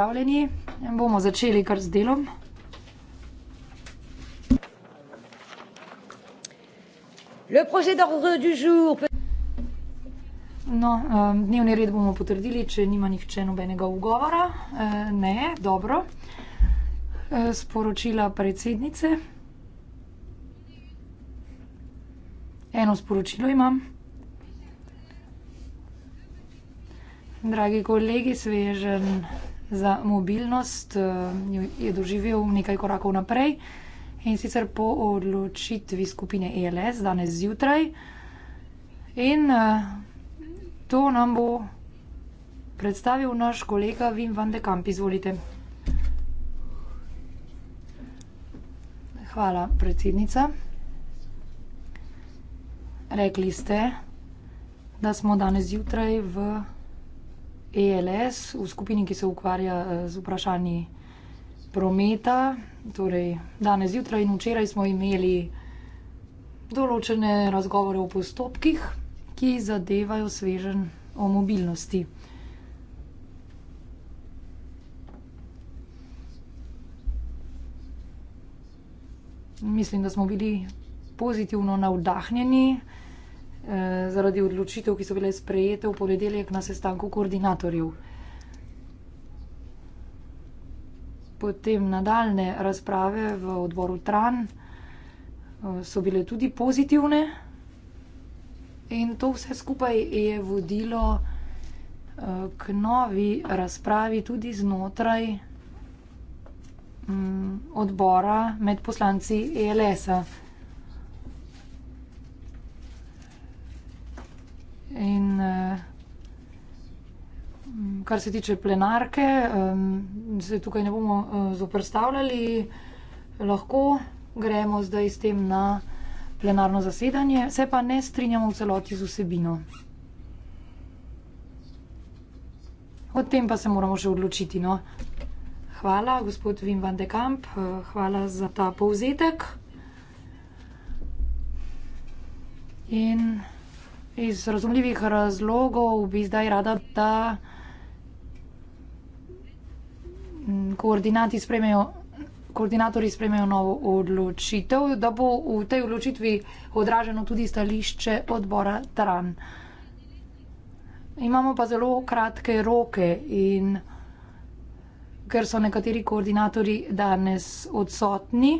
pripravljeni. Bomo začeli kar z delom. No, um, dnevni red bomo potrdili, če nima nihče nobenega ugovora. Uh, ne, dobro. Uh, sporočila predsednice. Eno sporočilo imam. Dragi kolegi, svežen za mobilnost, eh, je doživel nekaj korakov naprej. In sicer po odločitvi skupine ELS danes zjutraj. In eh, to nam bo predstavil naš kolega Vim van de Kamp. Izvolite. Hvala, predsednica. Rekli ste, da smo danes zjutraj v ELS, v skupini, ki se ukvarja eh, z vprašanji prometa. Torej, danes zjutraj in včeraj smo imeli določene razgovore o postopkih, ki zadevajo svežen o mobilnosti. Mislim, da smo bili pozitivno navdahnjeni. Eh, zaradi odločitev, ki so bile sprejete v ponedeljek na sestanku koordinatorjev. Potem nadaljne razprave v odboru Tran eh, so bile tudi pozitivne in to vse skupaj je vodilo eh, k novi razpravi tudi znotraj mm, odbora med poslanci ELS-a. In uh, kar se tiče plenarke, um, se tukaj ne bomo uh, zoprstavljali, lahko gremo zdaj s tem na plenarno zasedanje, se pa ne strinjamo v celoti z vsebino. O tem pa se moramo še odločiti. No. Hvala, gospod Wim van de Kamp, eh, hvala za ta povzetek. In... Iz razumljivih razlogov bi zdaj rada, da koordinati spremejo, koordinatori spremejo novo odločitev, da bo v tej odločitvi odraženo tudi stališče odbora TRAN. Imamo pa zelo kratke roke in ker so nekateri koordinatori danes odsotni,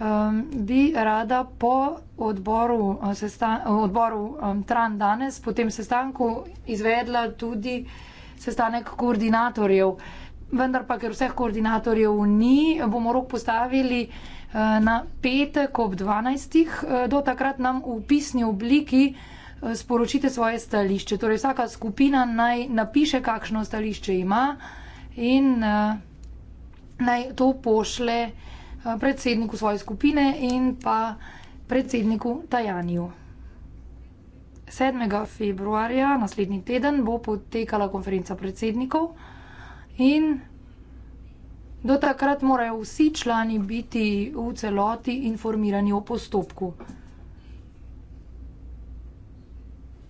Um, bi rada po odboru, eh, sestan, odboru um, Tran danes, po tem sestanku, izvedla tudi sestanek koordinatorjev. Vendar pa, ker vseh koordinatorjev ni, bomo rok postavili uh, na petek ob 12. Uh, eh, do takrat nam v pisni obliki uh, sporočite svoje stališče. Torej, vsaka skupina naj napiše, kakšno stališče ima in uh, naj to pošle. Eh, predsedniku svoje skupine in pa predsedniku Tajaniju. 7. februarja, naslednji teden, bo potekala konferenca predsednikov in do takrat morajo vsi člani biti v celoti informirani o postopku.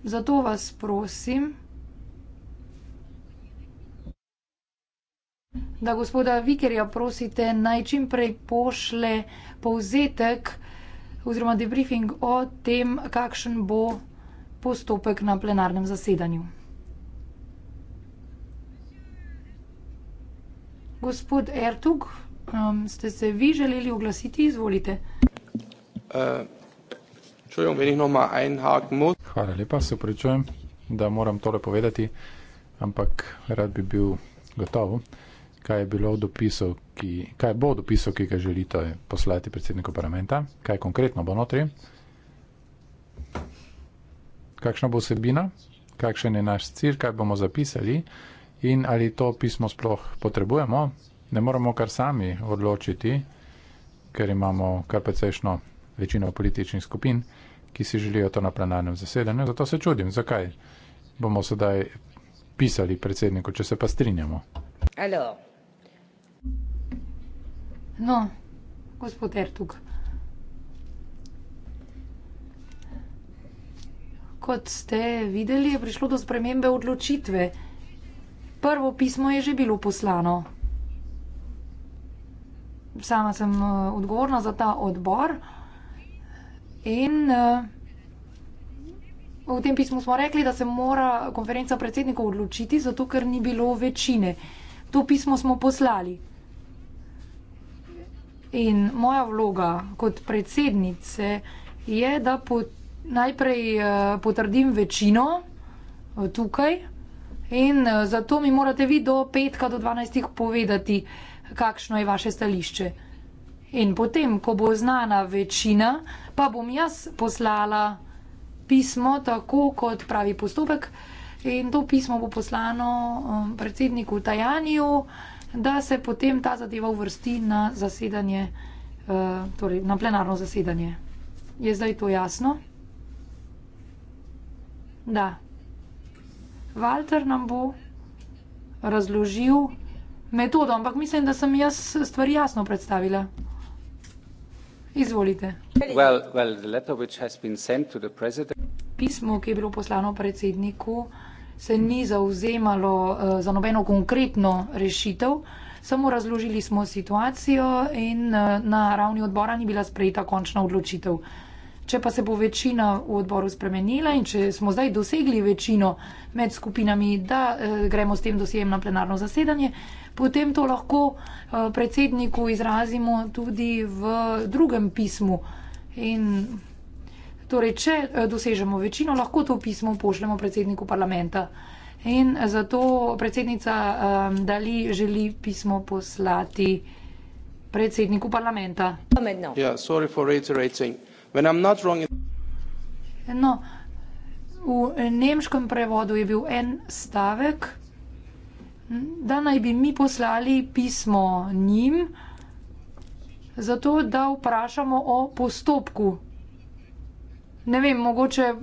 Zato vas prosim, da gospoda Vikerja prosite naj čimprej pošle povzetek oziroma debriefing o tem, kakšen bo postopek na plenarnem zasedanju. Gospod Ertug, um, ste se vi želeli oglasiti? Izvolite. Uh, Hvala lepa, se upravičujem, da moram tole povedati, ampak rad bi bil gotov kaj je bilo v dopisu, ki, kaj bo v dopisu, ki ga želite poslati predsedniku parlamenta, kaj konkretno bo notri, kakšna bo vsebina, kakšen je naš cilj, kaj bomo zapisali in ali to pismo sploh potrebujemo. Ne moramo kar sami odločiti, ker imamo kar precejšno večino političnih skupin, ki si želijo to na plenarnem zasedanju. Zato se čudim, zakaj bomo sedaj pisali predsedniku, če se pa strinjamo. Alors, No, gospod Ertug. Kot ste videli, je prišlo do spremembe odločitve. Prvo pismo je že bilo poslano. Sama sem eh, odgovorna za ta odbor in eh, v tem pismu smo rekli, da se mora konferenca predsednikov odločiti, zato ker ni bilo večine. To pismo smo poslali. In moja vloga kot predsednice je, da po, najprej uh, potrdim večino uh, tukaj, in uh, zato mi morate vi do petka, do dvanajstih povedati, kakšno je vaše stališče. In potem, ko bo znana večina, pa bom jaz poslala pismo, tako kot pravi postopek, in to pismo bo poslano um, predsedniku Tajaniju da se potem ta zadeva uvrsti na zasedanje, uh, torej na plenarno zasedanje. Je zdaj to jasno? Da. Walter nam bo razložil metodo, ampak mislim, da sem jaz stvari jasno predstavila. Izvolite. Well, well, the letter which has been sent to the president. Pismo, ki je bilo poslano predsedniku se ni zauzemalo eh, za nobeno konkretno rešitev. Samo razložili smo situacijo in eh, na ravni odbora ni bila sprejeta končna odločitev. Če pa se bo večina v odboru spremenila in če smo zdaj dosegli večino med skupinami, da eh, gremo s tem dosjem na plenarno zasedanje, potem to lahko predsedniku izrazimo tudi v drugem pismu. In Torej, če eh, dosežemo večino, lahko to pismo pošljemo predsedniku parlamenta. In zato predsednica um, Dali želi pismo poslati predsedniku parlamenta. Ja, no, v nemškem prevodu je bil en stavek, da naj bi mi poslali pismo njim, zato da vprašamo o postopku ne vem, mogoče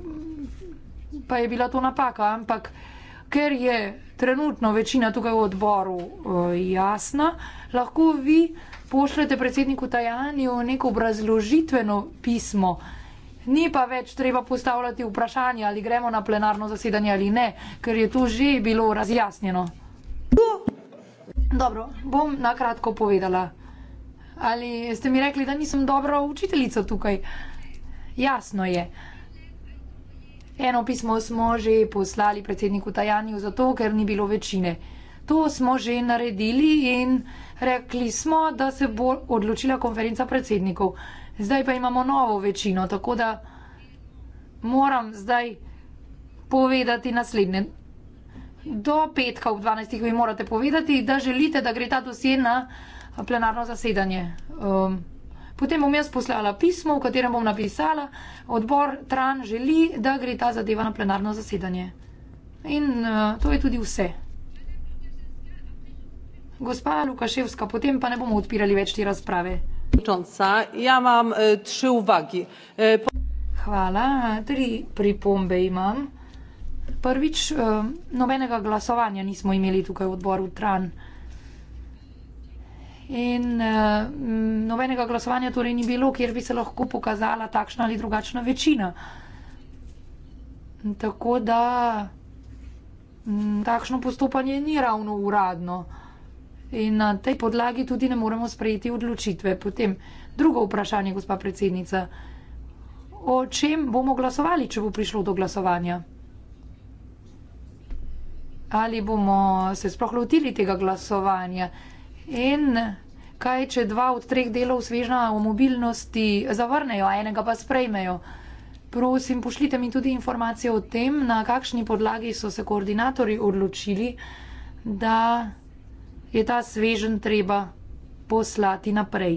pa je bila to napaka, ampak ker je trenutno večina tukaj v odboru uh, jasna, lahko vi pošljete predsedniku Tajaniju neko obrazložitveno pismo. Ni pa več treba postavljati vprašanje, ali gremo na plenarno zasedanje ali ne, ker je to že bilo razjasnjeno. Dobro, bom nakratko povedala. Ali ste mi rekli, da nisem dobra učiteljica tukaj? Jasno je. Eno pismo smo že poslali predsedniku Tajanju, zato ker ni bilo večine. To smo že naredili in rekli smo, da se bo odločila konferenca predsednikov. Zdaj pa imamo novo večino, tako da moram zdaj povedati naslednje. Do petka ob 12. mi morate povedati, da želite, da gre ta dosje na plenarno zasedanje. Um, Potem bom jaz poslala pismo, v katerem bom napisala, odbor Tran želi, da gre ta zadeva na plenarno zasedanje. In uh, to je tudi vse. Gospa Lukaševska, potem pa ne bomo odpirali več te razprave. Ja eh, eh, Hvala, tri pripombe imam. Prvič, nobenega glasovanja nismo imeli tukaj v odboru Tran in uh, nobenega glasovanja torej ni bilo, kjer bi se lahko pokazala takšna ali drugačna večina. Tako da m, takšno postopanje ni ravno uradno in na tej podlagi tudi ne moremo sprejeti odločitve. Potem drugo vprašanje, gospa predsednica, o čem bomo glasovali, če bo prišlo do glasovanja? Ali bomo se sploh lotili tega glasovanja? In kaj, če dva od treh delov svežna o mobilnosti zavrnejo, enega pa sprejmejo? Prosim, pošljite mi tudi informacije o tem, na kakšni podlagi so se koordinatori odločili, da je ta svežen treba poslati naprej.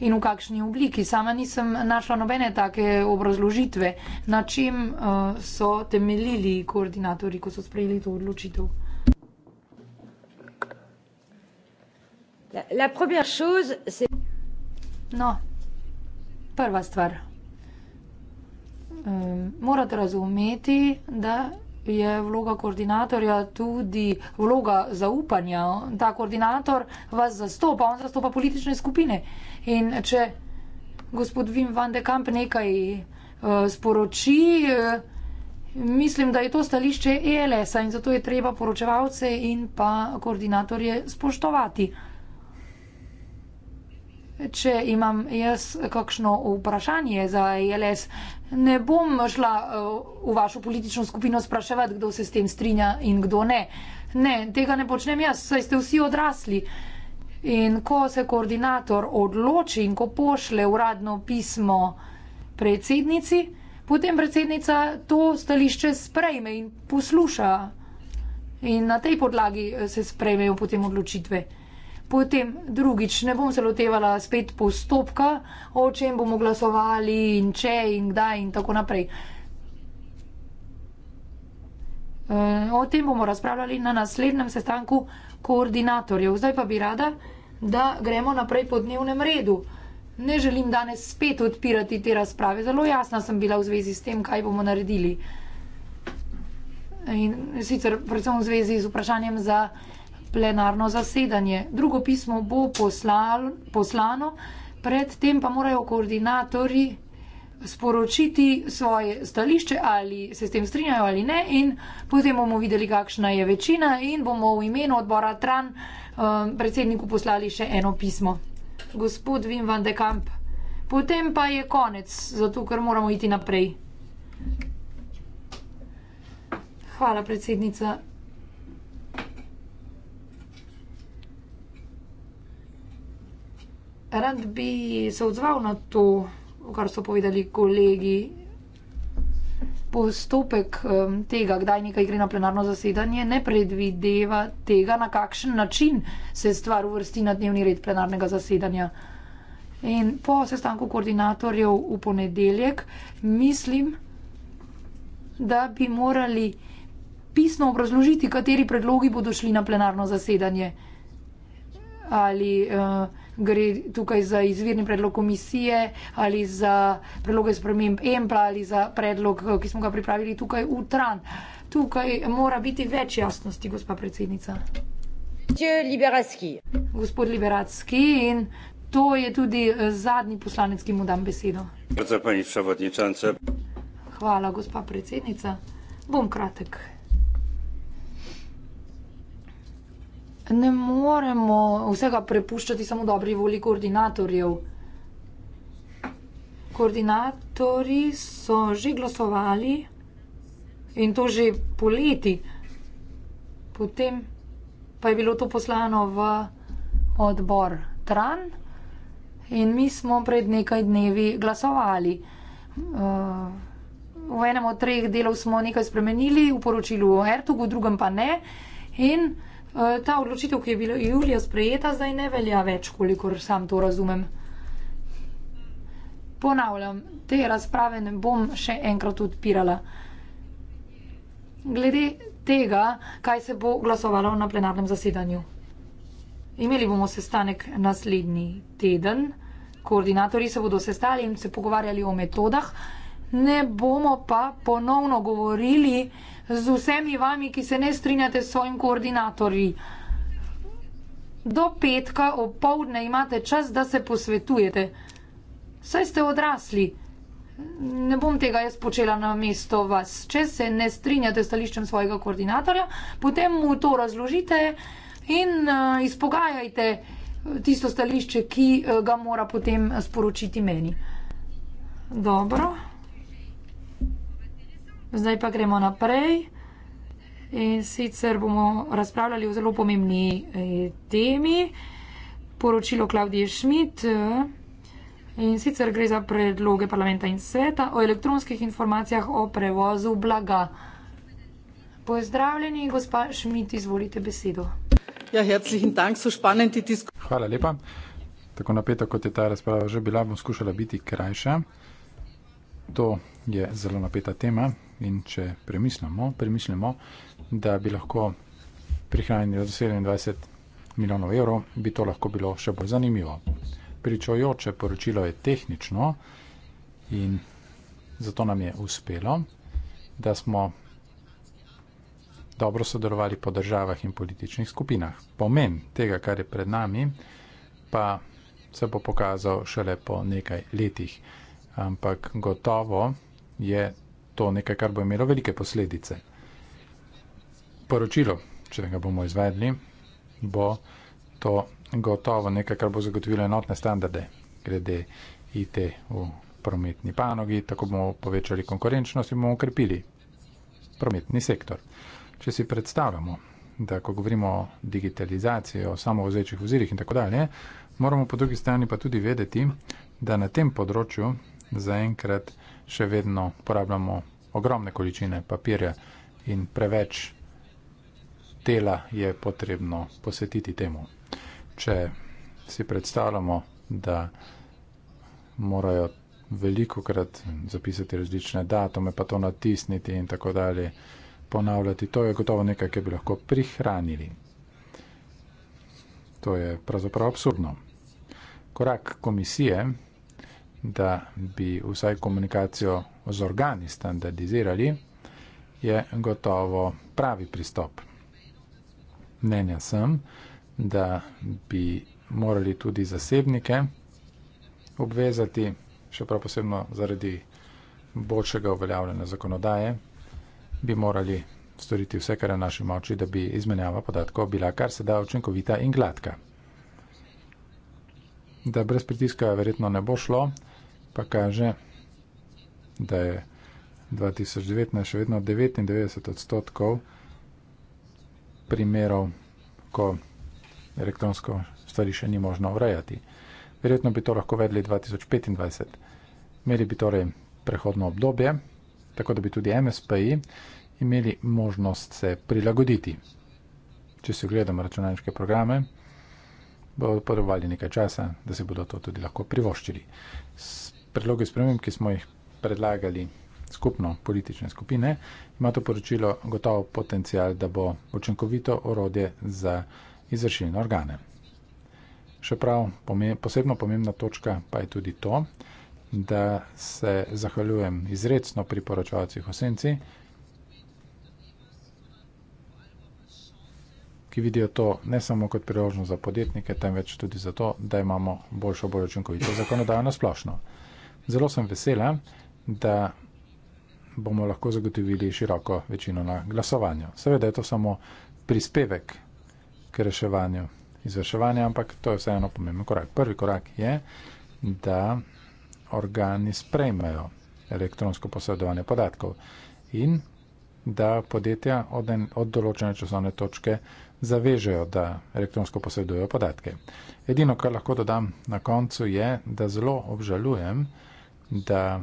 In v kakšni obliki. Sama nisem našla nobene take obrazložitve, na čem uh, so temeljili koordinatori, ko so sprejeli to odločitev. La, la première chose, c'est. Non. Prva stvar. Um, morate razumeti, da je vloga koordinatorja tudi vloga zaupanja. Ta koordinator vas zastopa, on zastopa politične skupine. In če gospod Vim van de Kamp nekaj uh, sporoči, uh, mislim, da je to stališče ELS-a in zato je treba poročevalce in pa koordinatorje spoštovati. Uh, če imam jaz kakšno vprašanje za ELS, ne bom šla eh, v vašo politično skupino spraševati, kdo se s tem strinja in kdo ne. Ne, tega ne počnem jaz, saj ste vsi odrasli. In ko se koordinator odloči in ko pošle uradno pismo predsednici, potem predsednica to stališče sprejme in posluša. In na tej podlagi eh, se sprejmejo potem odločitve potem drugič ne bom se lotevala spet postopka, o čem bomo glasovali in če in kdaj in tako naprej. Eh, o tem bomo razpravljali na naslednjem sestanku koordinatorjev. Zdaj pa bi rada, da gremo naprej po dnevnem redu. Ne želim danes spet odpirati te razprave. Zelo jasna sem bila v zvezi s tem, kaj bomo naredili. In sicer predvsem v zvezi z vprašanjem za plenarno zasedanje. Drugo pismo bo poslal, poslano, predtem pa morajo koordinatori sporočiti svoje stališče, ali se s tem strinjajo ali ne, in potem bomo videli, kakšna je večina, in bomo v imenu odbora Tran um, predsedniku poslali še eno pismo. Gospod Vim van de Kamp, potem pa je konec, zato ker moramo iti naprej. Hvala, predsednica. rad bi se odzval na to, kar so povedali kolegi. Postopek um, tega, kdaj nekaj gre na plenarno zasedanje, ne predvideva tega, na kakšen način se stvar uvrsti na dnevni red plenarnega zasedanja. In po sestanku koordinatorjev v ponedeljek mislim, da bi morali pisno obrazložiti, kateri predlogi bodo šli na plenarno zasedanje. Ali uh, gre tukaj za izvirni predlog komisije ali za predloge sprememb EMPLA ali za predlog, eh, ki smo ga pripravili tukaj v TRAN. Tukaj mora biti več jasnosti, gospa predsednica. Gospod Liberatski in to je tudi eh, zadnji poslanec, ki mu dam besedo. Hvala, gospa predsednica. Bom kratek. ne moremo vsega prepuščati samo dobri voli koordinatorjev. Koordinatori so že glasovali in to že poleti. Potem pa je bilo to poslano v odbor TRAN in mi smo pred nekaj dnevi glasovali. Uh, v enem od treh delov smo nekaj spremenili, v poročilu o Ertugu, v drugem pa ne. In Eh, ta odločitev, ki je bila julija sprejeta, zdaj ne velja več, kolikor sam to razumem. Ponavljam, te razprave ne bom še enkrat odpirala. Glede tega, kaj se bo glasovalo na plenarnem zasedanju. Imeli bomo sestanek naslednji teden, koordinatori se bodo sestali in se pogovarjali o metodah, ne bomo pa ponovno govorili, z vsemi vami, ki se ne strinjate s svojim koordinatorji. Do petka ob povdne imate čas, da se posvetujete. Saj ste odrasli. Ne bom tega jaz počela na mesto vas. Če se ne strinjate s stališčem svojega koordinatorja, potem mu to razložite in uh, izpogajajte eh, tisto stališče, ki uh, ga mora potem sporočiti meni. Dobro. Zdaj pa gremo naprej in sicer bomo razpravljali o zelo pomembni eh, temi, poročilo Klaudije Šmit eh, in sicer gre za predloge parlamenta in sveta o elektronskih informacijah o prevozu blaga. Pozdravljeni, gospa Šmit, izvolite besedo. Ja, herzlichen Dank, so spannendi diskusi. Hvala lepa. Tako napeto, kot je ta razprava že bila, bom skušala biti krajša. To je zelo napeta tema, in če premislimo, premislimo da bi lahko prihranili 27 milijonov evrov, bi to lahko bilo še bolj zanimivo. Pričojoče poročilo je tehnično in zato nam je uspelo, da smo dobro sodelovali po državah in političnih skupinah. Pomen tega, kar je pred nami, pa se bo pokazal šele po nekaj letih. Ampak gotovo je to nekaj, kar bo imelo velike posledice. Poročilo, če ga bomo izvedli, bo to gotovo nekaj, kar bo zagotovilo enotne standarde glede IT v prometni panogi, tako bomo povečali konkurenčnost in bomo ukrepili prometni sektor. Če si predstavljamo, da ko govorimo o digitalizaciji, o samovozečih vozilih in tako dalje, moramo po drugi strani pa tudi vedeti, da na tem področju zaenkrat še vedno porabljamo ogromne količine papirja in preveč dela je potrebno posvetiti temu. Če si predstavljamo, da morajo veliko krat zapisati različne datume, pa to natisniti in tako dalje, ponavljati, to je gotovo nekaj, ki bi lahko prihranili. To je pravzaprav absurdno. Korak komisije da bi vsaj komunikacijo z organi standardizirali, je gotovo pravi pristop. Mnenja sem, da bi morali tudi zasebnike obvezati, še prav posebno zaradi boljšega uveljavljanja zakonodaje, bi morali storiti vse, kar je v naši moči, da bi izmenjava podatkov bila kar se da učinkovita in gladka. Da brez pritiska verjetno ne bo šlo, pa kaže, da je 2019 še vedno 99 odstotkov primerov, ko elektronsko stvari še ni možno urejati. Verjetno bi to lahko vedli 2025. Imeli bi torej prehodno obdobje, tako da bi tudi MSPI imeli možnost se prilagoditi. Če si ogledamo računalniške programe, bodo potrebovali nekaj časa, da si bodo to tudi lahko privoščili. S predloge spremem, ki smo jih predlagali skupno politične skupine, ima to poročilo gotovo potencial, da bo učinkovito orodje za izvršilne organe. Še prav posebno pomembna točka pa je tudi to, da se zahvaljujem izredno priporočavcih osenci, ki vidijo to ne samo kot priložnost za podjetnike, temveč tudi zato, da imamo boljšo, bolj učinkovito zakonodajo na splošno. Zelo sem vesela, da bomo lahko zagotovili široko večino na glasovanju. Seveda je to samo prispevek k reševanju izvrševanja, ampak to je vseeno pomemben korak. Prvi korak je, da organi sprejmejo elektronsko posredovanje podatkov in da podjetja od, en, od določene časovne točke zavežejo, da elektronsko posredujejo podatke. Edino, kar lahko dodam na koncu, je, da zelo obžalujem, da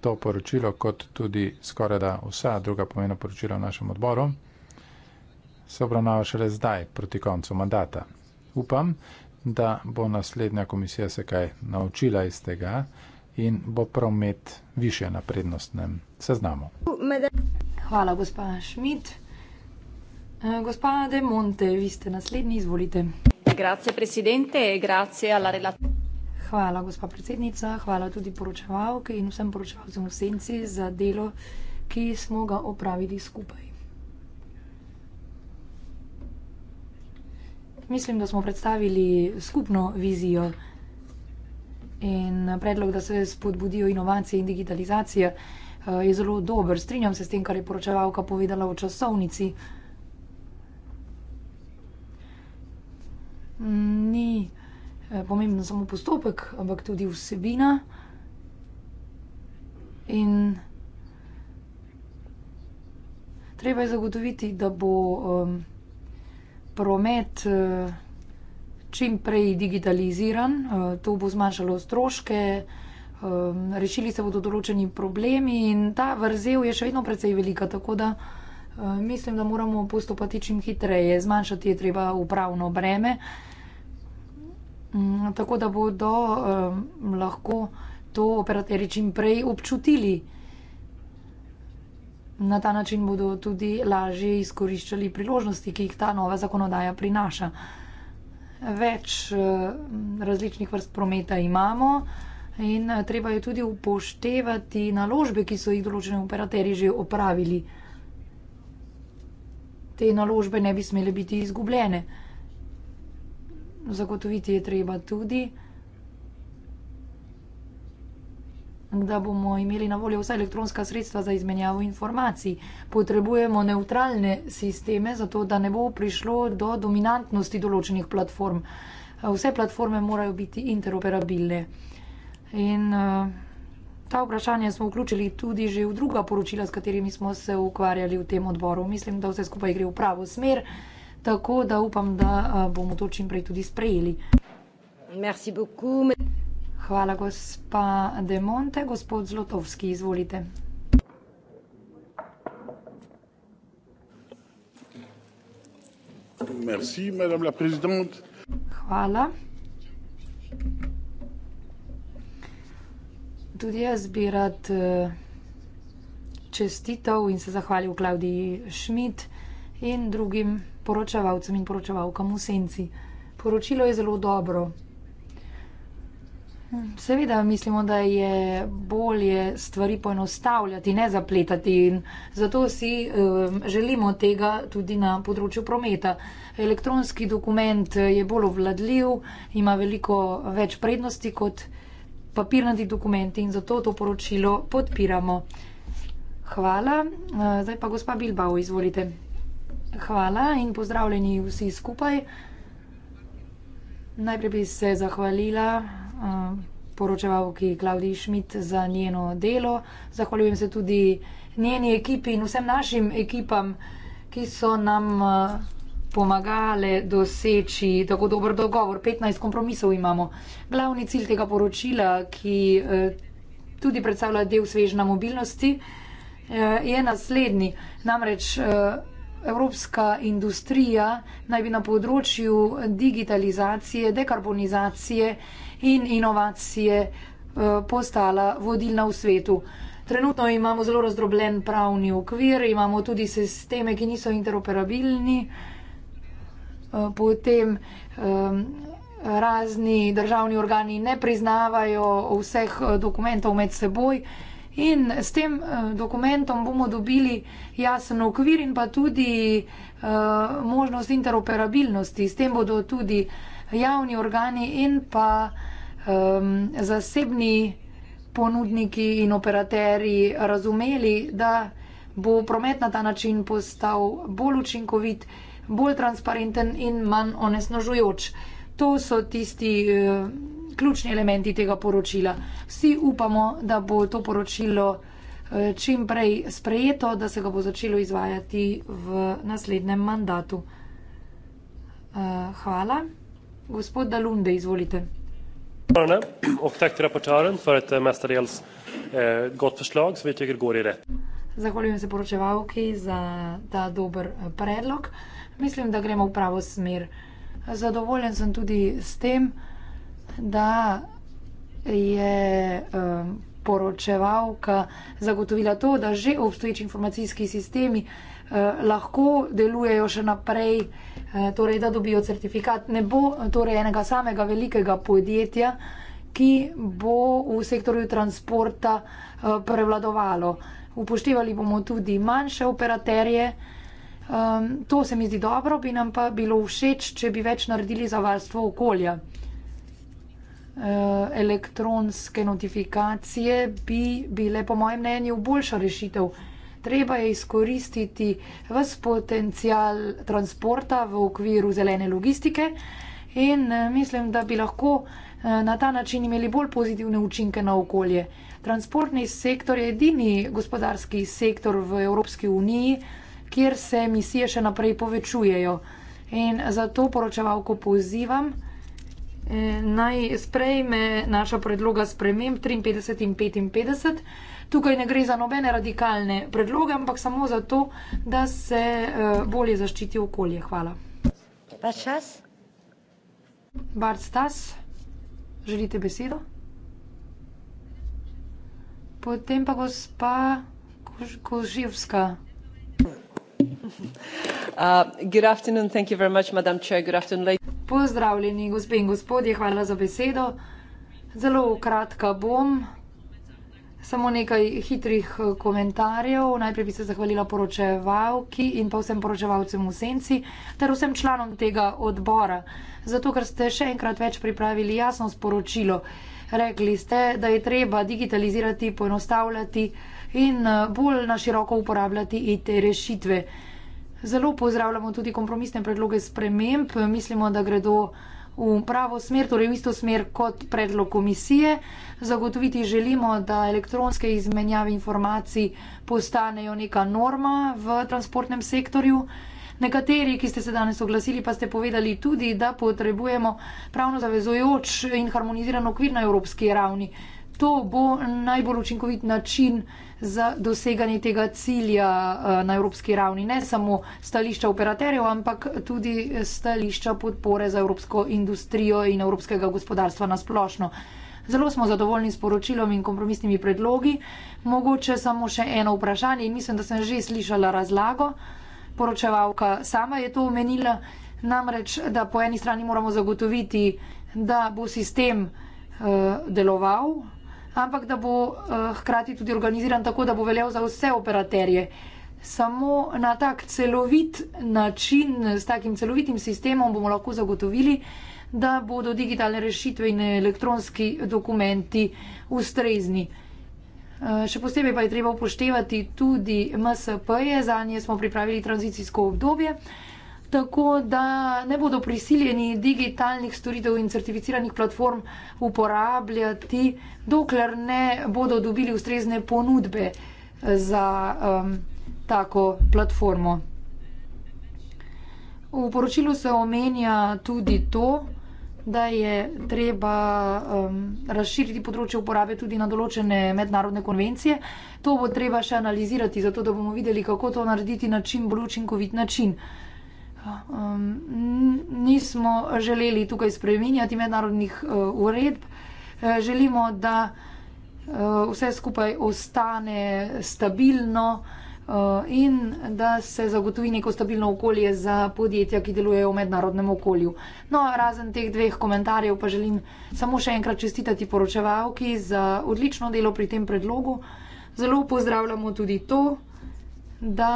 to poročilo, kot tudi skoraj da vsa druga pomena poročila v našem odboru, se obravnava šele zdaj, proti koncu mandata. Upam, da bo naslednja komisija se kaj naučila iz tega in bo promet više na prednostnem seznamu. Hvala, gospa Šmit. Eh, gospa De Monte, vi ste naslednji, izvolite. Grazie, presidente, e grazie alla relazione. Hvala, gospa predsednica, hvala tudi poročevalki in vsem poročevalcem v senci za delo, ki smo ga opravili skupaj. Mislim, da smo predstavili skupno vizijo in predlog, da se spodbudijo inovacije in digitalizacija, eh, je zelo dober. Strinjam se s tem, kar je poročevalka povedala o časovnici. ni... Eh, pomemben samo postopek, ampak tudi vsebina. In treba je zagotoviti, da bo um, promet uh, čim prej digitaliziran, uh, to bo zmanjšalo stroške, um, rešili se bodo določeni problemi in ta vrzel je še vedno precej velika, tako da uh, mislim, da moramo postopati čim hitreje, zmanjšati je treba upravno breme. Uh, Mm, tako da bodo um, lahko to operaterji čim prej občutili. Na ta način bodo tudi lažje izkoriščali priložnosti, ki jih ta nova zakonodaja prinaša. Več različnih vrst prometa imamo in eh, treba je tudi upoštevati naložbe, ki so jih določeni operateri že opravili. Te naložbe ne bi smele biti izgubljene zagotoviti je treba tudi, da bomo imeli na voljo vsa elektronska sredstva za izmenjavo informacij. Potrebujemo neutralne sisteme, zato da ne bo prišlo do dominantnosti določenih platform. Vse platforme morajo biti interoperabilne. In eh, ta vprašanja smo vključili tudi že v druga poročila, s katerimi smo se ukvarjali v tem odboru. Mislim, da vse skupaj gre v pravo smer tako da upam, da eh, bomo to čim prej tudi sprejeli. Merci beaucoup. Hvala, gospa De Monte. Gospod Zlotovski, izvolite. Merci, madame la présidente. Hvala. Tudi jaz bi rad eh, čestitev in se zahvalil Klaudiji Šmit in drugim poročevalcem in poročevalkam v senci. Poročilo je zelo dobro. Seveda mislimo, da je bolje stvari poenostavljati, ne zapletati in zato si um, želimo tega tudi na področju prometa. Elektronski dokument je bolj vladljiv, ima veliko več prednosti kot papirnati dokumenti in zato to poročilo podpiramo. Hvala. Uh, zdaj pa gospa Bilbao, izvolite. Hvala in pozdravljeni vsi skupaj. Najprej bi se zahvalila, eh, poročevalki Klavdiji Šmid za njeno delo. Zahvaljujem se tudi njeni ekipi in vsem našim ekipam, ki so nam, eh, pomagale doseči tako dober dogovor. Petnajst kompromisov imamo. Glavni cilj tega poročila, ki, eh, tudi predstavlja del svežnja mobilnosti, je naslednji. Namreč, evropska industrija naj bi na področju digitalizacije, dekarbonizacije in inovacije eh, postala vodilna v svetu. Trenutno imamo zelo razdrobljen pravni okvir, imamo tudi sisteme, ki niso interoperabilni, eh, potem ehm, razni državni organi ne priznavajo vseh eh, dokumentov med seboj. In s tem eh, dokumentom bomo dobili jasen okvir in pa tudi eh, možnost interoperabilnosti. S tem bodo tudi javni organi in pa um, zasebni ponudniki in operaterji razumeli, da bo promet na ta način postal bolj učinkovit, bolj transparenten in manj onesnažujoč. To so tisti. Uh, ključni elementi tega poročila. Vsi upamo, da bo to poročilo eh, čim prej sprejeto, da se ga bo začelo izvajati v naslednjem mandatu. Eh, hvala. Gospod Dalunde, izvolite. Eh, Zahvaljujem se poročevalki za ta dober predlog. Mislim, da gremo v pravo smer. Zadovoljen sem tudi s tem, da da je um, poročevalka zagotovila to, da že obstoječi informacijski sistemi uh, lahko delujejo še naprej, uh, torej da dobijo certifikat. Ne bo torej enega samega velikega podjetja, ki bo v sektorju transporta uh, prevladovalo. Upoštevali bomo tudi manjše operaterje. Um, to se mi zdi dobro, bi nam pa bilo všeč, če bi več naredili za varstvo okolja. Eh, elektronske notifikacije bi bile, po mojem mnenju, boljša rešitev. Treba je izkoristiti ves potencial transporta v okviru zelene logistike in eh, mislim, da bi lahko eh, na ta način imeli bolj pozitivne učinke na okolje. Transportni sektor je edini gospodarski sektor v Evropski uniji, kjer se emisije še naprej povečujejo. In zato poročevalko pozivam, naj sprejme naša predloga sprememb 53 in 55. Tukaj ne gre za nobene radikalne predloge, ampak samo za to, da se eh, bolje zaščiti okolje. Hvala. Bart Stas? Bart Stas, želite besedo? Potem pa gospa Koživska. Uh, good afternoon, thank you very much, Madam Chair. Good afternoon, ladies. Pozdravljeni, gospe in gospodje, hvala za besedo. Zelo kratka bom, samo nekaj hitrih eh, komentarjev. Najprej bi se zahvalila poročevalki in pa vsem poročevalcem v senci ter vsem članom tega odbora, zato ker ste še enkrat več pripravili jasno sporočilo. Rekli ste, da je treba digitalizirati, poenostavljati in eh, bolj na široko uporabljati IT rešitve. Zelo pozdravljamo tudi kompromisne predloge sprememb. Mislimo, da gredo v pravo smer, torej v isto smer kot predlog komisije. Zagotoviti želimo, da elektronske izmenjave informacij postanejo neka norma v transportnem sektorju. Nekateri, ki ste se danes oglasili, pa ste povedali tudi, da potrebujemo pravno zavezojoč in harmoniziran okvir na evropski ravni. To bo najbolj učinkovit način za doseganje tega cilja eh, na evropski ravni, ne samo stališča operaterjev, ampak tudi stališča podpore za evropsko industrijo in evropskega gospodarstva na splošno. Zelo smo zadovoljni s poročilom in kompromisnimi predlogi. Mogoče samo še eno vprašanje in mislim, da sem že slišala razlago. Poročevalka sama je to omenila, namreč, da po eni strani moramo zagotoviti, da bo sistem uh, deloval, ampak da bo eh, hkrati tudi organiziran tako, da bo veljal za vse operaterje. Samo na tak celovit način, s takim celovitim sistemom bomo lahko zagotovili, da bodo digitalne rešitve in elektronski dokumenti ustrezni. Eh, še posebej pa je treba upoštevati tudi MSP-je, za nje smo pripravili tranzicijsko obdobje tako da ne bodo prisiljeni digitalnih storitev in certificiranih platform uporabljati, dokler ne bodo dobili ustrezne ponudbe eh, za um, tako platformo. V poročilu se omenja tudi to, da je treba um, razširiti področje uporabe tudi na določene mednarodne konvencije. To bo treba še analizirati, zato da bomo videli, kako to narediti na čim bolj učinkovit način. Uh, tega. Ja, um, nismo želeli tukaj spremenjati mednarodnih uh, uredb. E, želimo, da e, vse skupaj ostane stabilno in da se zagotovi neko stabilno okolje za podjetja, ki delujejo v mednarodnem okolju. No, razen teh dveh komentarjev pa želim samo še enkrat čestitati poročevalki za odlično delo pri tem predlogu. Zelo pozdravljamo tudi to, da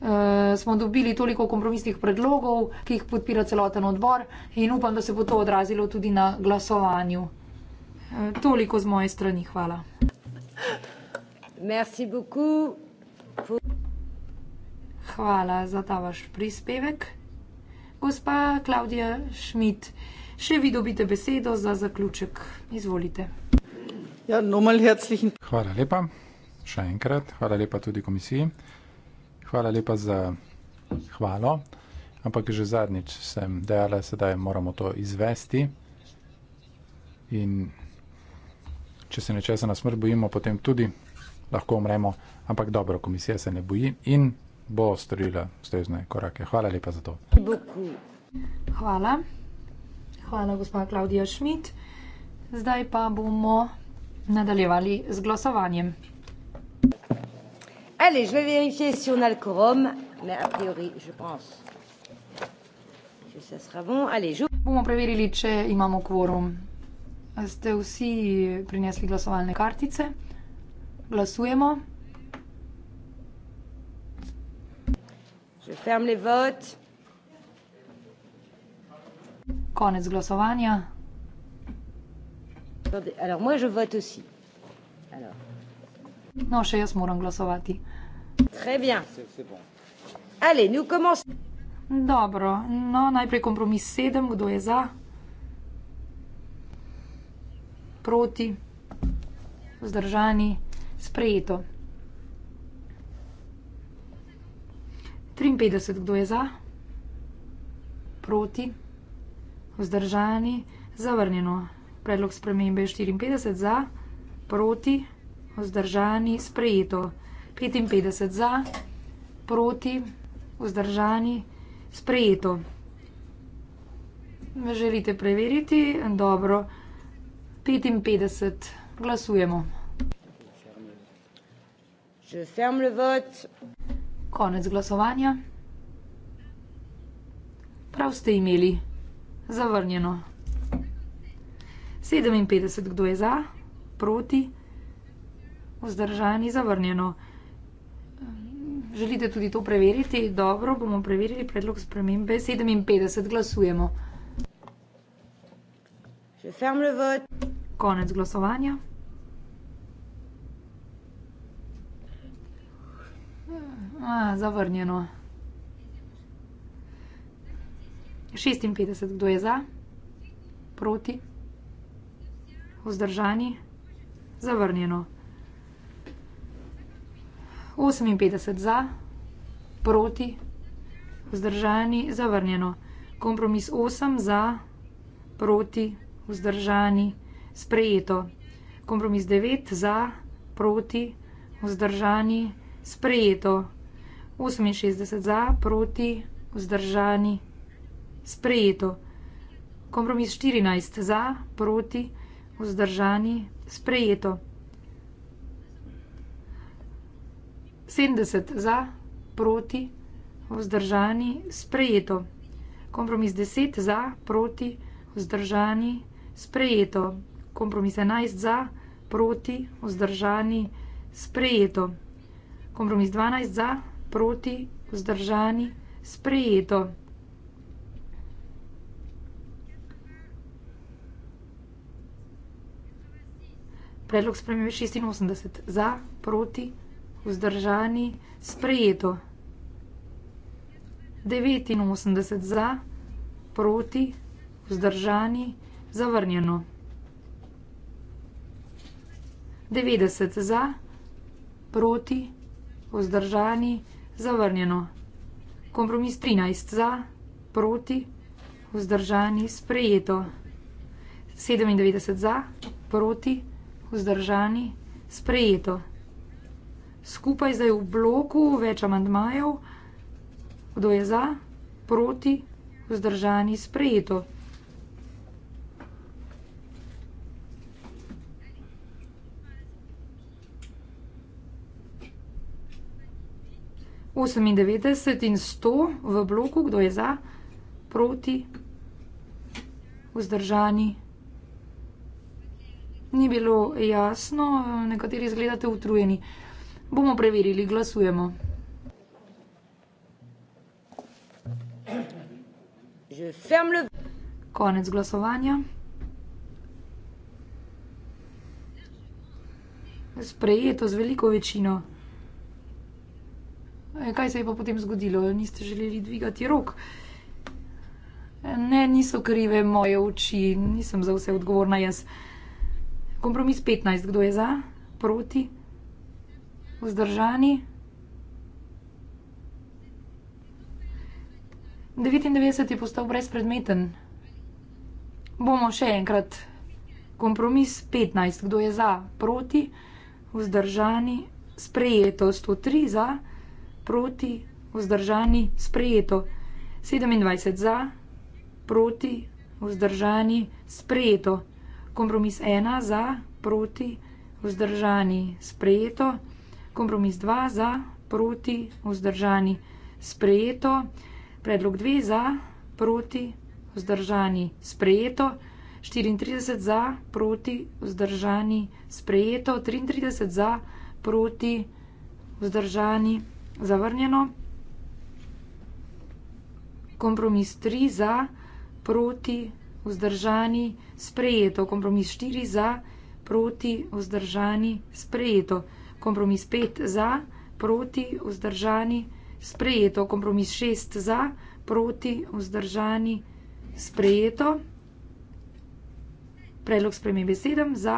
uh, smo dobili toliko kompromisnih predlogov, ki jih podpira celoten odbor in upam, da se bo to odrazilo tudi na glasovanju. Uh, toliko z moje strani, hvala. Hvala za ta vaš prispevek. Gospa Klaudija Šmit, še vi dobite besedo za zaključek. Izvolite. Ja, Hvala lepa. Še enkrat. Hvala lepa tudi komisiji. Hvala lepa za hvalo, ampak že zadnjič sem dejala, sedaj moramo to izvesti. In če se nečesa na smrt bojimo, potem tudi lahko umremo, ampak dobro, komisija se ne boji in bo storila ustrezne korake. Hvala lepa za to. Hvala. Hvala, gospa Klaudija Šmit. Zdaj pa bomo nadaljevali z glasovanjem. Allez, je vais vérifier si on a le quorum, mais a priori, je pense que ça sera bon. Allez, je... Bomo preverili, če imamo kvorum. Ste vsi prinesli glasovalne kartice? Glasujemo. Je ferme les votes. Konec glasovanja. Alors, moi je vote aussi. Alors. No, še jaz moram glasovati. Dobro, no, najprej kompromis sedem, kdo je za? Proti, vzdržani, sprejeto. 53, kdo je za? Proti, vzdržani, zavrnjeno. Predlog spremembe je 54, za, proti vzdržani, sprejeto. Petinpetdeset za, proti, vzdržani, sprejeto. Želite preveriti? Dobro. Petinpetdeset. Glasujemo. Konec glasovanja. Prav ste imeli. Zavrnjeno. Sedeminpetdeset, kdo je za? Proti? vzdržani, zavrnjeno. Želite tudi to preveriti? Dobro, bomo preverili predlog spremembe. 57 glasujemo. Konec glasovanja. A, zavrnjeno. 56, kdo je za? Proti? Vzdržani? Zavrnjeno. 58 za, proti, vzdržani, zavrnjeno. Kompromis 8 za, proti, vzdržani, sprejeto. Kompromis 9 za, proti, vzdržani, sprejeto. 68 za, proti, vzdržani, sprejeto. Kompromis 14 za, proti, vzdržani, sprejeto. 70 za, proti, vzdržani, sprejeto. Kompromis 10 za, proti, vzdržani, sprejeto. Kompromis 11 za, proti, vzdržani, sprejeto. Kompromis 12 za, proti, vzdržani, sprejeto. Predlog spremembe 86 za, proti, vzdržani vzdržani, sprejeto. Devetinosemdeset za, proti, vzdržani, zavrnjeno. Devetdeset za, proti, vzdržani, zavrnjeno. Kompromis trinajst za, proti, vzdržani, sprejeto. Sedemindevetdeset za, proti, vzdržani, sprejeto skupaj zdaj v bloku več amandmajev. Kdo je za, proti, vzdržani, sprejeto. Osemindevetdeset in sto v bloku, kdo je za, proti, vzdržani. Ni bilo jasno, nekateri izgledate utrujeni bomo preverili, glasujemo. Konec glasovanja. Sprejeto z veliko večino. E, kaj se je pa potem zgodilo? Niste želeli dvigati rok? E, ne, niso krive moje oči, nisem za vse odgovorna jaz. Kompromis 15, kdo je za? Proti? vzdržani. Devetindevetdeset je postal brezpredmeten. Bomo še enkrat. Kompromis petnajst. Kdo je za? Proti. Vzdržani. Sprejeto. Sto tri za. Proti. Vzdržani. Sprejeto. Sedemindvajset za. Proti. Vzdržani. Sprejeto. Kompromis ena za. Proti. Vzdržani. Sprejeto kompromis 2 za, proti, vzdržani, sprejeto, predlog 2 za, proti, vzdržani, sprejeto, 34 za, proti, vzdržani, sprejeto, 33 za, proti, vzdržani, zavrnjeno. Kompromis 3 za, proti, vzdržani, sprejeto. Kompromis 4 za, proti, vzdržani, sprejeto kompromis 5 za, proti, vzdržani, sprejeto, kompromis 6 za, proti, vzdržani, sprejeto, predlog spremembe 7 za,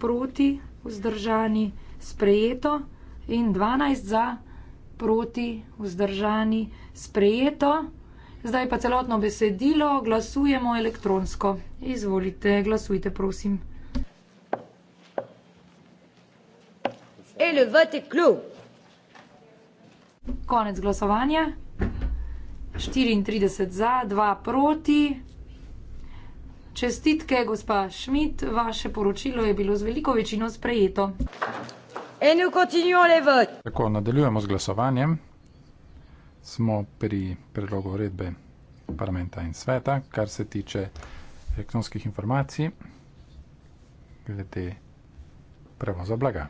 proti, vzdržani, sprejeto in 12 za, proti, vzdržani, sprejeto. Zdaj pa celotno besedilo glasujemo elektronsko. Izvolite, glasujte, prosim. Et le vote est clos. Konec glasovanja. 34 za, 2 proti. Čestitke, gospa Schmidt, vaše poročilo je bilo z veliko večino sprejeto. Tako, nadaljujemo z glasovanjem. Smo pri predlogu uredbe parlamenta in sveta, kar se tiče elektronskih informacij glede prevoza blaga.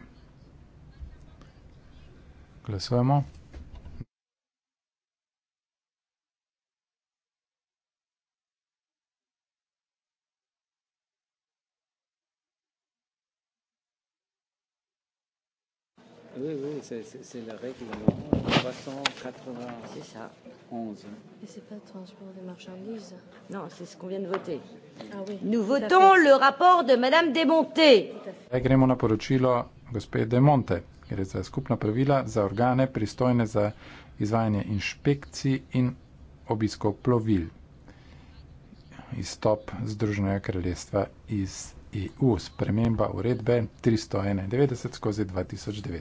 Glasujemo. Oui, oui, c'est le règlement 380. C'est ça. 11. Mais ce n'est pas le transport des marchandises. Non, c'est ce qu'on vient de voter. Ah, oui. Nous Tout votons le rapport de Mme Desmontes. Gremo na poročilo gospe Demonte. Gre za skupna pravila za organe pristojne za izvajanje inšpekcij in obiskov plovil. Izstop Združenega kraljestva iz EU, sprememba uredbe 391 skozi 2009.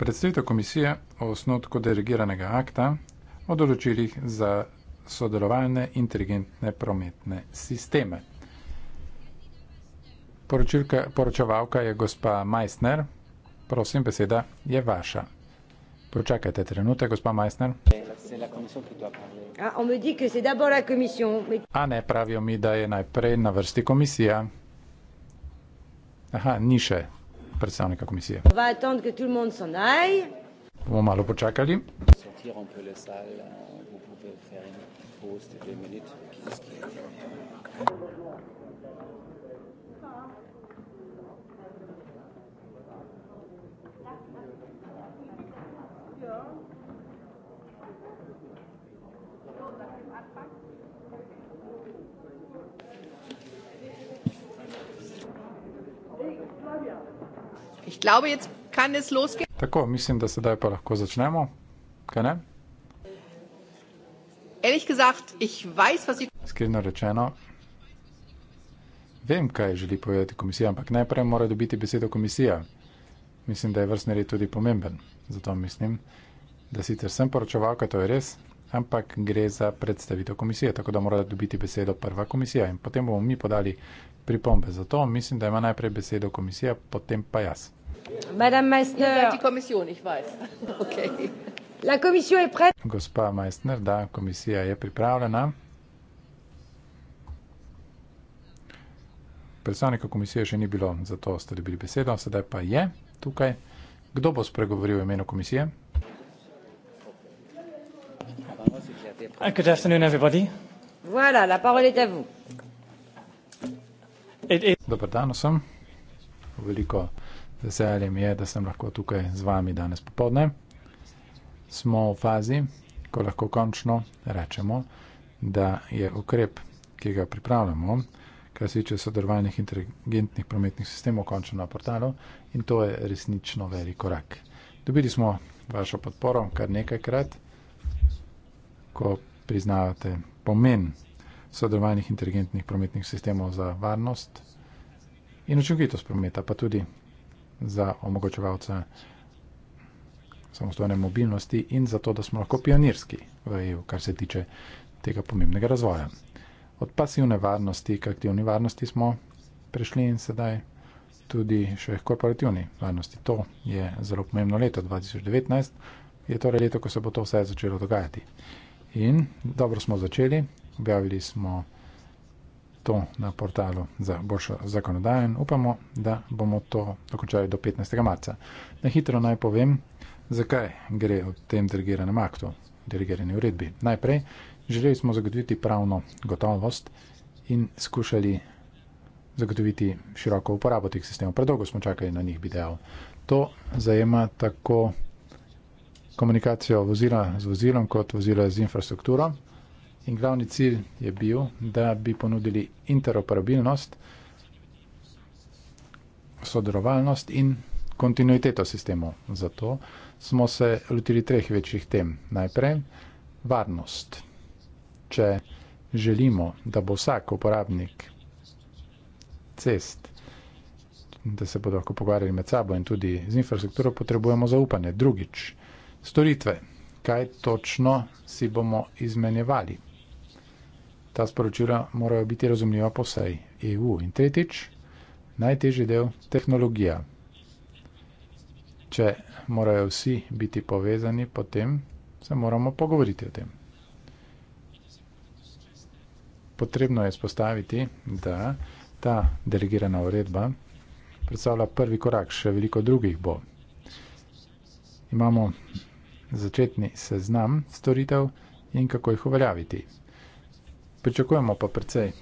predstavitev komisije o osnotku delegiranega akta o določilih za sodelovalne inteligentne prometne sisteme. Poročilka, poročevalka je gospa Meissner. Prosim, beseda je vaša. Počakajte trenutek, gospa Meissner. Ah, A ne, pravijo mi, da je najprej na vrsti komisija. Aha, ni še predstavnika komisije. Bomo malo počakali. Euh, Thank you. glaube, jetzt kann es losgehen. Tako, mislim, da sedaj pa lahko začnemo. Kaj ne? Ehrlich gesagt, ich weiß, was ich. Skrivno rečeno, vem, kaj želi povedati komisija, ampak najprej mora dobiti besedo komisija. Mislim, da je vrstni red tudi pomemben. Zato mislim, da sicer sem poročevalka, to je res, ampak gre za predstavitev komisije, tako da mora dobiti besedo prva komisija in potem bomo mi podali pripombe. Zato mislim, da ima najprej besedo komisija, potem pa jaz. Gospa Majstner, da, komisija je pripravljena. Predstavnika komisije še ni bilo, zato ste dobili besedo, sedaj pa je tukaj. Kdo bo spregovoril v imenu komisije? Uh, good afternoon, everybody. Voilà, la parole est à vous. It is... Dobar dan vsem. Veliko veseljem je, da sem lahko tukaj z vami danes popodne. Smo v fazi, ko lahko končno rečemo, da je ukrep, ki ga pripravljamo, kar se tiče sodelovalnih inteligentnih prometnih sistemov, končno na portalu in to je resnično velik korak. Dobili smo vašo podporo kar nekajkrat, ko priznavate pomen sodelovalnih inteligentnih prometnih sistemov za varnost in učinkovitost prometa, pa tudi za omogočevalce samostojne mobilnosti in za to, da smo lahko pionirski v EU, kar se tiče tega pomembnega razvoja. Od pasivne varnosti k aktivni varnosti smo prešli in sedaj tudi še k korporativni varnosti. To je zelo pomembno leto 2019, je torej leto, ko se bo to vse začelo dogajati. In dobro smo začeli, objavili smo to na portalu za boljšo zakonodajo in upamo, da bomo to dokončali do 15. marca. Na hitro naj povem, zakaj gre v tem dirigiranem aktu, dirigirani uredbi. Najprej želeli smo zagotoviti pravno gotovost in skušali zagotoviti široko uporabo teh sistemov. Predolgo smo čakali na njih video. To zajema tako komunikacijo vozila z vozilom kot vozila z infrastrukturo, In glavni cilj je bil, da bi ponudili interoperabilnost, sodelovalnost in kontinuiteto sistemov. Zato smo se lotili treh večjih tem. Najprej varnost. Če želimo, da bo vsak uporabnik cest, da se bodo lahko pogovarjali med sabo in tudi z infrastrukturo, potrebujemo zaupanje. Drugič, storitve. Kaj točno si bomo izmenjevali? ta sporočila morajo biti razumljiva po vsej EU. In tretjič, najtežji del je tehnologija. Če morajo vsi biti povezani, potem se moramo pogovoriti o tem. Potrebno je spostaviti, da ta delegirana uredba predstavlja prvi korak, še veliko drugih bo. Imamo začetni seznam storitev in kako jih uveljaviti. Pričakujemo pa precej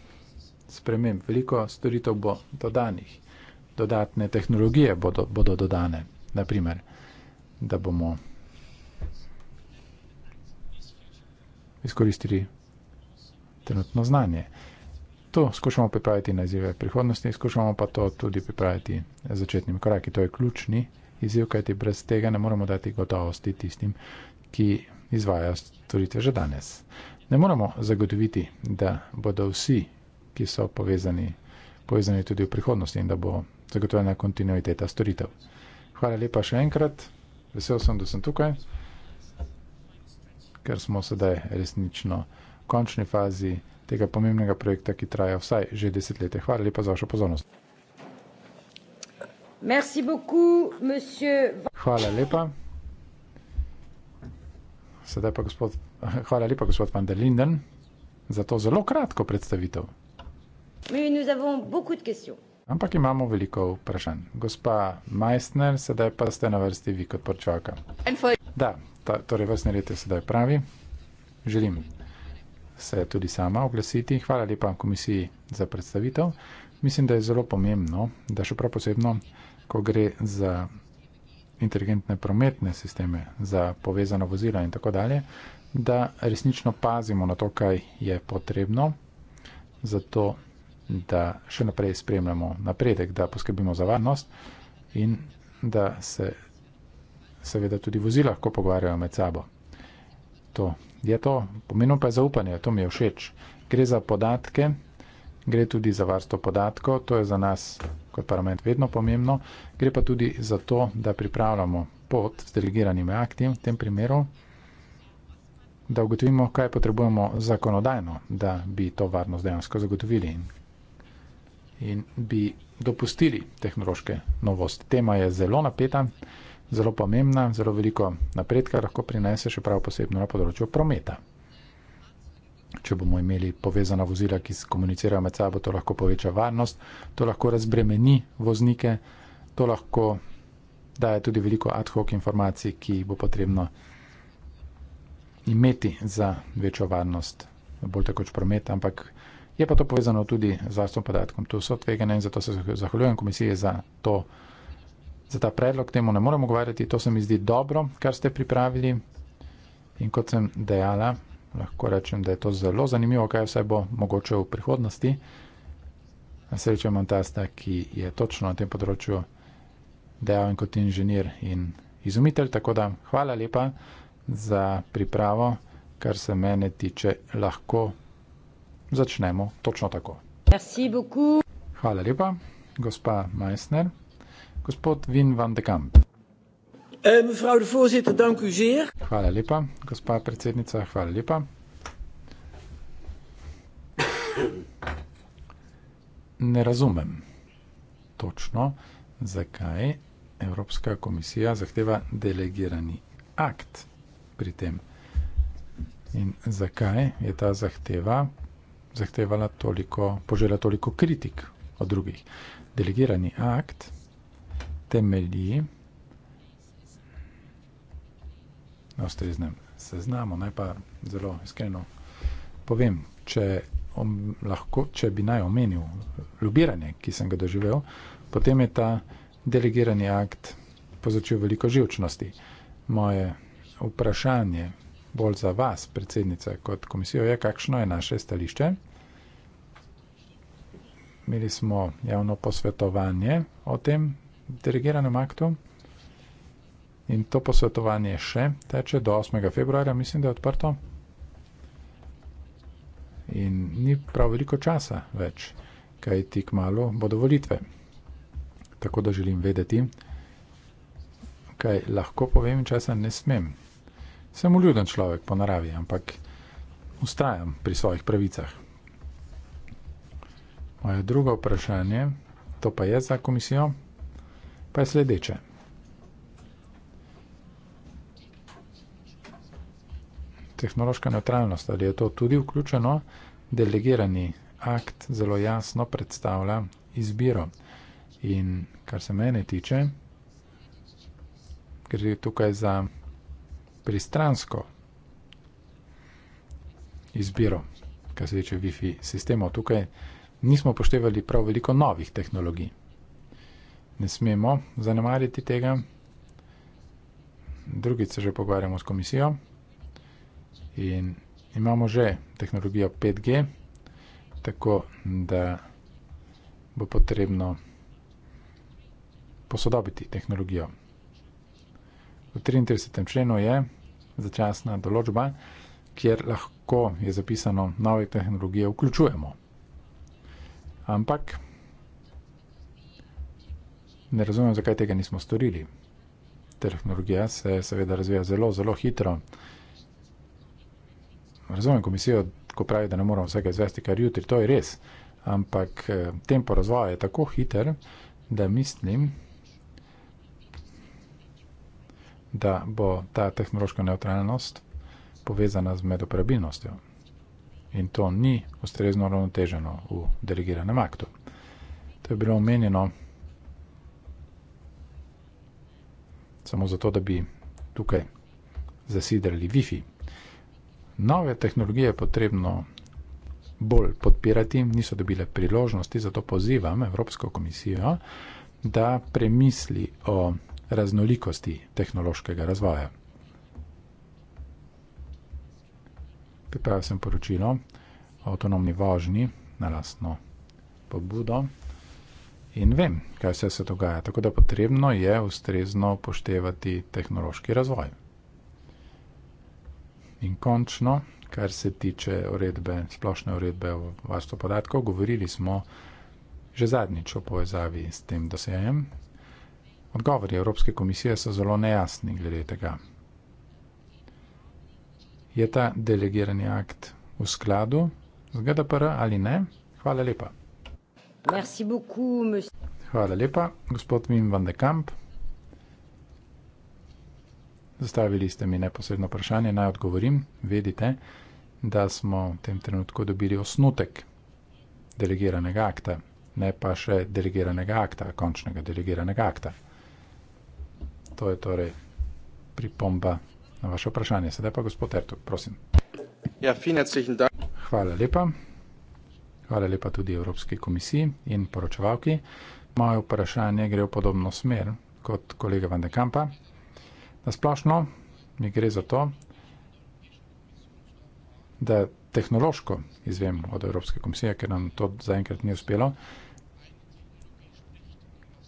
sprememb. Veliko storitev bo dodanih, dodatne tehnologije bodo, bodo dodane. Naprimer, da bomo izkoristili trenutno znanje. To skušamo pripraviti na izjive prihodnosti, skušamo pa to tudi pripraviti začetnim koraki. To je ključni izjiv, kajti brez tega ne moramo dati gotovosti tistim, ki izvajajo storitve že danes. Ne moramo zagotoviti, da bodo vsi, ki so povezani, povezani tudi v prihodnosti in da bo zagotovljena kontinuiteta storitev. Hvala lepa še enkrat, vesel sem, da sem tukaj, ker smo sedaj resnično v končni fazi tega pomembnega projekta, ki traja vsaj že desetletje. Hvala lepa za vašo pozornost. Hvala lepa. Sedaj pa gospod Hvala lepa, gospod van der Linden, za to zelo kratko predstavitev. Ampak imamo veliko vprašanj. Gospa Meissner, sedaj pa ste na vrsti vi kot porčaka. Da, ta, torej vrstni red je sedaj pravi. Želim se tudi sama oglasiti. Hvala lepa komisiji za predstavitev. Mislim, da je zelo pomembno, da še prav posebno, ko gre za inteligentne prometne sisteme, za povezano vozila in tako dalje, da resnično pazimo na to, kaj je potrebno, zato da še naprej spremljamo napredek, da poskrbimo za varnost in da se seveda tudi vozi lahko pogovarjajo med sabo. To je to, pomenilo pa je zaupanje, to mi je všeč. Gre za podatke, gre tudi za varstvo podatkov, to je za nas kot parlament vedno pomembno, gre pa tudi za to, da pripravljamo pot z delegiranimi akti, v tem primeru da ugotovimo, kaj potrebujemo zakonodajno, da bi to varnost dejansko zagotovili in, in bi dopustili tehnološke novosti. Tema je zelo napeta, zelo pomembna, zelo veliko napredka lahko prinese še prav posebno na področju prometa. Če bomo imeli povezana vozila, ki komunicirajo med sabo, to lahko poveča varnost, to lahko razbremeni voznike, to lahko daje tudi veliko ad hoc informacij, ki bo potrebno. Mm imeti za večjo varnost, bolj takoč promet, ampak je pa to povezano tudi z varstvom podatkom. To so tvegane in zato se zahvaljujem komisiji za, to, za ta predlog. Temu ne moremo govarjati, to se mi zdi dobro, kar ste pripravili. In kot sem dejala, lahko rečem, da je to zelo zanimivo, kaj vse bo mogoče v prihodnosti. Na srečo imam tasta, ki je točno na tem področju dejal in kot inženir in izumitelj, tako da hvala lepa za pripravo, kar se mene tiče, lahko začnemo točno tako. Hvala lepa, gospa Meissner. Gospod Vin van de Kamp. Eh, hvala lepa, gospa predsednica, hvala lepa. Ne razumem točno, zakaj Evropska komisija zahteva delegirani akt pri tem. In zakaj je ta zahteva zahtevala toliko, požela toliko kritik od drugih? Delegirani akt temelji na ustreznem seznamu. Naj pa zelo iskreno povem, če, om, lahko, če bi naj omenil lobiranje, ki sem ga doživel, potem je ta delegirani akt povzročil veliko živčnosti. Moje vprašanje bolj za vas, predsednica, kot komisijo je, kakšno je naše stališče. Imeli smo javno posvetovanje o tem delegiranem aktu in to posvetovanje še teče do 8. februarja, mislim, da je odprto. In ni prav veliko časa več, kaj tik malo bodo volitve. Tako da želim vedeti, kaj lahko povem in česa ne smem sem uljuden človek po naravi, ampak ustrajam pri svojih pravicah. Moje drugo vprašanje, to pa je za komisijo, pa je sledeče. Tehnološka neutralnost, ali je to tudi vključeno, delegirani akt zelo jasno predstavlja izbiro. In kar se mene tiče, gre tukaj za pristransko izbiro, kar se tiče Wi-Fi sistemov. Tukaj nismo poštevali prav veliko novih tehnologij. Ne smemo zanemariti tega. Drugič se že pogovarjamo s komisijo in imamo že tehnologijo 5G, tako da bo potrebno posodobiti tehnologijo. V 33. členu je, začasna določba, kjer lahko je zapisano nove tehnologije vključujemo. Ampak ne razumem, zakaj tega nismo storili. Tehnologija se seveda razvija zelo, zelo hitro. Razumem komisijo, ko pravi, da ne moramo vsega izvesti kar jutri, to je res. Ampak eh, tempo razvoja je tako hiter, da mislim, da da bo ta tehnološka neutralnost povezana z medoprebilnostjo. In to ni ustrezno ravnoteženo v delegiranem aktu. To je bilo omenjeno samo zato, da bi tukaj zasidrali Wi-Fi. Nove tehnologije je potrebno bolj podpirati, niso dobile priložnosti, zato pozivam Evropsko komisijo, da premisli o tehnologiji, raznolikosti tehnološkega razvoja. Pripravil sem poročilo o avtonomni vožnji na lastno pobudo in vem, kaj vse se dogaja, tako da potrebno je ustrezno upoštevati tehnološki razvoj. In končno, kar se tiče uredbe, splošne uredbe o varstvu podatkov, govorili smo že zadnjič o povezavi s tem dosejem, Odgovori Evropske komisije so zelo nejasni glede tega. Je ta delegirani akt v skladu z GDPR ali ne? Hvala lepa. Merci beaucoup, monsieur. Hvala lepa, gospod Wim van de Kamp. Zastavili ste mi neposredno vprašanje, naj odgovorim. Vedite, da smo v tem trenutku dobili osnutek delegiranega akta, ne pa še delegiranega akta, končnega delegiranega akta. To je torej pripomba na vaše vprašanje. Sedaj pa gospod Ertu, prosim. Ja, Hvala lepa. Hvala lepa tudi Evropski komisiji in poročevalki. Moje vprašanje gre v podobno smer kot kolega Van de Kampa. Nasplošno mi gre za to, da tehnološko izvem od Evropske komisije, ker nam to zaenkrat ni uspelo,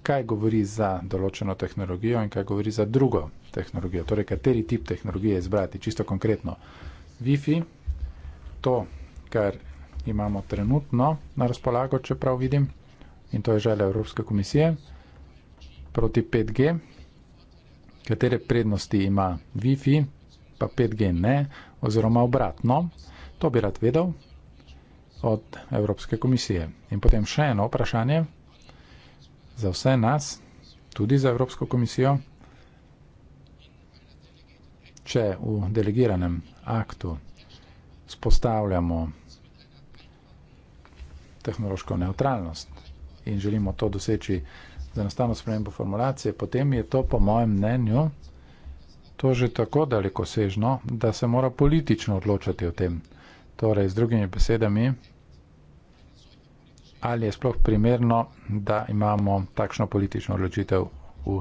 kaj govori za določeno tehnologijo in kaj govori za drugo tehnologijo. Torej, kateri tip tehnologije izbrati, čisto konkretno. Wi-Fi, to, kar imamo trenutno na razpolago, če prav vidim, in to je želja Evropske komisije, proti 5G, katere prednosti ima Wi-Fi, pa 5G ne, oziroma obratno, to bi rad vedel od Evropske komisije. In potem še eno vprašanje za vse nas, tudi za Evropsko komisijo, če v delegiranem aktu spostavljamo tehnološko neutralnost in želimo to doseči za enostavno spremembo formulacije, potem je to po mojem mnenju to že tako daleko sežno, da se mora politično odločati o tem. Torej, z drugimi besedami, ali je sploh primerno, da imamo takšno politično odločitev v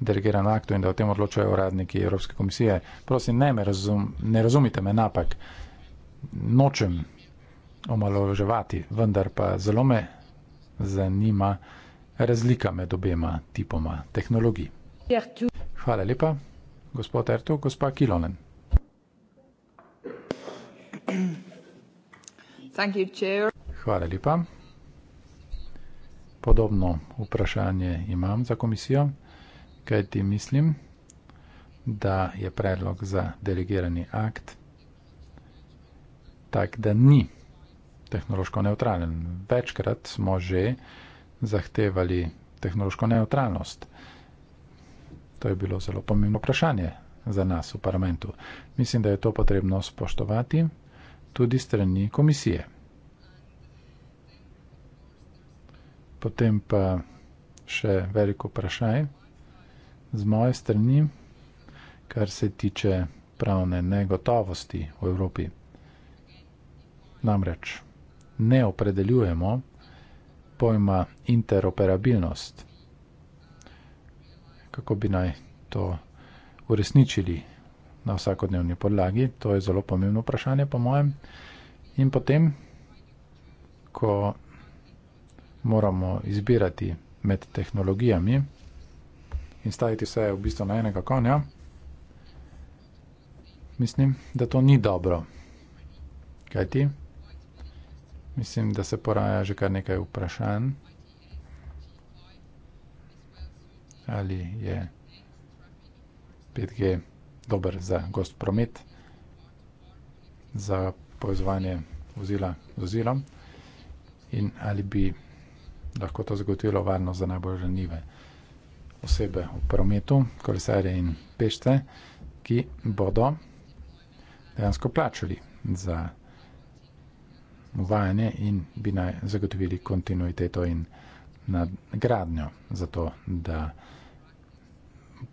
delegiranem aktu in da o tem odločajo uradniki Evropske komisije. Prosim, ne, me razum, ne razumite me napak, nočem omaloževati, vendar pa zelo me zanima razlika med obema tipoma tehnologij. Hvala lepa, gospod Ertu, gospa Kilonen. Hvala lepa podobno vprašanje imam za komisijo, kaj ti mislim, da je predlog za delegirani akt tak, da ni tehnološko neutralen. Večkrat smo že zahtevali tehnološko neutralnost. To je bilo zelo pomembno vprašanje za nas v parlamentu. Mislim, da je to potrebno spoštovati tudi strani komisije. potem pa še veliko vprašanj z moje strani, kar se tiče pravne negotovosti v Evropi. Namreč ne opredeljujemo pojma interoperabilnost. Kako bi naj to uresničili na vsakodnevni podlagi, to je zelo pomembno vprašanje po mojem. In potem, ko moramo izbirati med tehnologijami in staviti vse v bistvu na enega konja, mislim, da to ni dobro. Kaj ti? Mislim, da se poraja že kar nekaj vprašanj. Ali je 5G dober za gost promet, za povezovanje vozila z vozilom in ali bi lahko to zagotovilo varnost za najbolj ranljive osebe v prometu, kolesarje in pešce, ki bodo dejansko plačali za uvajanje in bi naj zagotovili kontinuiteto in nadgradnjo za to, da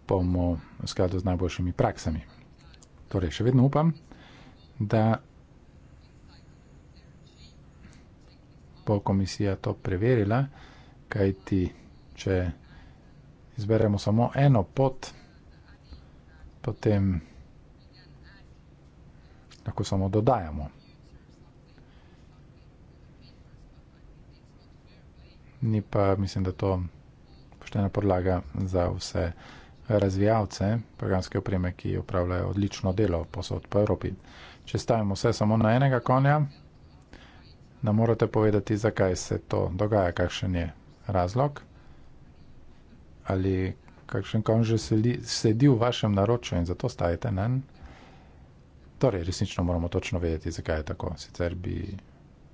bomo v skladu z najboljšimi praksami. Torej, še vedno upam, da bo komisija to preverila, kajti če izberemo samo eno pot, potem lahko samo dodajamo. Ni pa, mislim, da to poštena podlaga za vse razvijalce programske opreme, ki upravljajo odlično delo posod po Evropi. Če stavimo vse samo na enega konja, nam morate povedati, zakaj se to dogaja, kakšen je razlog ali kakšen konj že sedi v vašem naročju in zato stajete na en. Torej, resnično moramo točno vedeti, zakaj je tako. Sicer bi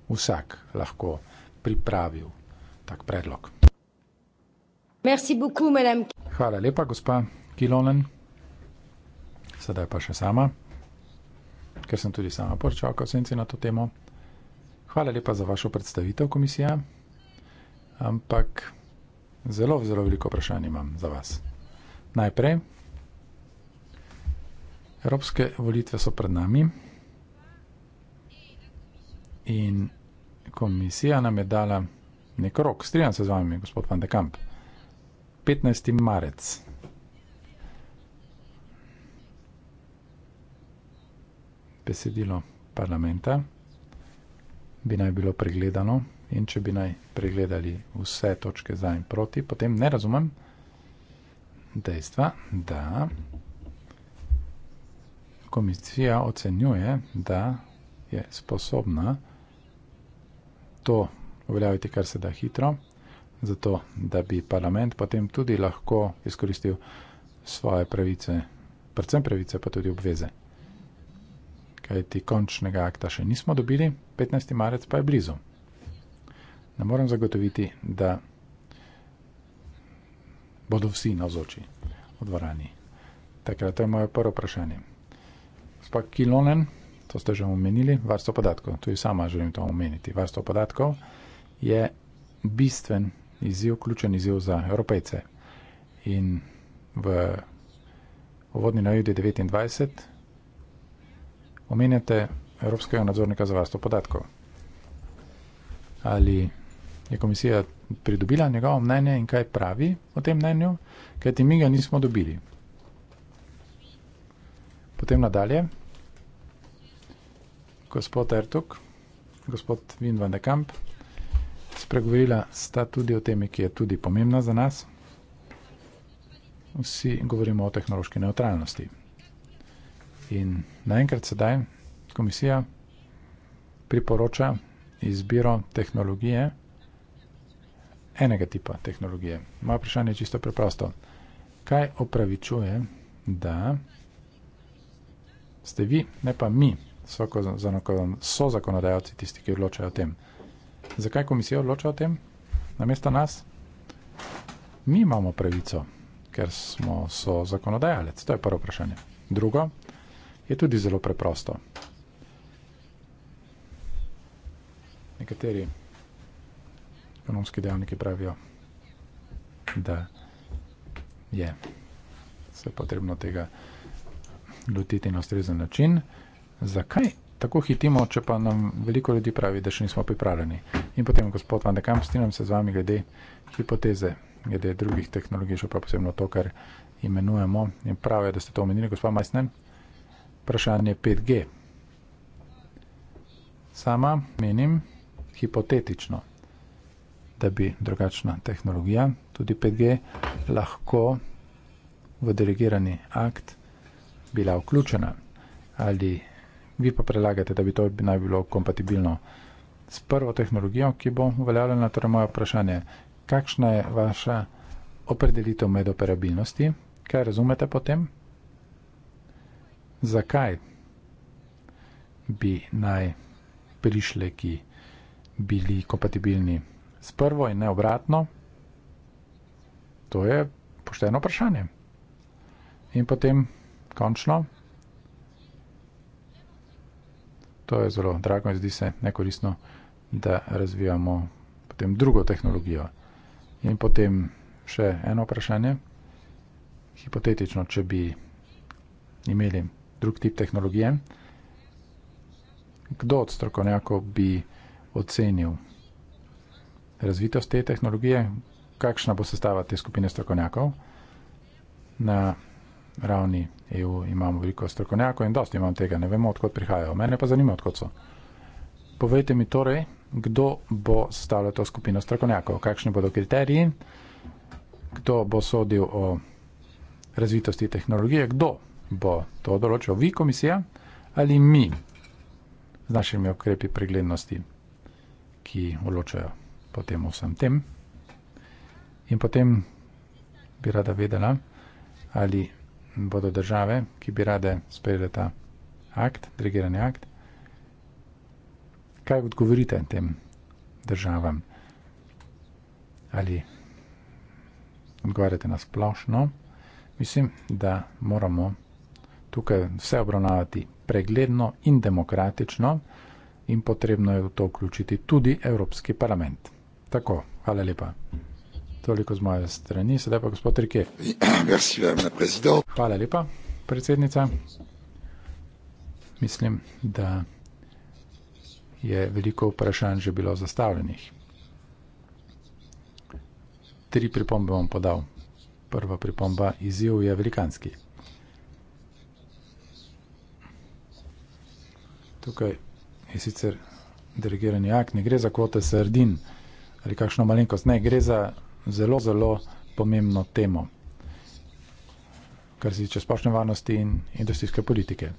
vsak lahko pripravil tak predlog. Hvala lepa, gospa Kilonen. Sedaj pa še sama, ker sem tudi sama poročala o senci na to temo. Hvala lepa za vašo predstavitev, komisija. Ampak zelo, zelo veliko vprašanj imam za vas. Najprej, evropske volitve so pred nami in komisija nam je dala nek rok, strinjam se z vami, gospod Van de Kamp, 15. marec. Besedilo parlamenta bi naj bilo pregledano in če bi naj pregledali vse točke za in proti, potem ne razumem dejstva, da komisija ocenjuje, da je sposobna to uveljaviti kar se da hitro, zato da bi parlament potem tudi lahko izkoristil svoje pravice, predvsem pravice pa tudi obveze. Kajti končnega akta še nismo dobili. 15. marec pa je blizu. Ne morem zagotoviti, da bodo vsi navzoči v dvorani. Takrat je moje prvo vprašanje. Spak Kilonen, to ste že omenili, varstvo podatkov, tudi sama želim to omeniti. Varstvo podatkov je bistven izziv, ključen izziv za evropejce. In v uvodni najudi 29 omenjate Evropskega nadzornika za varstvo podatkov. Ali je komisija pridobila njegovo mnenje in kaj pravi o tem mnenju, kaj ti mi ga nismo dobili. Potem nadalje, gospod Ertuk, gospod Vin van de Kamp, spregovorila sta tudi o temi, ki je tudi pomembna za nas. Vsi govorimo o tehnološki neutralnosti. In naenkrat sedaj komisija priporoča izbiro tehnologije, enega tipa tehnologije. Moje vprašanje je čisto preprosto. Kaj opravičuje, da ste vi, ne pa mi, so zakonodajalci tisti, ki odločajo o tem? Zakaj komisija odloča o tem? Namesto nas? Mi imamo pravico, ker smo so zakonodajalec. To je prvo vprašanje. Drugo je tudi zelo preprosto. nekateri ekonomski dejavniki pravijo, da je se potrebno tega lotiti na ustrezen način. Zakaj tako hitimo, če pa nam veliko ljudi pravi, da še nismo pripravljeni? In potem, gospod Van de Kamp, strinjam se z vami glede hipoteze, glede drugih tehnologij, še pa posebno to, kar imenujemo. In prav je, da ste to omenili, gospod Majsnen. Vprašanje 5G. Sama menim, hipotetično, da bi drugačna tehnologija, tudi 5G, lahko v delegirani akt bila vključena. Ali vi pa predlagate, da bi to bi naj bilo kompatibilno s prvo tehnologijo, ki bo uveljavljena, torej moje vprašanje, kakšna je vaša opredelitev med operabilnosti, kaj razumete potem, zakaj bi naj prišle ki bili kompatibilni s prvo in ne obratno? To je pošteno vprašanje. In potem, končno, to je zelo drago in zdi se nekoristno, da razvijamo potem drugo tehnologijo. In potem še eno vprašanje, hipotetično, če bi imeli drug tip tehnologije, kdo od strokovnjakov bi imeli? ocenil razvitost te tehnologije, kakšna bo sestava te skupine strokovnjakov. Na ravni EU imamo veliko strokovnjakov in dosti imam tega, ne vemo, odkot prihajajo. Mene pa zanima, odkot so. Povejte mi torej, kdo bo sestavljal to skupino strokovnjakov, kakšni bodo kriteriji, kdo bo sodil o razvitosti tehnologije, kdo bo to določil, vi komisija ali mi z našimi okrepi preglednosti ki odločajo o vsem tem. In potem bi rada vedela, ali bodo države, ki bi rade sprejeli ta akt, dirigirani akt, kaj odgovorite tem državam? Ali odgovarjate na splošno? Mislim, da moramo tukaj vse obravnavati pregledno in demokratično in potrebno je v to vključiti tudi Evropski parlament. Tako, hvala lepa. Toliko z moje strani, sedaj pa gospod Rike. Hvala lepa, predsednica. Mislim, da je veliko vprašanj že bilo zastavljenih. Tri pripombe bom podal. Prva pripomba, izziv je velikanski. Tukaj je sicer dirigirani akt, ne gre za kvote sardin ali kakšno malenkost, ne, gre za zelo, zelo pomembno temo, kar se tiče splošne varnosti in industrijske politike.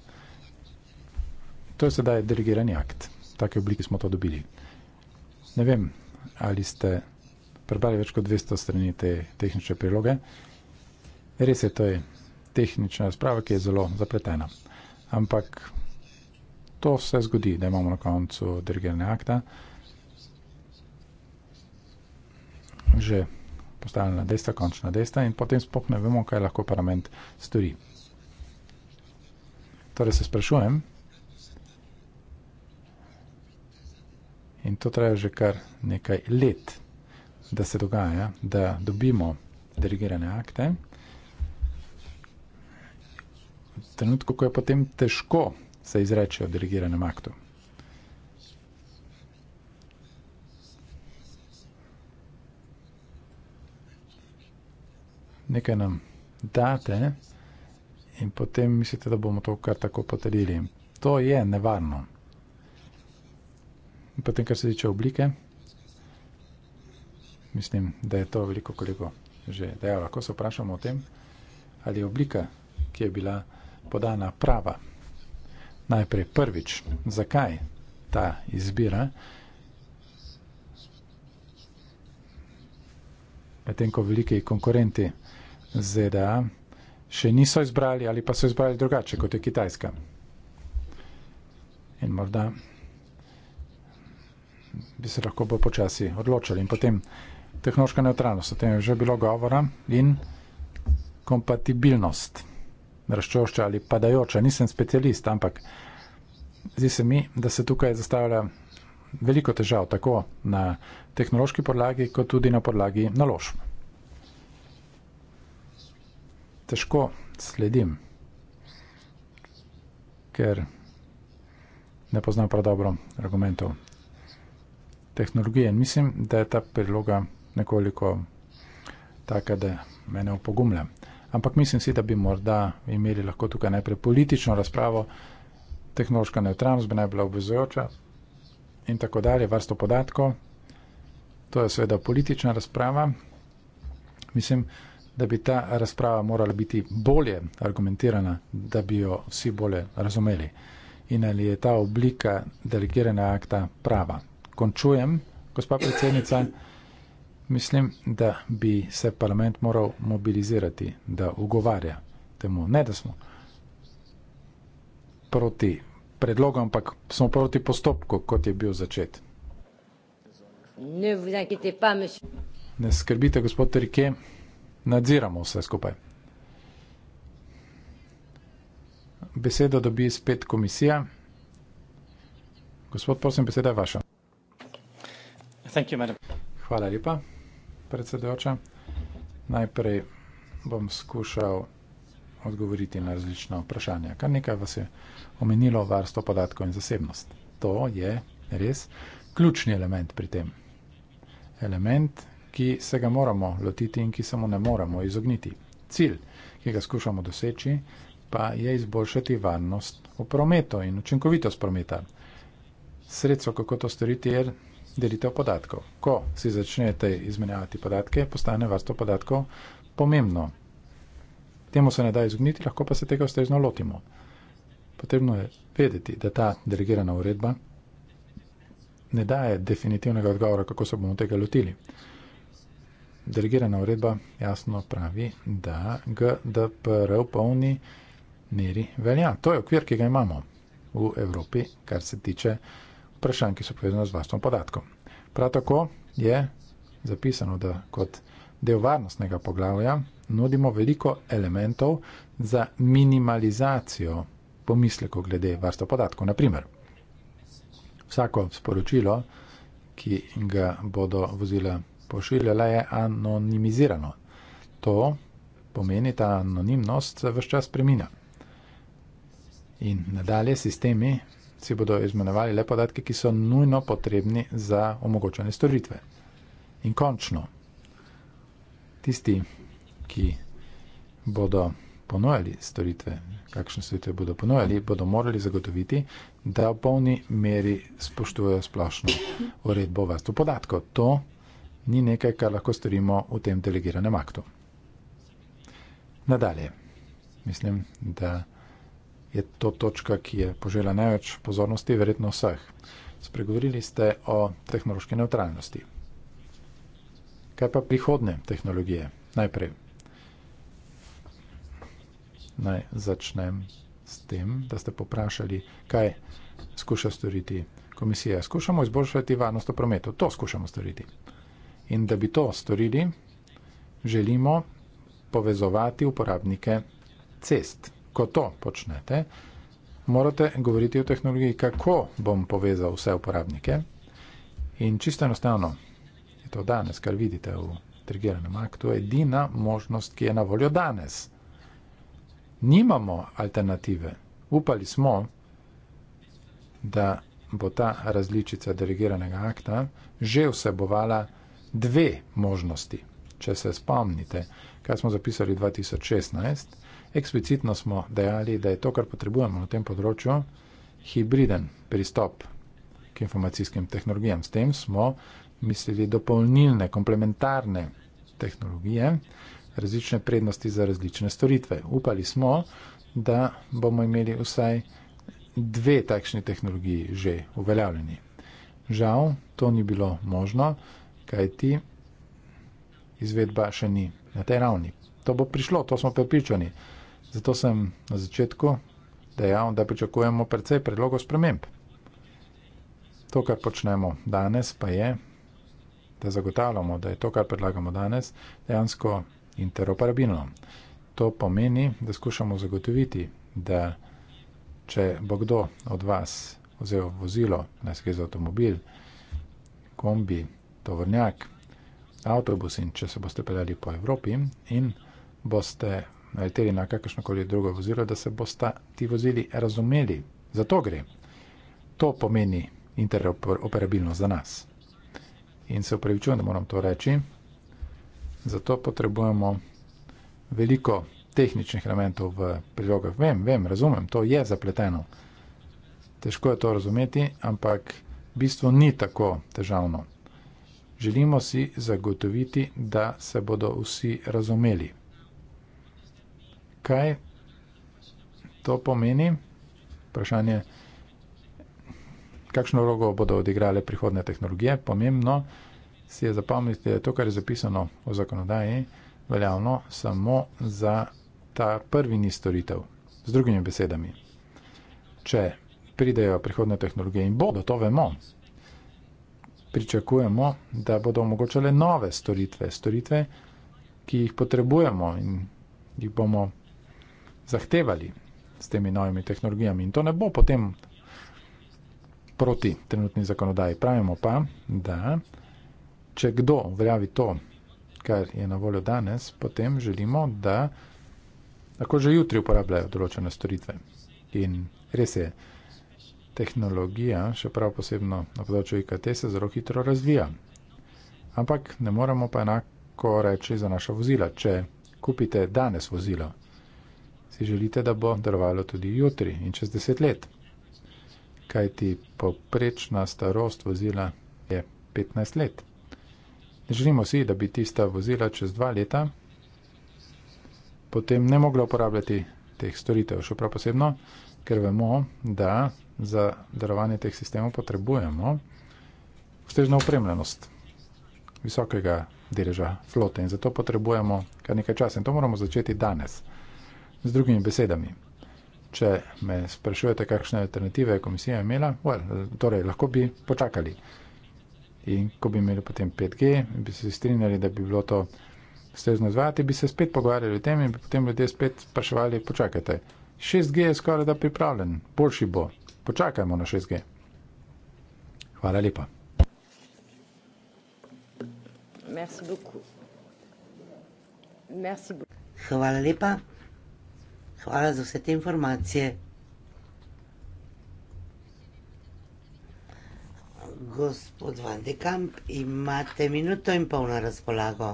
To je sedaj dirigirani akt, v take obliki smo to dobili. Ne vem, ali ste prebrali več kot 200 strani te tehnične priloge. Res je, to je tehnična razprava, ki je zelo zapletena. Ampak to se zgodi, da imamo na koncu dirigirane akta. Že postavljena desta, končna desta in potem spoh ne vemo, kaj lahko parlament stori. Torej se sprašujem, in to traja že kar nekaj let, da se dogaja, da dobimo dirigirane akte, v trenutku, ko je potem težko se izreče o delegiranem aktu. Nekaj nam date in potem mislite, da bomo to kar tako potrdili. To je nevarno. In potem, kar se tiče oblike, mislim, da je to veliko kolego že dejalo. Lahko se vprašamo o tem, ali je oblika, ki je bila podana prava. Najprej prvič, zakaj ta izbira? Medtem ko veliki konkurenti ZDA še niso izbrali ali pa so izbrali drugače kot je Kitajska. In morda bi se lahko bo počasi odločili. In potem tehnološka neutralnost, o tem je že bilo govora, in kompatibilnost razčošča ali padajoča. Nisem specialist, ampak zdi se mi, da se tukaj zastavlja veliko težav, tako na tehnološki podlagi, kot tudi na podlagi naložb. Težko sledim, ker ne poznam prav dobro argumentov tehnologije in mislim, da je ta priloga nekoliko taka, da mene opogumlja ampak mislim si, da bi morda imeli lahko tukaj najprej politično razpravo, tehnološka neutralnost bi naj bila obvezujoča in tako dalje, varstvo podatkov. To je seveda politična razprava. Mislim, da bi ta razprava morala biti bolje argumentirana, da bi jo vsi bolje razumeli. In ali je ta oblika delegiranega akta prava. Končujem, gospa predsednica. Mislim, da bi se parlament moral mobilizirati, da ugovarja temu. Ne, da smo proti predlogu, ampak smo proti postopku, kot je bil začet. Ne skrbite, gospod Rike, nadziramo vse skupaj. Besedo dobi spet komisija. Gospod, prosim, beseda je vaša. Hvala lepa predsedujoča. Najprej bom skušal odgovoriti na različna vprašanja. Kar nekaj vas je omenilo varstvo podatkov in zasebnost. To je res ključni element pri tem. Element, ki se ga moramo lotiti in ki se mu ne moramo izogniti. Cilj, ki ga skušamo doseči, pa je izboljšati varnost v prometu in učinkovitost prometa. Sredstvo, kako to storiti, je delitev podatkov. Ko si začnete izmenjavati podatke, postane varstvo podatkov pomembno. Temu se ne da izogniti, lahko pa se tega ustrezno lotimo. Potrebno je vedeti, da ta delegirana uredba ne daje definitivnega odgovora, kako se bomo tega lotili. Delegirana uredba jasno pravi, da GDPR v polni meri velja. To je okvir, ki ga imamo v Evropi, kar se tiče vprašanj, ki so povezana z vlastnim podatkom. Prav tako je zapisano, da kot del varnostnega poglavja nudimo veliko elementov za minimalizacijo pomislekov glede varstva podatkov. Naprimer, vsako sporočilo, ki ga bodo vozila pošiljala, je anonimizirano. To pomeni, ta anonimnost se vse čas spremina. In nadalje sistemi si bodo izmenjevali le podatke, ki so nujno potrebni za omogočanje storitve. In končno, tisti, ki bodo ponujali storitve, kakšne storitve bodo ponujali, bodo morali zagotoviti, da v polni meri spoštujejo splošno uredbo varstva podatkov. To ni nekaj, kar lahko storimo v tem delegiranem aktu. Nadalje, mislim, da je to točka, ki je požela največ pozornosti, verjetno vseh. Spregovorili ste o tehnološki neutralnosti. Kaj pa prihodne tehnologije? Najprej naj začnem s tem, da ste poprašali, kaj skuša storiti komisija. Skušamo izboljšati varnost v prometu, to skušamo storiti. In da bi to storili, želimo povezovati uporabnike cest ko to počnete, morate govoriti o tehnologiji, kako bom povezal vse uporabnike. In čisto enostavno je to danes, kar vidite v trigiranem aktu, edina možnost, ki je na voljo danes. Nimamo alternative. Upali smo, da bo ta različica delegiranega akta že vsebovala dve možnosti. Če se spomnite, kaj smo zapisali 2016, eksplicitno smo dejali, da je to, kar potrebujemo na tem področju, hibriden pristop k informacijskim tehnologijam. S tem smo mislili dopolnilne, komplementarne tehnologije, različne prednosti za različne storitve. Upali smo, da bomo imeli vsaj dve takšni tehnologiji že uveljavljeni. Žal, to ni bilo možno, kajti izvedba še ni na tej ravni. To bo prišlo, to smo prepričani. Zato sem na začetku dejal, da pričakujemo precej predlogov sprememb. To, kar počnemo danes, pa je, da zagotavljamo, da je to, kar predlagamo danes, dejansko interoperabilno. To pomeni, da skušamo zagotoviti, da če bo kdo od vas vzel vozilo, naj se gre za avtomobil, kombi, tovornjak, avtobus in če se boste peljali po Evropi in boste naleteli na kakršno koli drugo vozilo, da se bosta ti vozili razumeli. Za to gre. To pomeni interoperabilnost za nas. In se upravičujem, da moram to reči. Zato potrebujemo veliko tehničnih elementov v prilogah. Vem, vem, razumem, to je zapleteno. Težko je to razumeti, ampak v bistvo ni tako težavno. Želimo si zagotoviti, da se bodo vsi razumeli kaj to pomeni. Vprašanje, kakšno vlogo bodo odigrale prihodne tehnologije. Pomembno si je zapomniti, da je to, kar je zapisano v zakonodaji, veljavno samo za ta prvi niz storitev. Z drugimi besedami, če pridejo prihodne tehnologije in bodo, to vemo. Pričakujemo, da bodo omogočale nove storitve, storitve, ki jih potrebujemo in jih bomo zahtevali s temi novimi tehnologijami. In to ne bo potem proti trenutni zakonodaji. Pravimo pa, da če kdo uveljavi to, kar je na voljo danes, potem želimo, da lahko že jutri uporabljajo določene storitve. In res je, tehnologija, še prav posebno na področju IKT, se zelo hitro razvija. Ampak ne moremo pa enako reči za naša vozila. Če kupite danes vozilo, si želite, da bo delovalo tudi jutri in čez deset let. Kaj ti poprečna starost vozila je 15 let. Ne želimo si, da bi tista vozila čez dva leta potem ne mogla uporabljati teh storitev, še prav posebno, ker vemo, da za darovanje teh sistemov potrebujemo ustrezno opremljenost visokega deleža flote in zato potrebujemo kar nekaj časa in to moramo začeti danes. Z drugimi besedami, če me sprašujete, kakšne alternative je komisija imela, well, torej lahko bi počakali. In ko bi imeli potem 5G, bi se strinjali, da bi bilo to stezno zvati, bi se spet pogovarjali o tem in bi potem ljudje spet spraševali, počakajte. 6G je skoraj da pripravljen, boljši bo. Počakajmo na 6G. Hvala lepa. Merci beaucoup. Merci beaucoup. Hvala lepa. Hvala za vse te informacije. Gospod Vandekamp, imate minuto in pol na razpolago.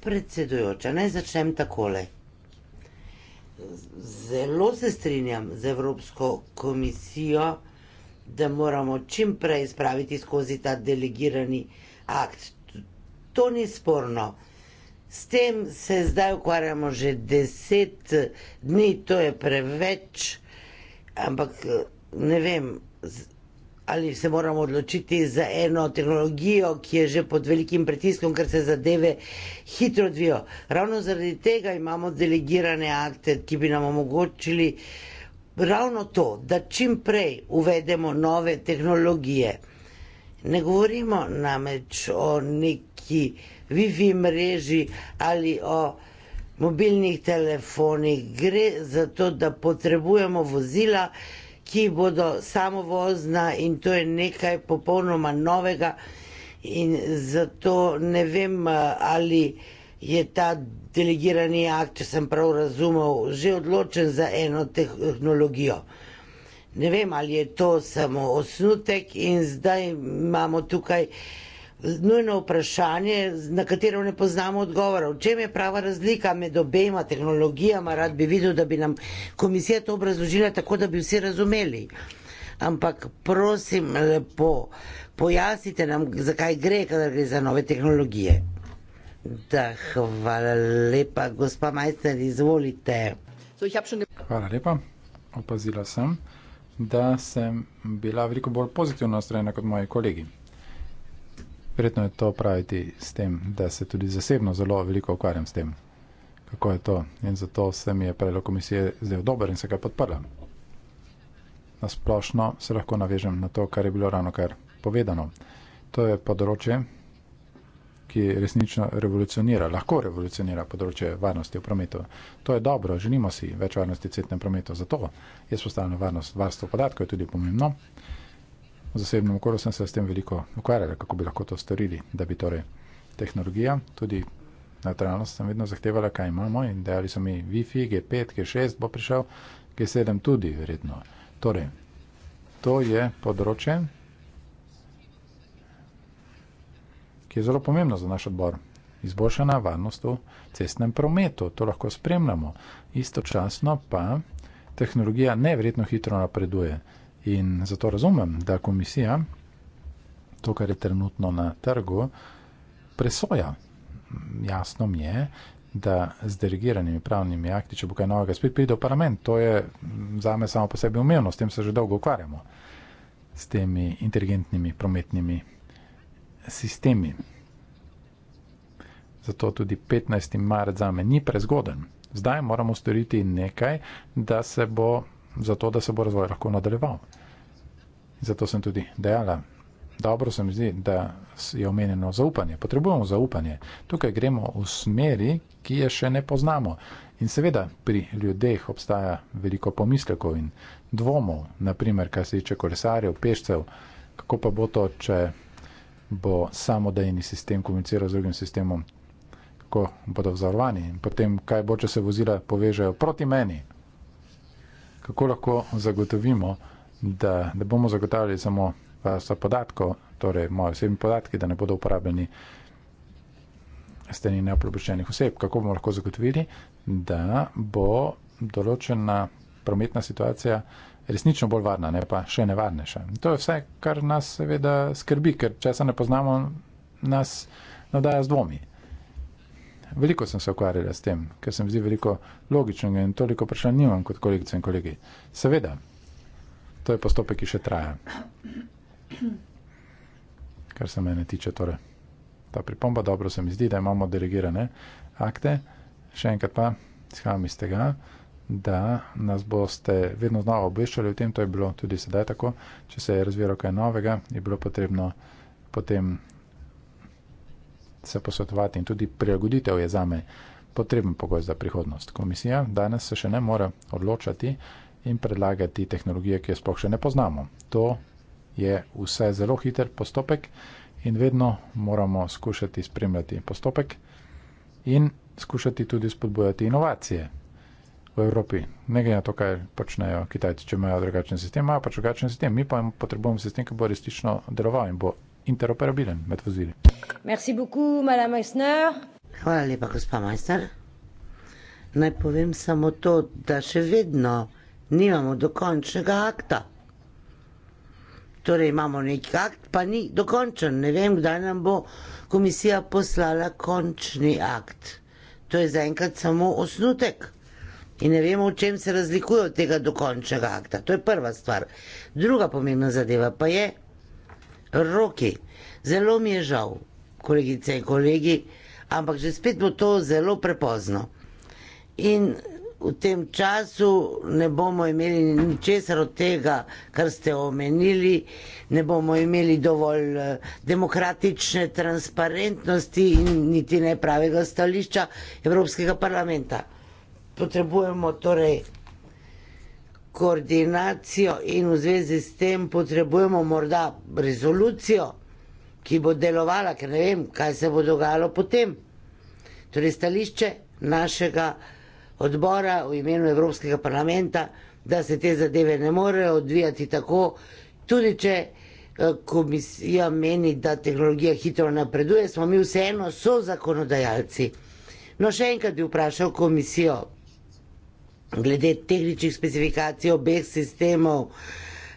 Predsedujoča, naj začnem takole. Zelo se strinjam z Evropsko komisijo, da moramo čim prej spraviti skozi ta delegirani akt. To ni sporno. S tem se zdaj ukvarjamo že deset dni, to je preveč, ampak ne vem, ali se moramo odločiti za eno tehnologijo, ki je že pod velikim pritiskom, ker se zadeve hitro odvijo. Ravno zaradi tega imamo delegirane akte, ki bi nam omogočili ravno to, da čim prej uvedemo nove tehnologije. Ne govorimo namreč o neki WiFi mreži ali o mobilnih telefonih. Gre za to, da potrebujemo vozila, ki bodo samovozna in to je nekaj popolnoma novega. In zato ne vem, ali je ta delegirani akt, če sem prav razumel, že odločen za eno tehnologijo. Ne vem, ali je to samo osnutek in zdaj imamo tukaj nujno vprašanje, na katero ne poznamo odgovora. V čem je prava razlika med obema tehnologijama? Rad bi videl, da bi nam komisija to obrazložila tako, da bi vsi razumeli. Ampak prosim, lepo, pojasnite nam, zakaj gre, kadar gre za nove tehnologije. Da, hvala lepa, gospa majster, izvolite. Ja hvala lepa. Opazila sem, da sem bila veliko bolj pozitivno nastrojena kot moji kolegi. Verjetno je to praviti s tem, da se tudi zasebno zelo veliko ukvarjam s tem, kako je to. In zato se mi je predlog komisije zdel dober in se ga podprla. Na splošno se lahko navežem na to, kar je bilo ravno kar povedano. To je področje, ki resnično revolucionira, lahko revolucionira področje varnosti v prometu. To je dobro, želimo si več varnosti v cestnem prometu. Zato je spostavljeno varnost, varstvo podatkov je tudi pomembno. V zasebnem okolju sem se s tem veliko ukvarjal, kako bi lahko to storili, da bi torej tehnologija, tudi neutralnost sem vedno zahtevala, kaj imamo in dejali so mi Wi-Fi, G5, G6, bo prišel G7 tudi, verjetno. Torej, to je področje, ki je zelo pomembno za naš odbor. Izboljšana varnost v cestnem prometu, to lahko spremljamo. Istočasno pa tehnologija neverjetno hitro napreduje. In zato razumem, da komisija to, kar je trenutno na trgu, presoja. Jasno mi je, da z dirigiranimi pravnimi akti, če bo kaj novega, spet pride v parlament. To je za me samo po sebi umevno, s tem se že dolgo ukvarjamo, s temi inteligentnimi prometnimi sistemi. Zato tudi 15. marec za me ni prezgoden. Zdaj moramo storiti nekaj, da se bo zato da se bo razvoj lahko nadaljeval. Zato sem tudi dejala, dobro se mi zdi, da je omenjeno zaupanje. Potrebujemo zaupanje. Tukaj gremo v smeri, ki je še ne poznamo. In seveda pri ljudeh obstaja veliko pomislekov in dvomov, naprimer, kar se tiče kolesarjev, pešcev, kako pa bo to, če bo samodejni sistem komuniciral z drugim sistemom, kako bodo vzorovani in potem, kaj bo, če se vozila povežejo proti meni kako lahko zagotovimo, da ne bomo zagotavljali samo varstva podatkov, torej moje osebne podatke, da ne bodo uporabljeni steni neoprobočenih oseb, kako bomo lahko zagotovili, da bo določena prometna situacija resnično bolj varna, ne pa še nevarnejša. To je vse, kar nas seveda skrbi, ker če se ne poznamo, nas nadaja z dvomi veliko sem se ukvarjala s tem, ker sem zdi veliko logičnega in toliko vprašanj nimam kot kolegice in kolegi. Seveda, to je postopek, ki še traja. Kar se mene tiče, torej, ta pripomba, dobro se mi zdi, da imamo delegirane akte. Še enkrat pa, izhajam iz tega, da nas boste vedno znova obveščali o tem, to je bilo tudi sedaj tako, če se je razviro kaj novega, je bilo potrebno potem se posvetovati in tudi prilagoditev je zame potreben pogoj za prihodnost. Komisija danes se še ne more odločati in predlagati tehnologije, ki jo sploh še ne poznamo. To je vse zelo hiter postopek in vedno moramo skušati spremljati postopek in skušati tudi spodbujati inovacije v Evropi. Ne glede na to, kaj počnejo Kitajci, če imajo drugačen sistem, imajo pač drugačen sistem. Mi pa potrebujemo sistem, ki bo resnično deloval in bo interoperabilen med vozili. Merci beaucoup, madame Meissner. Hvala lepa, gospa Meissner. Naj povem samo to, da še vedno nimamo dokončnega akta. Torej imamo nek akt, pa ni dokončen. Ne vem, kdaj nam bo komisija poslala končni akt. To je zaenkrat samo osnutek. In ne vemo, v čem se razlikuje od tega dokončnega akta. To je prva stvar. Druga pomembna zadeva pa je, roki. Zelo mi je žal, kolegice in kolegi, ampak že spet bo to zelo prepozno. In v tem času ne bomo imeli ničesar od tega, kar ste omenili, ne bomo imeli dovolj eh, demokratične transparentnosti in niti ne pravega stališča Evropskega parlamenta. Potrebujemo torej koordinacijo in v zvezi s tem potrebujemo morda rezolucijo, ki bo delovala, ker ne vem, kaj se bo dogajalo potem. Torej, stališče našega odbora v imenu Evropskega parlamenta, da se te zadeve ne morejo odvijati tako, tudi če eh, komisija meni, da tehnologija hitro napreduje, smo mi vseeno so zakonodajalci. No, še enkrat bi vprašal komisijo, glede tehničnih specifikacij obeh sistemov,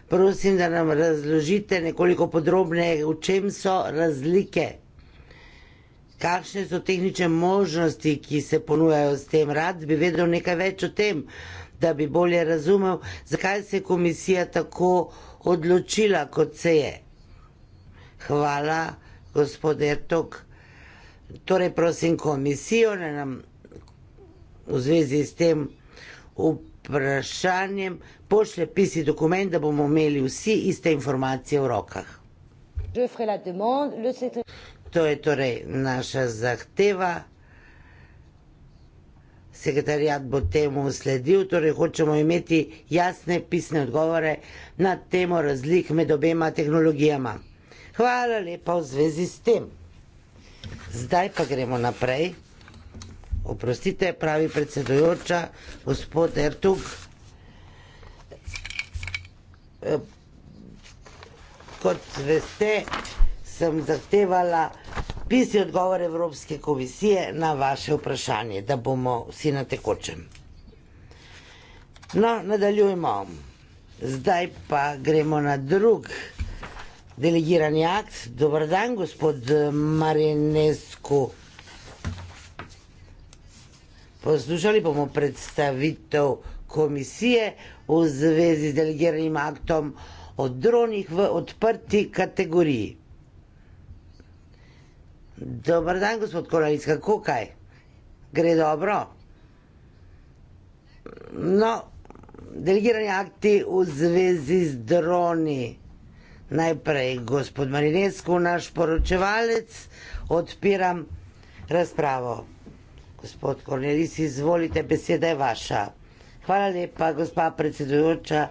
prosim, da nam razložite nekoliko podrobneje, v čem so razlike, kakšne so tehnične možnosti, ki se ponujajo s tem. Rad bi vedel nekaj več o tem, da bi bolje razumel, zakaj se je komisija tako odločila, kot se je. Hvala, gospod Ertok. Torej, prosim komisijo, da nam v zvezi s tem vprašanjem, pošlje pisni dokument, da bomo imeli vsi iste informacije v rokah. To je torej naša zahteva. Sekretarjat bo temu sledil, torej hočemo imeti jasne pisne odgovore na temo razlik med obema tehnologijama. Hvala lepa v zvezi s tem. Zdaj pa gremo naprej. Oprostite, pravi predsedujoča, gospod Ertug. E, kot veste, sem zahtevala pisni odgovor Evropske komisije na vaše vprašanje, da bomo vsi na tekočem. No, nadaljujmo. Zdaj pa gremo na drug delegirani akt. Dobrodan, gospod Marinescu. Poslušali bomo predstavitev komisije v zvezi z delegiranim aktom o dronih v odprti kategoriji. Dobar dan, gospod Kolanic, kako kaj? Gre dobro? No, delegirani akti v zvezi z droni. Najprej gospod Marinesku, naš poročevalec, odpiram razpravo gospod Kornelis, izvolite, beseda je vaša. Hvala lepa, gospa predsedujoča,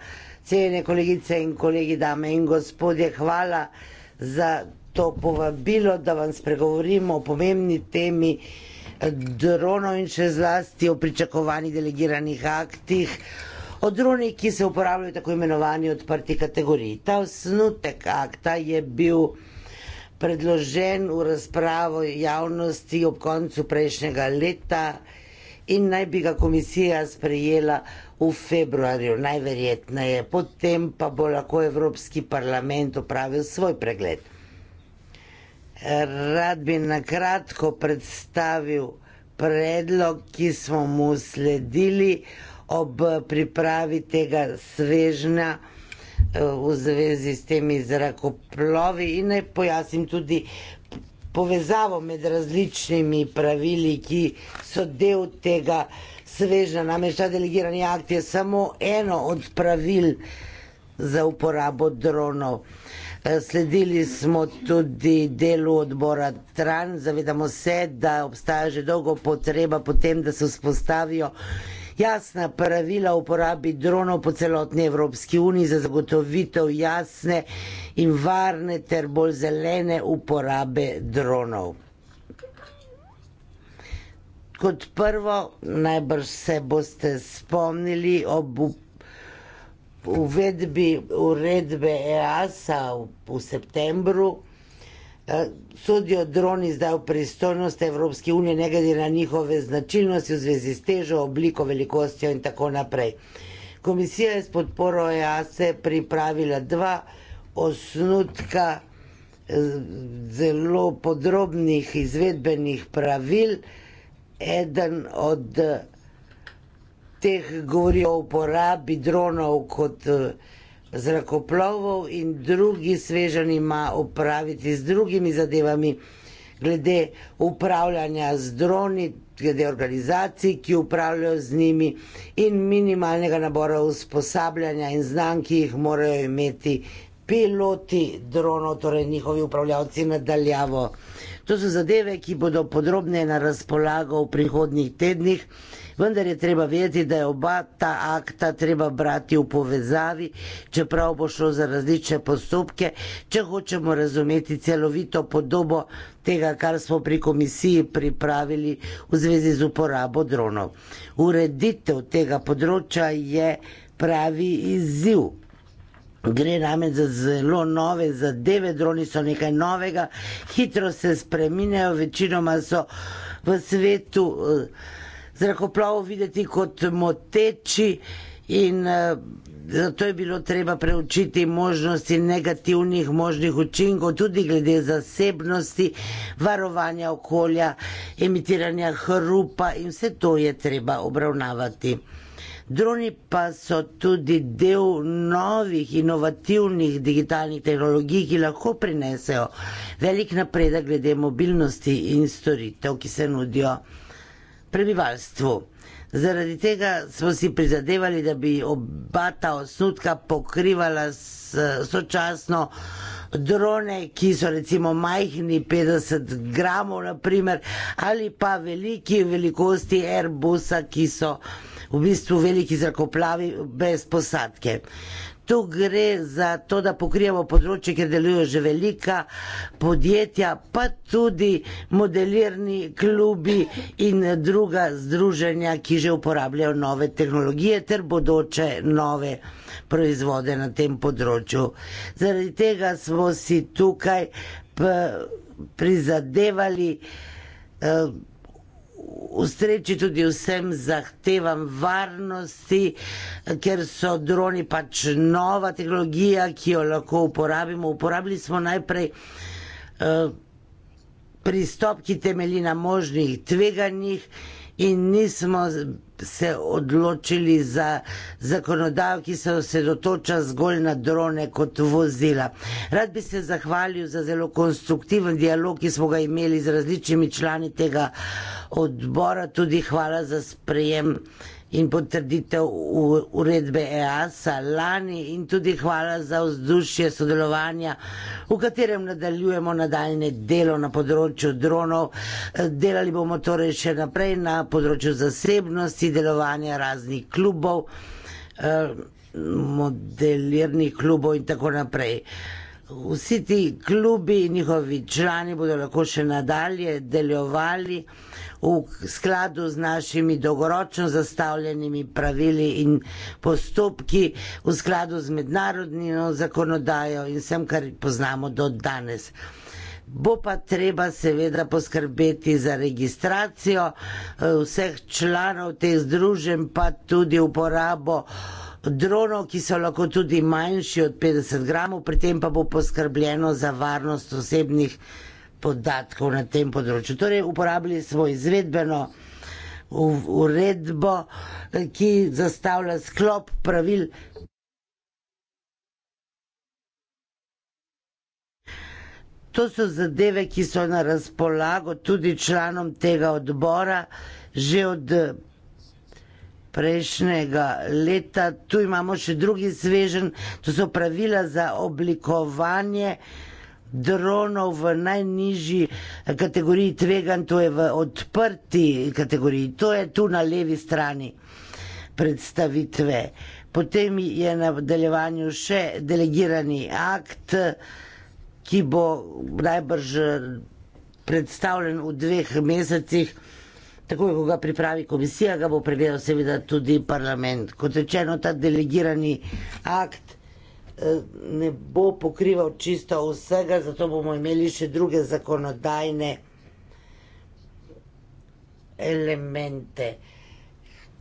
cene kolegice in kolegi, dame in gospodje, hvala za to povabilo, da vam spregovorimo o pomembni temi dronov in še zlasti o pričakovanih delegiranih aktih, o dronih, ki se uporabljajo tako imenovani odprti kategoriji. Ta osnutek akta je bil predložen v razpravo javnosti ob koncu prejšnjega leta in naj bi ga komisija sprejela v februarju, najverjetneje. Potem pa bo lahko Evropski parlament opravil svoj pregled. Rad bi nakratko predstavil predlog, ki smo mu sledili ob pripravi tega svežnja. Eh, v zvezi s temi zrakoplovi in naj pojasnim tudi povezavo med različnimi pravili, ki so del tega svežna. Namreč ta delegirani akt je samo eno od pravil za uporabo dronov. Eh, sledili smo tudi delu odbora Tran, zavedamo se, da obstaja že dolgo potreba potem, da se vzpostavijo jasna pravila o uporabi dronov po celotni Evropski uniji za zagotovitev jasne in varne ter bolj zelene uporabe dronov. Kot prvo, najbrž se boste spomnili ob uvedbi uredbe EASA v, v septembru Eh, sodijo droni zdaj v pristojnost Evropske unije, ne glede na njihove značilnosti v zvezi s težo, obliko, velikostjo in tako naprej. Komisija je s podporo EASE pripravila dva osnutka eh, zelo podrobnih izvedbenih pravil. Eden od eh, teh govori o uporabi dronov kot uh, zrakoplovov in drugi svežen ima upraviti z drugimi zadevami, glede upravljanja z droni, glede organizacij, ki upravljajo z njimi in minimalnega nabora usposabljanja in znanj, ki jih morajo imeti piloti dronov, torej njihovi upravljavci nadaljavo. To so zadeve, ki bodo podrobne na razpolago v prihodnjih tednih. Vendar je treba vedeti, da je oba ta akta treba brati v povezavi, čeprav bo šlo za različne postopke, če hočemo razumeti celovito podobo tega, kar smo pri komisiji pripravili v zvezi z uporabo dronov. Ureditev tega področja je pravi izziv. Gre namreč za zelo nove zadeve, droni so nekaj novega, hitro se spreminjajo, večinoma so v svetu. Uh, zrakoplovov videti kot moteči in uh, zato je bilo treba preučiti možnosti negativnih možnih učinkov, tudi glede zasebnosti, varovanja okolja, emitiranja hrupa in vse to je treba obravnavati. Droni pa so tudi del novih inovativnih digitalnih tehnologij, ki lahko prinesejo velik napredek glede mobilnosti in storitev, ki se nudijo prebivalstvu. Zaradi tega smo si prizadevali, da bi oba ta osnutka pokrivala s, sočasno drone, ki so recimo majhni, 50 gramov naprimer, ali pa veliki velikosti Airbusa, ki so v bistvu veliki zrakoplavi brez posadke tu gre za to, da pokrijemo področje, kjer delujejo že velika podjetja, pa tudi modelirni klubi in druga združenja, ki že uporabljajo nove tehnologije ter bodoče nove proizvode na tem področju. Zaradi tega smo si tukaj eh, prizadevali. Uh, ustreči tudi vsem zahtevam varnosti, ker so droni pač nova tehnologija, ki jo lahko uporabimo. Uporabili smo najprej uh, pristop, ki temelji na možnih tveganjih in nismo se odločili za zakonodajo, ki se osredotoča zgolj na drone kot vozila. Rad bi se zahvalil za zelo konstruktiven dialog, ki smo ga imeli z različnimi člani tega odbora. Tudi hvala za sprejem in potrditev uredbe EASA lani in tudi hvala za vzdušje sodelovanja, v katerem nadaljujemo nadaljne delo na področju dronov. Delali bomo torej še naprej na področju zasebnosti, delovanja raznih klubov, eh, modelirnih klubov in tako naprej. Vsi ti klubi in njihovi člani bodo lahko še nadalje delovali v skladu z našimi dolgoročno zastavljenimi pravili in postopki, v skladu z mednarodnjo zakonodajo in vsem, kar poznamo do danes. Bo pa treba seveda poskrbeti za registracijo eh, vseh članov teh združen, pa tudi uporabo dronov, ki so lahko tudi manjši od 50 gramov, pri tem pa bo poskrbljeno za varnost osebnih podatkov na tem področju. Torej, uporabili smo izvedbeno uredbo, ki zastavlja sklop pravil. To so zadeve, ki so na razpolago tudi članom tega odbora, že od prejšnjega leta. Tu imamo še drugi svežen, to so pravila za oblikovanje dronov v najnižji kategoriji tvegan, to je v odprti kategoriji, to je tu na levi strani predstavitve. Potem je na delovanju še delegirani akt, ki bo najbrž predstavljen v dveh mesecih, tako kot ga pripravi komisija, ga bo pregledal seveda tudi parlament. Kot rečeno, ta delegirani akt E, ne bo pokrival čisto vsega, zato bomo imeli še druge zakonodajne elemente.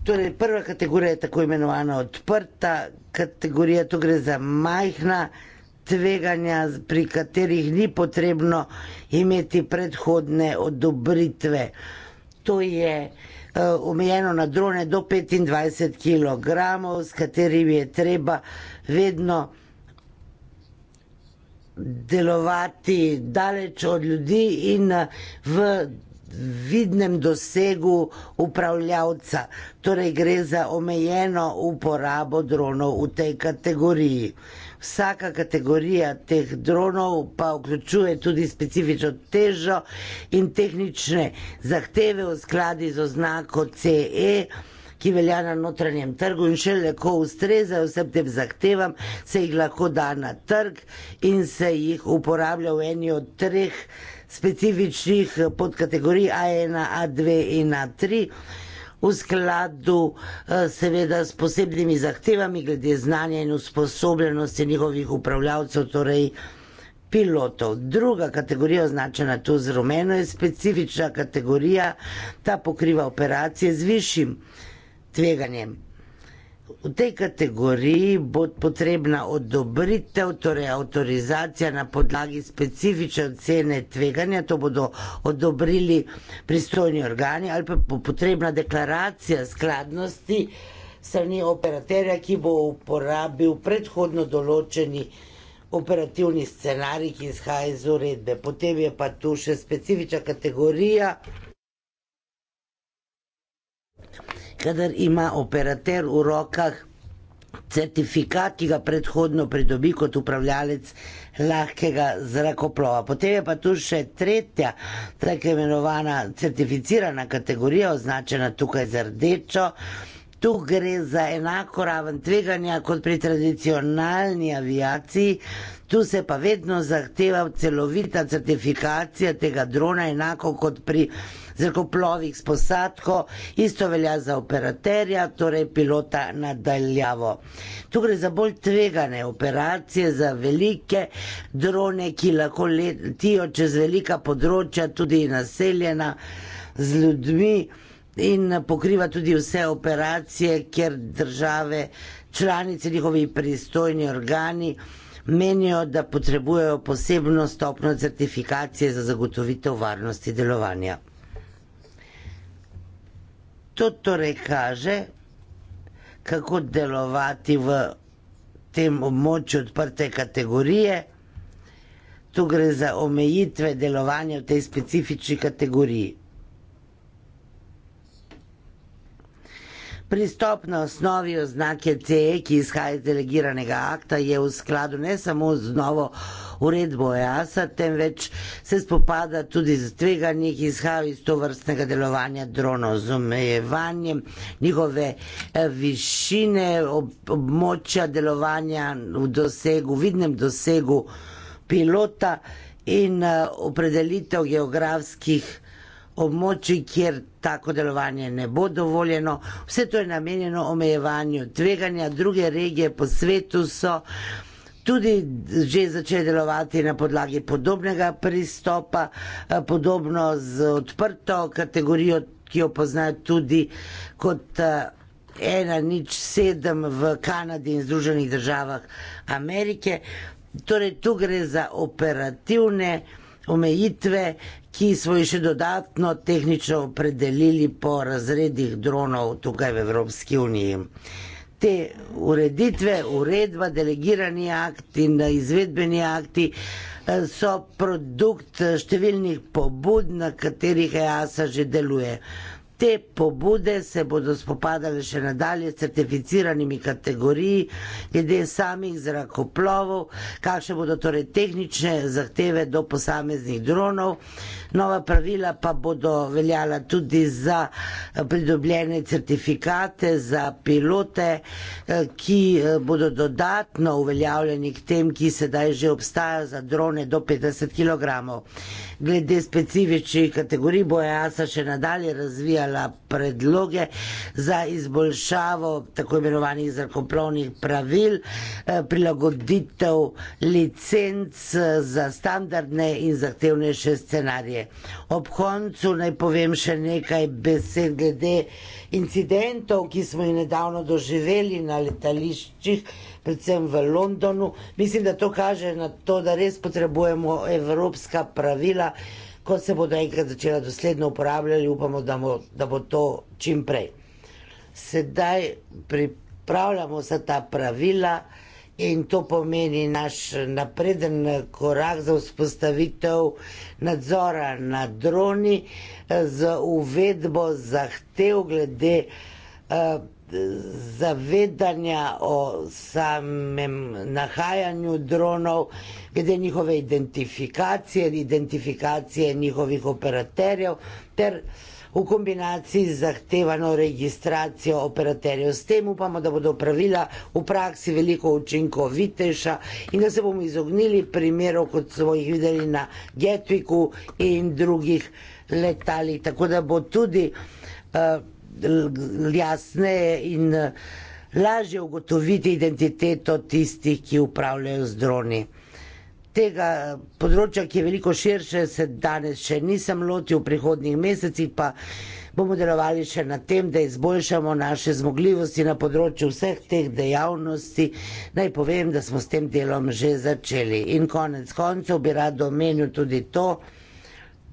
Torej, prva kategorija je tako imenovana odprta kategorija, tu gre za majhna tveganja, pri katerih ni potrebno imeti predhodne odobritve. To je e, omejeno na drone do 25 kg, s katerimi je treba vedno delovati daleč od ljudi in eh, v vidnem dosegu upravljavca. Torej gre za omejeno uporabo dronov v tej kategoriji. Vsaka kategorija teh dronov pa vključuje tudi specifično težo in tehnične zahteve v skladi z oznako CE ki velja na notranjem trgu in še lepo ustrezajo vsem tem zahtevam, se jih lahko da na trg in se jih uporablja v eni od treh specifičnih eh, podkategorij A1, A2 in A3. V skladu eh, seveda s posebnimi zahtevami glede znanja in usposobljenosti njihovih upravljavcev, torej pilotov. Druga kategorija, označena tu z rumeno, je specifična kategorija, ta pokriva operacije z višjim tveganjem. V tej kategoriji bo potrebna odobritev, torej avtorizacija na podlagi specifične ocene tveganja, to bodo odobrili pristojni organi ali pa bo potrebna deklaracija skladnosti strani operaterja, ki bo uporabil predhodno določeni operativni scenarij, ki izhaja iz uredbe. Potem je pa tu še specifična kategorija kadar ima operater v rokah certifikat, ki ga predhodno pridobi kot upravljalec lahkega zrakoplova. Potem je pa tu še tretja, tako imenovana certificirana kategorija, označena tukaj z rdečo. Tu gre za enako raven tveganja kot pri tradicionalni aviaciji, tu se pa vedno zahteva celovita certifikacija tega drona, enako kot pri zrakoplovih s posadko, isto velja za operaterja, torej pilota nadaljavo. Tu gre za bolj tvegane operacije, za velike drone, ki lahko letijo čez velika področja, tudi naseljena z ljudmi in pokriva tudi vse operacije, kjer države, članice, njihovi pristojni organi menijo, da potrebujejo posebno stopno certifikacije za zagotovitev varnosti delovanja. To torej kaže, kako delovati v tem območju odprte kategorije. Tu gre za omejitve delovanja v tej specifični kategoriji. Pristop na osnovi oznake CE, ki izhaja iz delegiranega akta, je v skladu ne samo z novo uredbo EASA, temveč se spopada tudi z tveganji, ki izhajajo iz to vrstnega delovanja dronov z omejevanjem njihove eh, višine, ob, območja delovanja v dosegu, vidnem dosegu pilota in uh, opredelitev geografskih območij, kjer tako delovanje ne bo dovoljeno. Vse to je namenjeno omejevanju tveganja. Druge regije po svetu so tudi že začele delovati na podlagi podobnega pristopa, eh, podobno z odprto kategorijo, ki jo poznajo tudi kot. Eh, ena nič sedem v Kanadi in Združenih državah Amerike. Torej, tu gre za operativne omejitve, ki smo jih še dodatno tehnično opredelili po razredih dronov tukaj v Evropski uniji. Te ureditve, uredba, delegirani akti in izvedbeni akti eh, so produkt eh, številnih pobud, na katerih EASA že deluje. Te pobude se bodo spopadale še nadalje s certificiranimi kategoriji, glede samih zrakoplovov, kakšne bodo torej tehnične zahteve do posameznih dronov. Nova pravila pa bodo veljala tudi za eh, pridobljene certifikate za pilote, eh, ki eh, bodo dodatno uveljavljeni k tem, ki sedaj že obstajajo za drone do 50 kg. Glede specifičnih kategorij bo EASA še nadalje razvijala dajala predloge za izboljšavo tako imenovanih zrakoplovnih pravil, eh, prilagoditev licenc eh, za standardne in zahtevnejše scenarije. Ob koncu naj povem še nekaj besed glede incidentov, ki smo jih nedavno doživeli na letališčih. Predvsem v Londonu. Mislim, da to kaže na to, da res potrebujemo evropska pravila, ko se bodo enkrat začela dosledno uporabljati, upamo, da bo, da bo to čim prej. Sedaj pripravljamo vsa ta pravila in to pomeni naš napreden korak za vzpostavitev nadzora nad droni z uvedbo zahtev glede. Uh, zavedanja o samem nahajanju dronov, glede njihove identifikacije, identifikacije njihovih operaterjev ter v kombinaciji z zahtevano registracijo operaterjev. S tem upamo, da bodo pravila v praksi veliko učinkovitejša in da se bomo izognili primerov, kot smo jih videli na Getviku in drugih letalih. Tako da bo tudi uh, jasneje in eh, lažje ugotoviti identiteto tistih, ki upravljajo z droni. Tega eh, področja, ki je veliko širše, se danes še nisem lotil, v prihodnjih mesecih pa bomo delovali še na tem, da izboljšamo naše zmogljivosti na področju vseh teh dejavnosti. Naj povem, da smo s tem delom že začeli. In konec koncev bi rad omenil tudi to,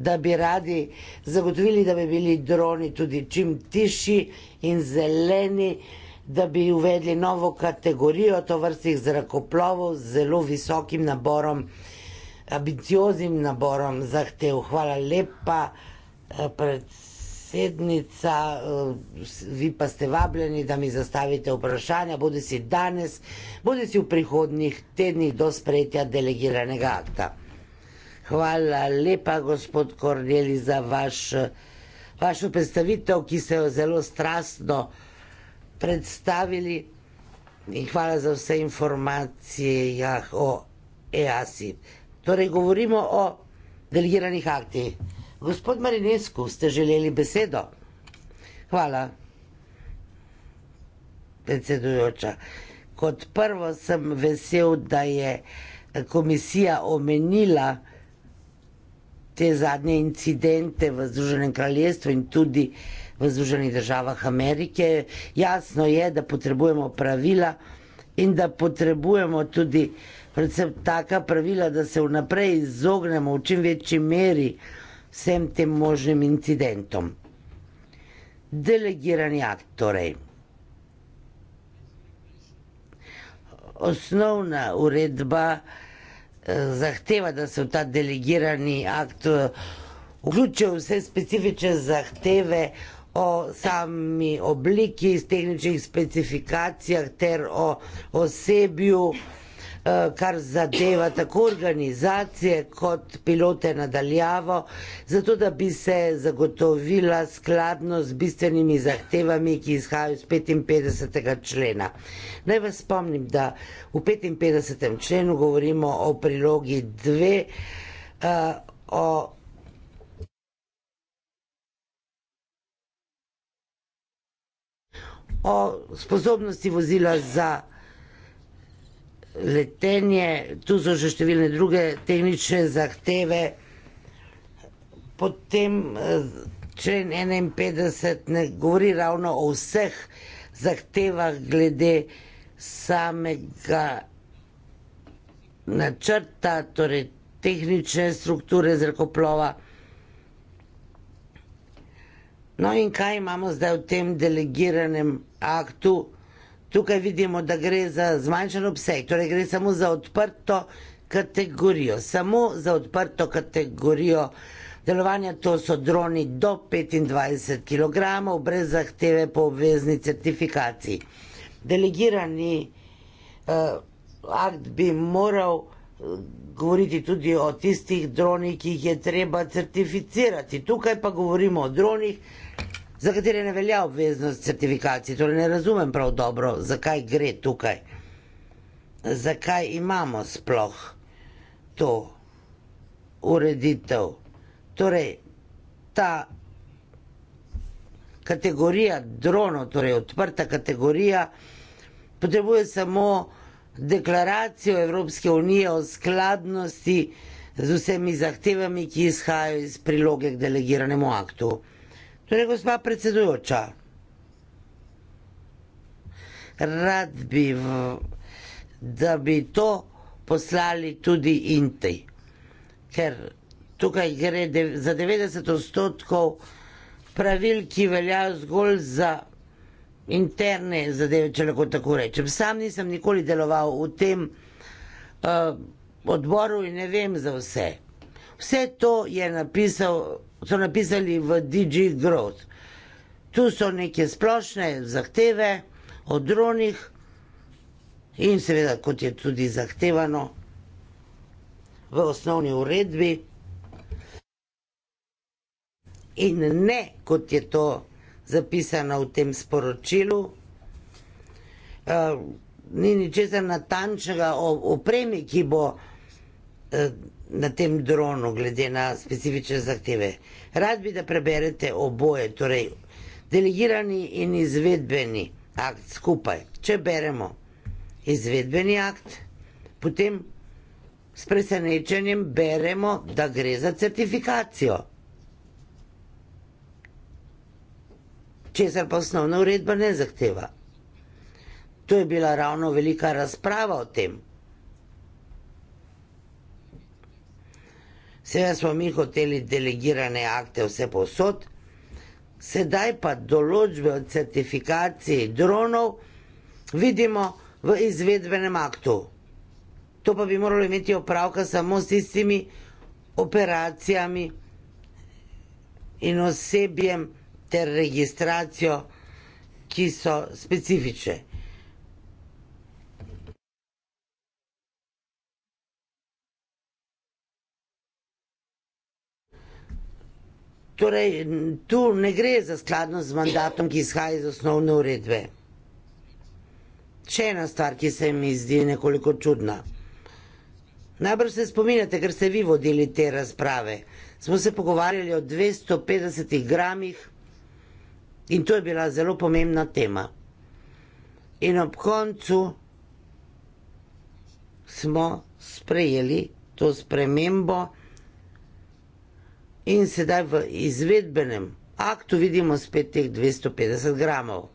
da bi radi zagotovili, da bi bili droni tudi čim tišji in zeleni, da bi uvedli novo kategorijo tovrstnih zrakoplovov z zelo visokim naborom, ambicioznim naborom zahtev. Hvala lepa, eh, predsednica, eh, vi pa ste vabljeni, da mi zastavite vprašanja, bodi si danes, bodi si v prihodnjih tednih do sprejetja delegiranega akta. Hvala lepa, gospod Korneli, za vaš, vašo predstavitev, ki ste jo zelo strastno predstavili. In hvala za vse informacije jah, o EASI. Torej, govorimo o delegiranih aktih. Gospod Marinesku, ste želeli besedo? Hvala, predsedujoča. Kot prvo sem vesel, da je komisija omenila, te zadnje incidente v Združenem kraljestvu in tudi v Združenih državah Amerike. Jasno je, da potrebujemo pravila in da potrebujemo tudi predvsem taka pravila, da se vnaprej izognemo v čim večji meri vsem tem možnim incidentom. Delegirani akt torej. Osnovna uredba zahteva, da se v ta delegirani akt eh, vključijo vse specifične zahteve o sami obliki, tehničnih specifikacijah ter o osebju. Eh, kar zadeva tako organizacije kot pilote nadaljavo, zato da bi se zagotovila skladno z bistvenimi zahtevami, ki izhajajo iz 55. člena. Naj vas spomnim, da v 55. členu govorimo o prilogi 2, uh, eh, o. O sposobnosti vozila za letenje, tu so že številne druge tehnične zahteve. Potem eh, člen 51 ne govori ravno o vseh zahtevah glede samega načrta, torej tehnične strukture zrakoplova. No in kaj imamo zdaj v tem delegiranem aktu? Tukaj vidimo, da gre za zmanjšan obseg, torej gre samo za odprto kategorijo, samo za odprto kategorijo delovanja. To so droni do 25 kg, brez zahteve po obvezni certifikaciji. Delegirani uh, akt bi moral eh, govoriti tudi o tistih dronih, ki jih je treba certificirati. Tukaj pa govorimo o dronih, za katere ne velja obveznost certifikacije. Torej ne razumem prav dobro, zakaj gre tukaj. Zakaj imamo sploh to ureditev? Torej, ta kategorija dronov, torej odprta kategorija, potrebuje samo deklaracijo Evropske unije o skladnosti z vsemi zahtevami, ki izhajajo iz priloge k delegiranemu aktu. Torej, gospa predsedujoča, rad bi, v, da bi to poslali tudi Intej, ker tukaj gre de, za 90 odstotkov pravil, ki veljajo zgolj za interne zadeve, če lahko tako rečem. Sam nisem nikoli deloval v tem uh, odboru in ne vem za vse. Vse to je napisal so napisali v DG Growth. Tu so neke splošne zahteve o dronih in seveda, kot je tudi zahtevano v osnovni uredbi. In ne, kot je to zapisano v tem sporočilu, uh, ni ničesar natančnega o opremi, ki bo Eh, na tem dronu, glede na specifične zahteve. Rad bi, da preberete oboje, torej delegirani in izvedbeni akt skupaj. Če beremo izvedbeni akt, potem s presenečenjem beremo, da gre za certifikacijo. Česar pa osnovna uredba ne zahteva. To je bila ravno velika razprava o tem. Seveda smo mi hoteli delegirane akte vse posod, sedaj pa določbe o certifikaciji dronov vidimo v izvedbenem aktu. To pa bi moralo imeti opravka samo s tistimi operacijami in osebjem ter registracijo, ki so specifične. Torej, tu ne gre za skladno z mandatom, ki izhaja iz osnovne uredbe. Še ena stvar, ki se mi zdi nekoliko čudna. Najbrž se spominjate, ker ste vi vodili te razprave. Smo se pogovarjali o 250 gramih in to je bila zelo pomembna tema. In ob koncu smo sprejeli to spremembo in sedaj v izvedbenem aktu vidimo spet teh 250 gramov.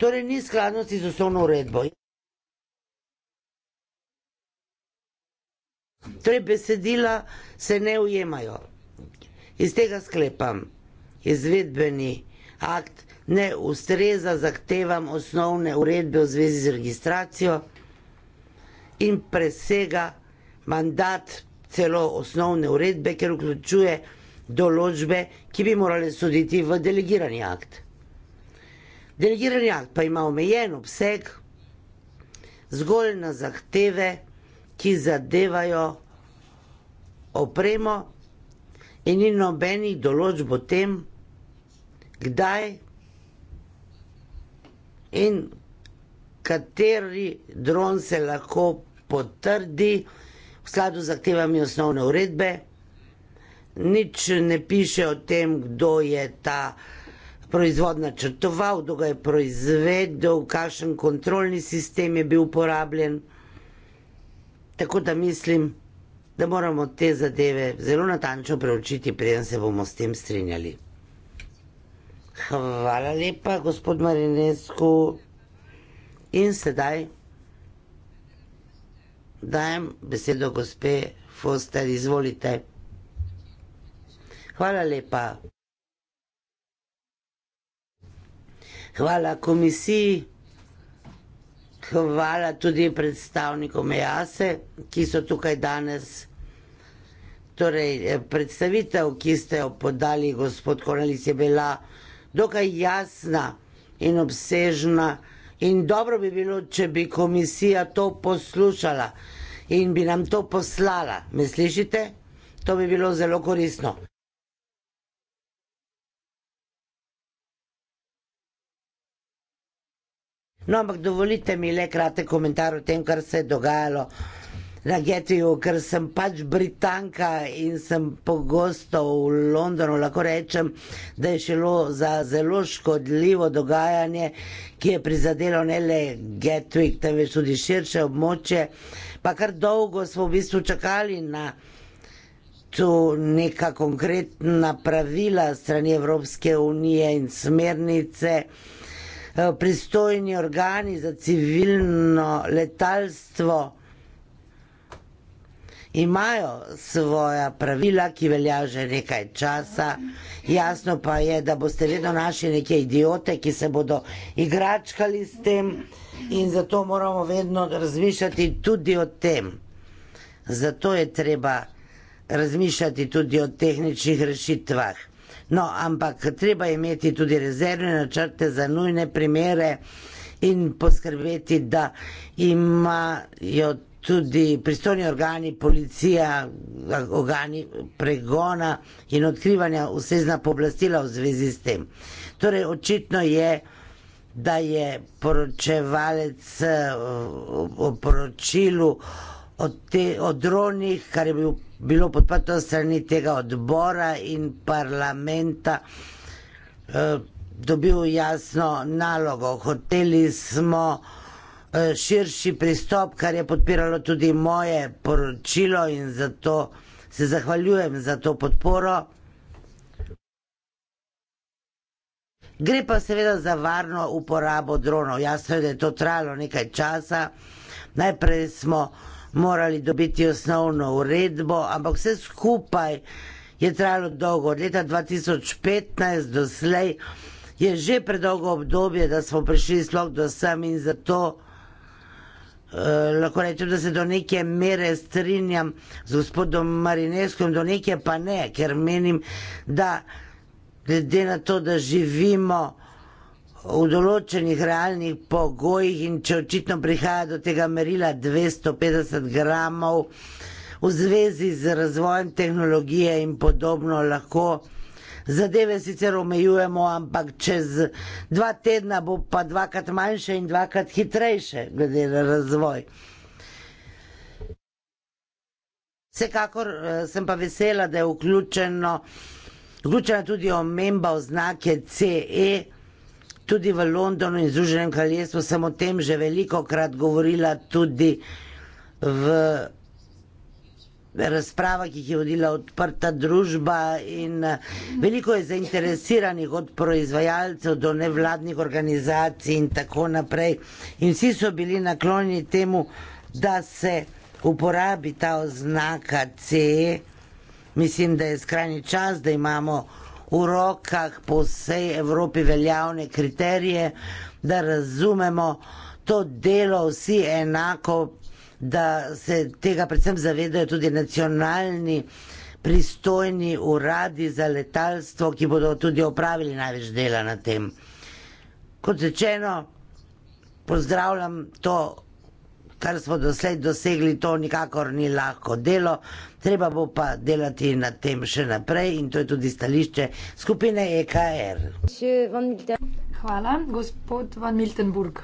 Torej ni skladnosti z osnovno uredbo. Torej besedila se ne ujemajo. Iz tega sklepam izvedbeni akt ne ustreza zahtevam osnovne uredbe v zvezi z registracijo in presega mandat celo osnovne uredbe, ker vključuje določbe, ki bi morale soditi v delegirani akt. Delegirani akt pa ima omejen obseg zgolj na zahteve, ki zadevajo opremo in ni nobenih določb o tem, kdaj in kateri dron se lahko potrdi v skladu z zahtevami osnovne uredbe. Nič ne piše o tem, kdo je ta proizvod načrtoval, kdo ga je proizvedel, kakšen kontrolni sistem je bil uporabljen. Tako da mislim, da moramo te zadeve zelo natančno preučiti, preden se bomo s tem strinjali. Hvala lepa, gospod Marinesku. In sedaj dajem besedo gospe Foster, izvolite. Hvala lepa. Hvala komisiji, hvala tudi predstavnikom EASE, ki so tukaj danes. Torej, predstavitev, ki ste jo podali, gospod Koralic, je bila dokaj jasna in obsežna. In dobro bi bilo, če bi komisija to poslušala in bi nam to poslala. Misliš, to bi bilo zelo koristno. No, ampak dovolite mi le kratek komentar o tem, kar se je dogajalo na getiju, ker sem pač Britanka in sem pogosto v Londonu, lahko rečem, da je šlo za zelo škodljivo dogajanje, ki je prizadelo ne le getvik, temveč tudi širše območje. Pa kar dolgo smo v bistvu čakali na tu neka konkretna pravila strani Evropske unije in smernice. Eh, pristojni organi za civilno letalstvo imajo svoja pravila, ki veljajo že nekaj časa. Jasno pa je, da boste vedno našli neke idiote, ki se bodo igračkali s tem in zato moramo vedno razmišljati tudi o tem. Zato je treba razmišljati tudi o tehničnih rešitvah. No, ampak treba imeti tudi rezervne načrte za nujne primere in poskrbeti, da imajo tudi pristojni organi, policija, organi pregona in odkrivanja vsezna pooblastila v zvezi s tem. Torej, očitno je, da je poročevalec o eh, poročilu o, te, o dronih, kar je bil, bilo podprto strani tega odbora in parlamenta, eh, dobil jasno nalogo. Hoteli smo Eh, širši pristop, kar je podpiralo tudi moje poročilo in zato se zahvaljujem za to podporo. Gre pa seveda za varno uporabo dronov. Jasno je, da je to trajalo nekaj časa. Najprej smo morali dobiti osnovno uredbo, ampak vse skupaj je trajalo dolgo. Od leta 2015 do slej je že predolgo obdobje, da smo prišli sploh do sem in zato Eh, lahko rečem, da se do neke mere strinjam z gospodom Marineskom, do neke pa ne, ker menim, da glede na to, da živimo v določenih realnih pogojih in če očitno prihaja do tega merila 250 gramov, v zvezi z razvojem tehnologije in podobno lahko zadeve sicer omejujemo, ampak čez dva tedna bo pa dvakrat manjše in dvakrat hitrejše, glede na razvoj. Vsekakor eh, sem pa vesela, da je vključeno, vključena tudi omemba oznake CE. Tudi v Londonu in Združenem kraljestvu sem o tem že veliko krat govorila, tudi v razprava, ki jih je vodila odprta družba in eh, veliko je zainteresiranih od proizvajalcev do nevladnih organizacij in tako naprej. In vsi so bili naklonjeni temu, da se uporabi ta oznaka CE. Mislim, da je skrajni čas, da imamo v rokah po vsej Evropi veljavne kriterije, da razumemo to delo vsi enako da se tega predvsem zavedajo tudi nacionalni pristojni uradi za letalstvo, ki bodo tudi opravili največ dela na tem. Kot rečeno, pozdravljam to, kar smo doslej dosegli, to nikakor ni lahko delo, treba bo pa delati na tem še naprej in to je tudi stališče skupine EKR. Hvala, gospod Van Miltenburg.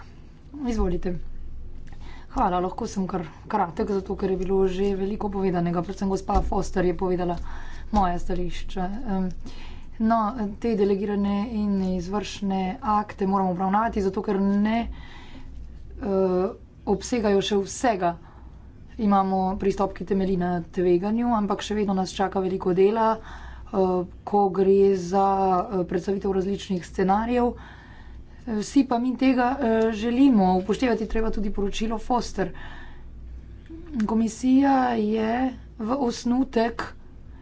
Izvolite. Hvala, lahko sem kar kratek, zato ker je bilo že veliko povedanega, predvsem gospa Foster je povedala moje stališče. No, te delegirane in izvršne akte moramo obravnati, zato ker ne e, obsegajo še vsega. Imamo pristop, ki temelji na tveganju, ampak še vedno nas čaka veliko dela, e, ko gre za e, predstavitev različnih scenarijev, Vsi pa mi tega eh, želimo. Upoštevati treba tudi poročilo Foster. Komisija je v osnutek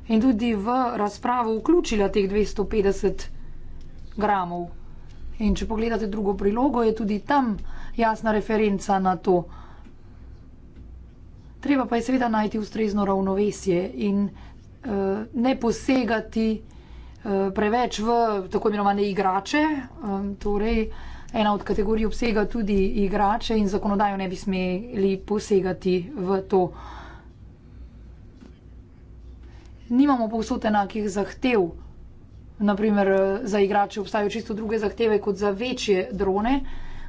in tudi v razpravo vključila teh 250 gramov. In če pogledate drugo prilogo, je tudi tam jasna referenca na to. Treba pa je seveda najti ustrezno ravnovesje in uh, ne posegati. Eh, preveč v tako imenovane igrače. Eh, torej, ena od kategorij obsega tudi igrače in zakonodajo ne bi smeli posegati v to. Nimamo povsod enakih zahtev. Naprimer, eh, za igrače obstajajo čisto druge zahteve kot za večje drone,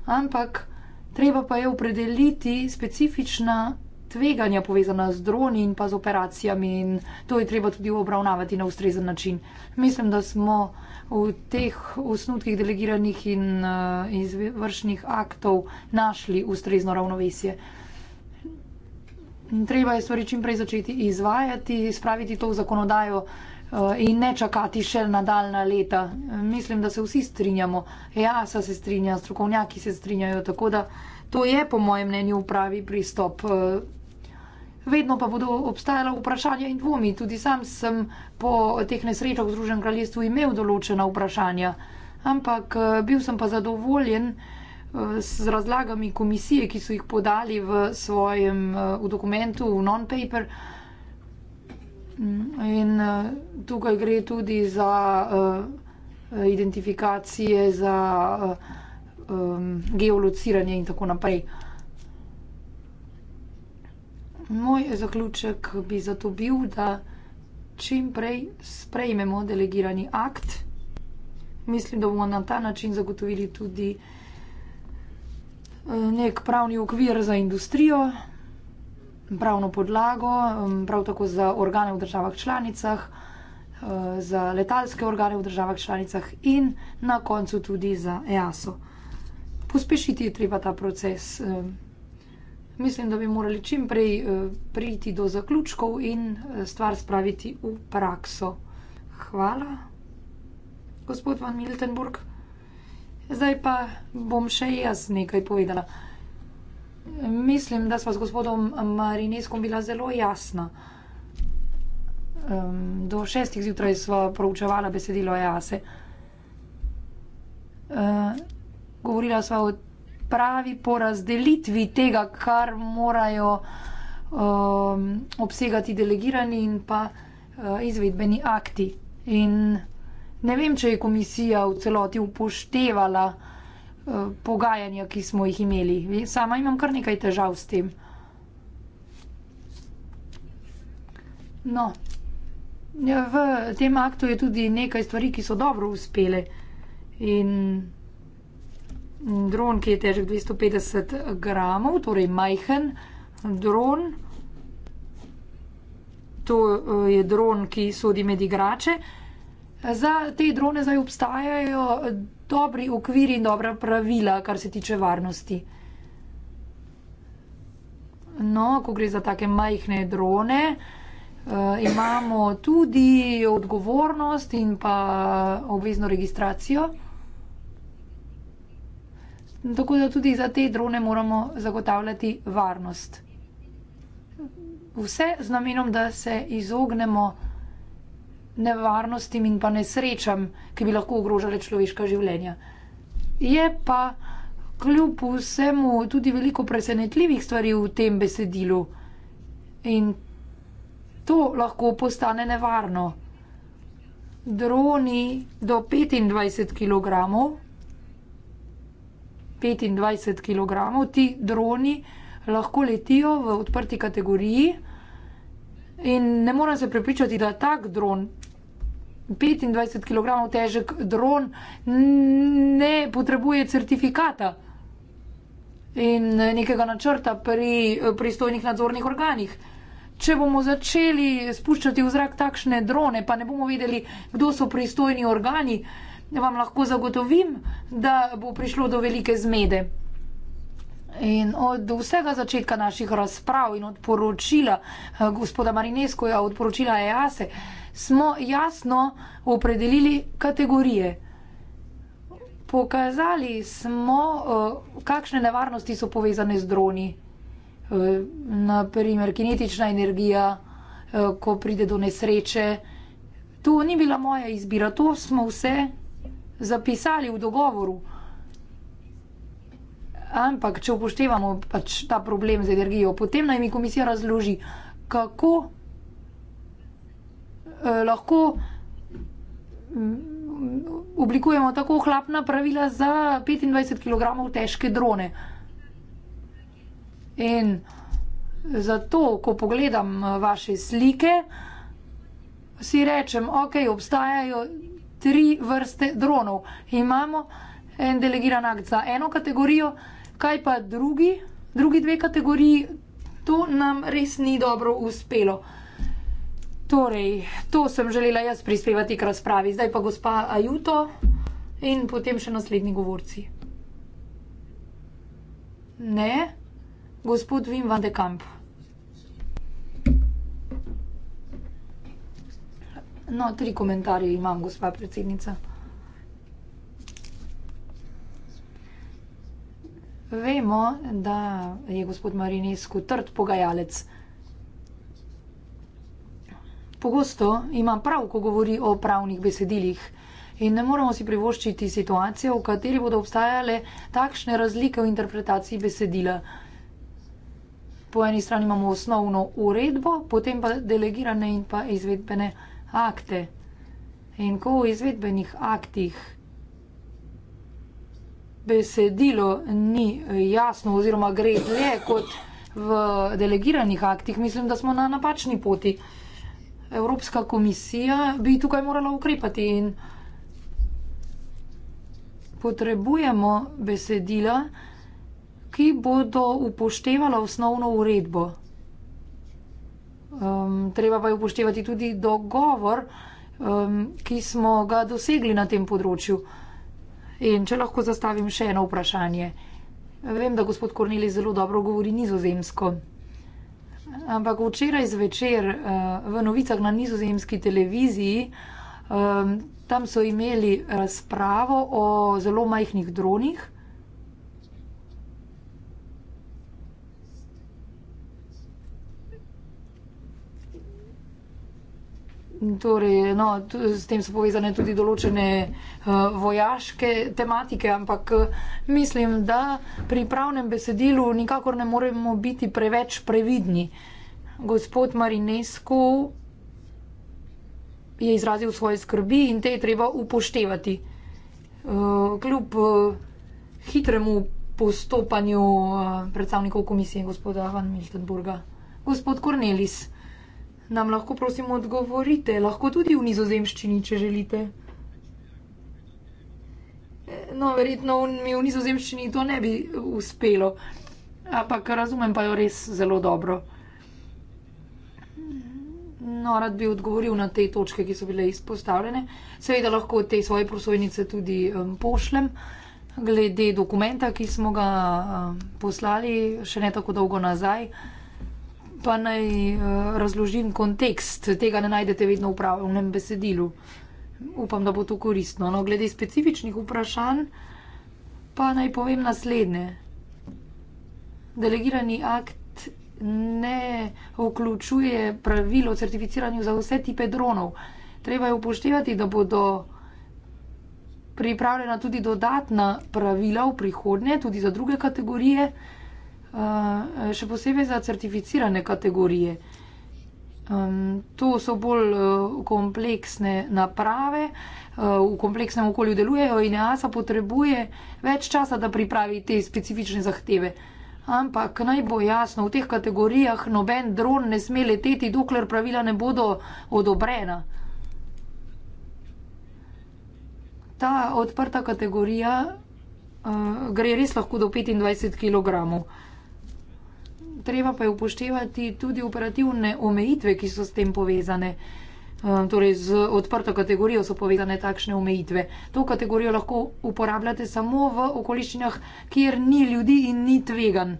ampak treba pa je opredeliti specifična tveganja povezana z droni in pa z operacijami in to je treba tudi obravnavati na ustrezen način. Mislim, da smo v teh osnutkih delegiranih in uh, izvršnih aktov našli ustrezno ravnovesje. Treba je stvari čim prej začeti izvajati, spraviti to v zakonodajo uh, in ne čakati še nadaljna leta. Mislim, da se vsi strinjamo. EASA se strinja, strokovnjaki se strinjajo, tako da to je po mojem mnenju pravi pristop. Uh, vedno pa bodo obstajala vprašanja in dvomi. Tudi sam sem po teh nesrečah v Združenem kraljestvu imel določena vprašanja, ampak eh, bil sem pa zadovoljen eh, z razlagami komisije, ki so jih podali v svojem eh, v dokumentu, v non-paper. In tukaj gre tudi za uh, identifikacije, za uh, um, geolociranje in tako naprej moj zaključek bi zato bil, da čim prej sprejmemo delegirani akt. Mislim, da bomo na ta način zagotovili tudi eh, nek pravni okvir za industrijo, pravno podlago, prav tako za organe v državah članicah, eh, za letalske organe v državah članicah in na koncu tudi za EASO. Pospešiti je treba ta proces mislim, da bi morali čim prej eh, priti do zaključkov in eh, stvar spraviti v prakso. Hvala, gospod Van Miltenburg. Zdaj pa bom še jaz nekaj povedala. Mislim, da sva s gospodom Marineskom bila zelo jasna. Do šestih zjutraj sva proučevala besedilo EASE. Eh, govorila sva o pravi po razdelitvi tega, kar morajo um, obsegati delegirani in pa uh, izvedbeni akti. In ne vem, če je komisija v celoti upoštevala uh, pogajanja, ki smo jih imeli. Sama imam kar nekaj težav s tem. No, ja, v tem aktu je tudi nekaj stvari, ki so dobro uspele. In dron, ki je težek 250 gramov, torej majhen dron. To eh, je dron, ki sodi med igrače. Za te drone zdaj obstajajo dobri okviri in dobra pravila, kar se tiče varnosti. No, ko gre za take majhne drone, eh, imamo tudi odgovornost in pa obvezno registracijo. Tako da tudi za te drone moramo zagotavljati varnost. Vse z namenom, da se izognemo nevarnostim in pa nesrečam, ki bi lahko ogrožale človeška življenja. Je pa kljub vsemu tudi veliko presenetljivih stvari v tem besedilu in to lahko postane nevarno. Droni do 25 kg 25 kg, ti droni lahko letijo v odprti kategoriji. In ne morem se prepričati, da tak dron, 25 kg težek dron, ne potrebuje certifikata in nekega načrta pri pristojnih nadzornih organih. Če bomo začeli spuščati v zrak takšne drone, pa ne bomo vedeli, kdo so pristojni organi, vam lahko zagotovim, da bo prišlo do velike zmede. In od vsega začetka naših razprav in od poročila eh, gospoda Marineskoja, od poročila EASE, e, smo jasno opredelili kategorije. Pokazali smo, eh, kakšne nevarnosti so povezane z droni, eh, naprimer kinetična energija, ko pride do nesreče. To ni bila moja izbira, to smo vse zapisali v dogovoru. Ampak, če upoštevamo pač ta problem z energijo, potem naj mi komisija razloži, kako eh, lahko hm, oblikujemo tako ohlapna pravila za 25 kg težke drone. In zato, ko pogledam eh, vaše slike, si rečem, ok, obstajajo tri vrste dronov. Imamo en delegiran akt za eno kategorijo, kaj pa drugi, drugi dve kategoriji, to nam res ni dobro uspelo. Torej, to sem želela jaz prispevati k razpravi. Zdaj pa gospa Ajuto in potem še naslednji govorci. Ne, gospod Vim van de Kamp. No, tri komentarje imam, gospa predsednica. Vemo, da je gospod Marinesku trd pogajalec. Pogosto ima prav, ko govori o pravnih besedilih. In ne moramo si privoščiti situacijo, v kateri bodo obstajale takšne razlike v interpretaciji besedila. Po eni strani imamo osnovno uredbo, potem pa delegirane in pa izvedbene akte. In ko v izvedbenih aktih besedilo ni jasno oziroma gre dlje kot v delegiranih aktih, mislim, da smo na napačni poti. Evropska komisija bi tukaj morala ukrepati in potrebujemo besedila, ki bodo upoštevala osnovno uredbo. Um, treba pa je upoštevati tudi dogovor, um, ki smo ga dosegli na tem področju. In če lahko zastavim še eno vprašanje. Vem, da gospod Korneli zelo dobro govori nizozemsko. Ampak včeraj zvečer uh, v novicah na nizozemski televiziji, um, tam so imeli razpravo o zelo majhnih dronih. Torej, no, s tem so povezane tudi določene uh, vojaške tematike, ampak eh, mislim, da pri pravnem besedilu nikakor ne moremo biti preveč previdni. Gospod Marinescu je izrazil svoje skrbi in te je treba upoštevati. Uh, kljub uh, hitremu postopanju uh, predstavnikov komisije gospoda Van Miltenburga. Gospod Cornelis nam lahko prosim odgovorite, lahko tudi v nizozemščini, če želite. No, verjetno mi v nizozemščini to ne bi uspelo, ampak razumem pa jo res zelo dobro. No, rad bi odgovoril na te točke, ki so bile izpostavljene. Seveda lahko te svoje prosojnice tudi um, pošlem, glede dokumenta, ki smo ga um, poslali še ne tako dolgo nazaj. Uh, pa naj uh, razložim kontekst. Tega ne najdete vedno v pravnem besedilu. Upam, da bo to koristno. No, glede specifičnih vprašanj, pa naj povem naslednje. Delegirani akt ne vključuje pravilo o certificiranju za vse tipe dronov. Treba je upoštevati, da bodo pripravljena tudi dodatna pravila v prihodnje, tudi za druge kategorije še posebej za certificirane kategorije. Um, to so bolj uh, kompleksne naprave, uh, v kompleksnem okolju delujejo in EASA potrebuje več časa, da pripravi te specifične zahteve. Ampak naj bo jasno, v teh kategorijah noben dron ne sme leteti, dokler pravila ne bodo odobrena. Ta odprta kategorija uh, gre res lahko do 25 kg treba pa je upoštevati tudi operativne omejitve, ki so s tem povezane. Eh, torej, z odprto kategorijo so povezane takšne omejitve. To kategorijo lahko uporabljate samo v okoliščinah, kjer ni ljudi in ni tvegan.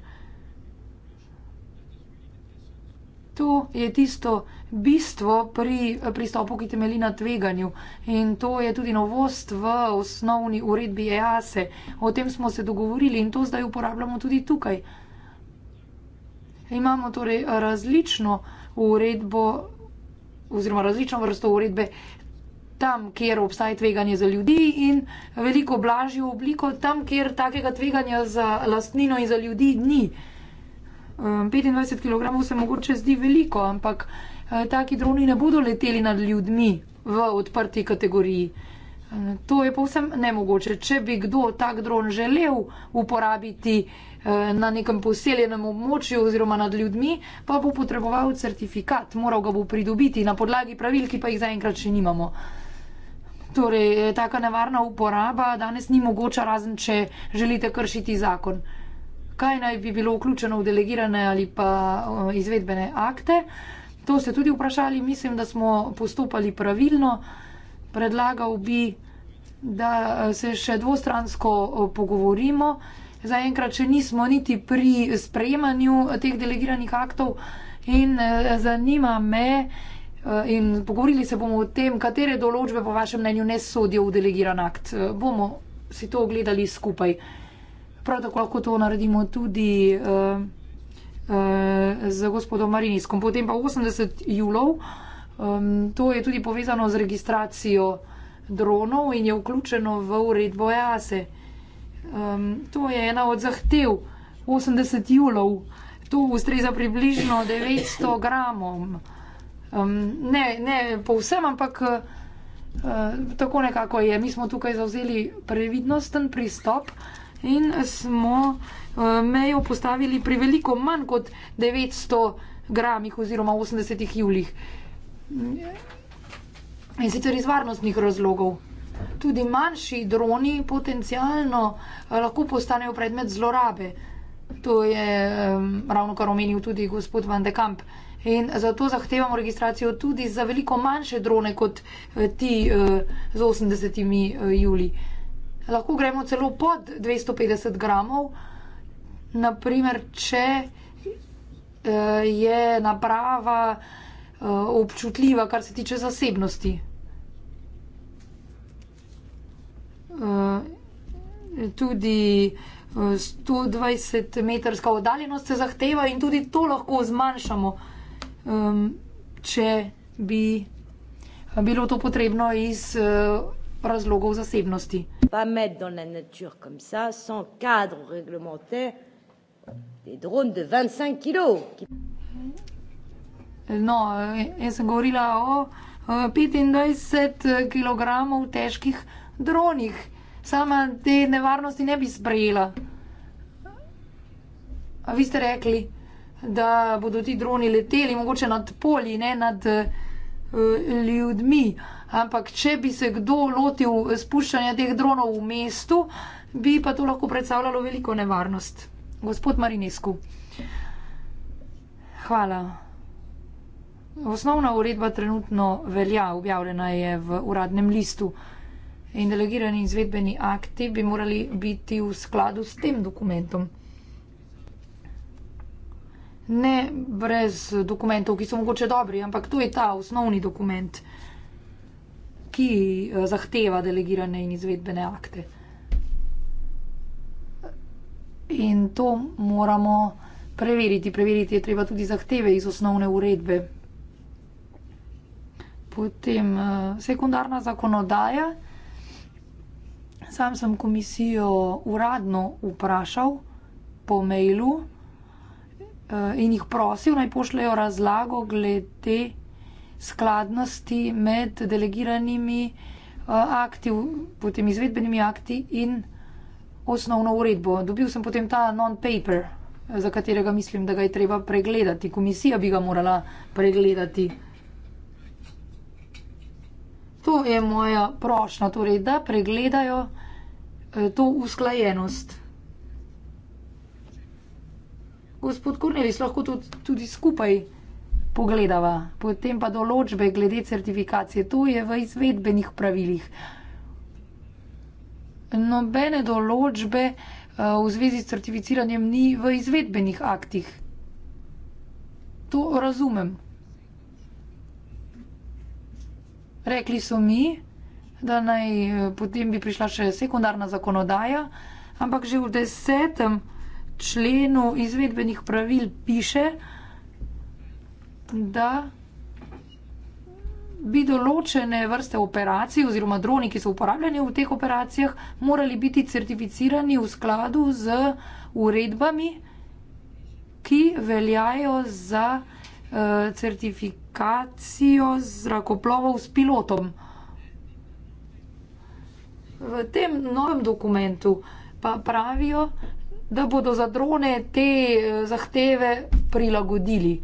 To je tisto bistvo pri pristopu, ki temelji na tveganju. In to je tudi novost v osnovni uredbi EASE. E. O tem smo se dogovorili in to zdaj uporabljamo tudi tukaj imamo torej različno uredbo oziroma različno vrsto uredbe tam, kjer obstaja tveganje za ljudi in veliko blažjo obliko tam, kjer takega tveganja za lastnino in za ljudi ni. 25 um, kg se mogoče zdi veliko, ampak eh, taki droni ne bodo leteli nad ljudmi v odprti kategoriji. Eh, to je povsem nemogoče. Če bi kdo tak dron želel uporabiti, Eh, na nekem poseljenem območju oziroma nad ljudmi, pa bo potreboval certifikat, moral ga bo pridobiti na podlagi pravil, ki pa jih zaenkrat še nimamo. Torej, eh, taka nevarna uporaba danes ni mogoča, razen če želite kršiti zakon. Kaj naj bi bilo vključeno v delegirane ali pa eh, izvedbene akte? To ste tudi vprašali, mislim, da smo postopali pravilno. Predlagal bi, da se še dvostransko pogovorimo zaenkrat še nismo niti pri sprejemanju teh delegiranih aktov in eh, zanima me eh, in pogovorili se bomo o tem, katere določbe po vašem mnenju ne sodijo v delegiran akt. Eh, bomo si to ogledali skupaj. Prav tako lahko to naredimo tudi uh, uh, z gospodom Mariniskom. Potem pa 80 julov, um, to je tudi povezano z registracijo dronov in je vključeno v uredbo EASE. Uh, Um, to je ena od zahtev 80 julov. To ustreza približno 900 gramom. Um, ne, ne povsem, ampak uh, tako nekako je. Mi smo tukaj zauzeli previdnosten pristop in smo uh, mejo postavili pri veliko manj kot 900 gramih oziroma 80 julih. In sicer iz varnostnih razlogov tudi manjši droni potencialno eh, lahko postanejo predmet zlorabe. To je um, ravno kar omenil tudi gospod Van de Kamp. In zato zahtevamo registracijo tudi za veliko manjše drone kot eh, ti uh, z 80 juli. Lahko gremo celo pod 250 gramov, naprimer, če uh, je naprava uh, občutljiva, kar se tiče zasebnosti. Eh, tudi 120 eh, metrska oddaljenost se zahteva in tudi to lahko zmanjšamo, um, če bi eh, bilo to potrebno iz uh, razlogov zasebnosti. Pa med do na natur kom sa, san kadro reglemente, de dron de 25 kilo. No, jaz sem govorila o 25 kilogramov težkih dronih, sama te nevarnosti ne bi sprejela. A vi ste rekli, da bodo ti droni leteli mogoče nad polji, ne nad eh, ljudmi. Ampak, če bi se kdo lotil spuščanja teh dronov v mestu, bi pa to lahko predstavljalo veliko nevarnost. Gospod Marinesku, hvala. Osnovna uredba trenutno velja, objavljena je v uradnem listu in delegirani izvedbeni akti bi morali biti v skladu s tem dokumentom. Ne brez dokumentov, ki so mogoče dobri, ampak to je ta osnovni dokument, ki eh, zahteva delegirane in izvedbene akte. In to moramo preveriti. Preveriti je treba tudi zahteve iz osnovne uredbe. Potem eh, sekundarna zakonodaja. Sam sem komisijo uradno vprašal po mailu eh, in jih prosil, naj pošljajo razlago glede skladnosti med delegiranimi eh, akti, potem izvedbenimi akti in osnovno uredbo. Dobil sem potem ta non-paper, eh, za katerega mislim, da ga je treba pregledati. Komisija bi ga morala pregledati. To je moja prošnja, torej, da pregledajo eh, to usklajenost. Gospod Kornelis, lahko tudi, tudi skupaj pogledava, potem pa določbe glede certifikacije. To je v izvedbenih pravilih. Nobene določbe eh, v zvezi s certificiranjem ni v izvedbenih aktih. To razumem. Rekli so mi, da naj eh, potem bi prišla še sekundarna zakonodaja, ampak že v desetem členu izvedbenih pravil piše, da bi določene vrste operacij oziroma droni, ki so uporabljeni v teh operacijah, morali biti certificirani v skladu z uredbami, ki veljajo za uh, eh, certifikat komunikacijo zrakoplovov s pilotom. V tem novem dokumentu pa pravijo, da bodo za drone te eh, zahteve prilagodili.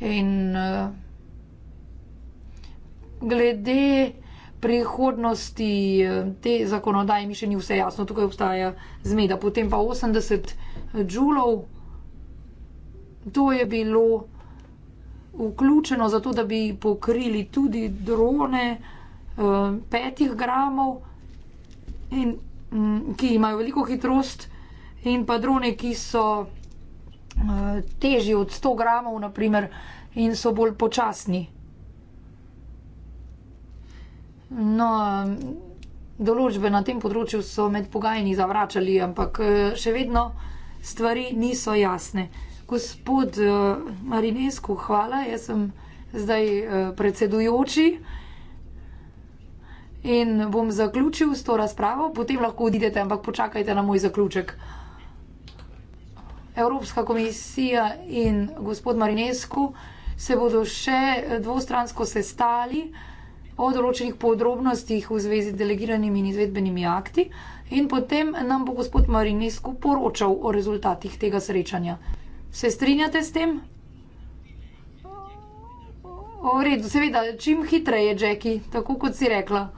In eh, glede prihodnosti eh, te zakonodaje mi še ni vse jasno, tukaj obstaja zmeda. Potem pa 80 džulov, to je bilo vključeno za to, da bi pokrili tudi drone eh, petih gramov, in, mm, ki imajo veliko hitrost, in pa drone, ki so eh, težji od 100 gramov, naprimer, in so bolj počasni. No, eh, določbe na tem področju so med pogajanji zavračali, ampak še vedno stvari niso jasne. Gospod uh, eh, Marinesku, hvala, jaz sem zdaj uh, predsedujoči in bom zaključil s to razpravo, potem lahko odidete, ampak počakajte na moj zaključek. Evropska komisija in gospod Marinesku se bodo še dvostransko sestali o določenih podrobnostih v zvezi z delegiranimi in izvedbenimi akti in potem nam bo gospod Marinesku poročal o rezultatih tega srečanja. Se strinjate s tem? O, v redu, seveda, čim hitreje, Jackie, tako kot si rekla.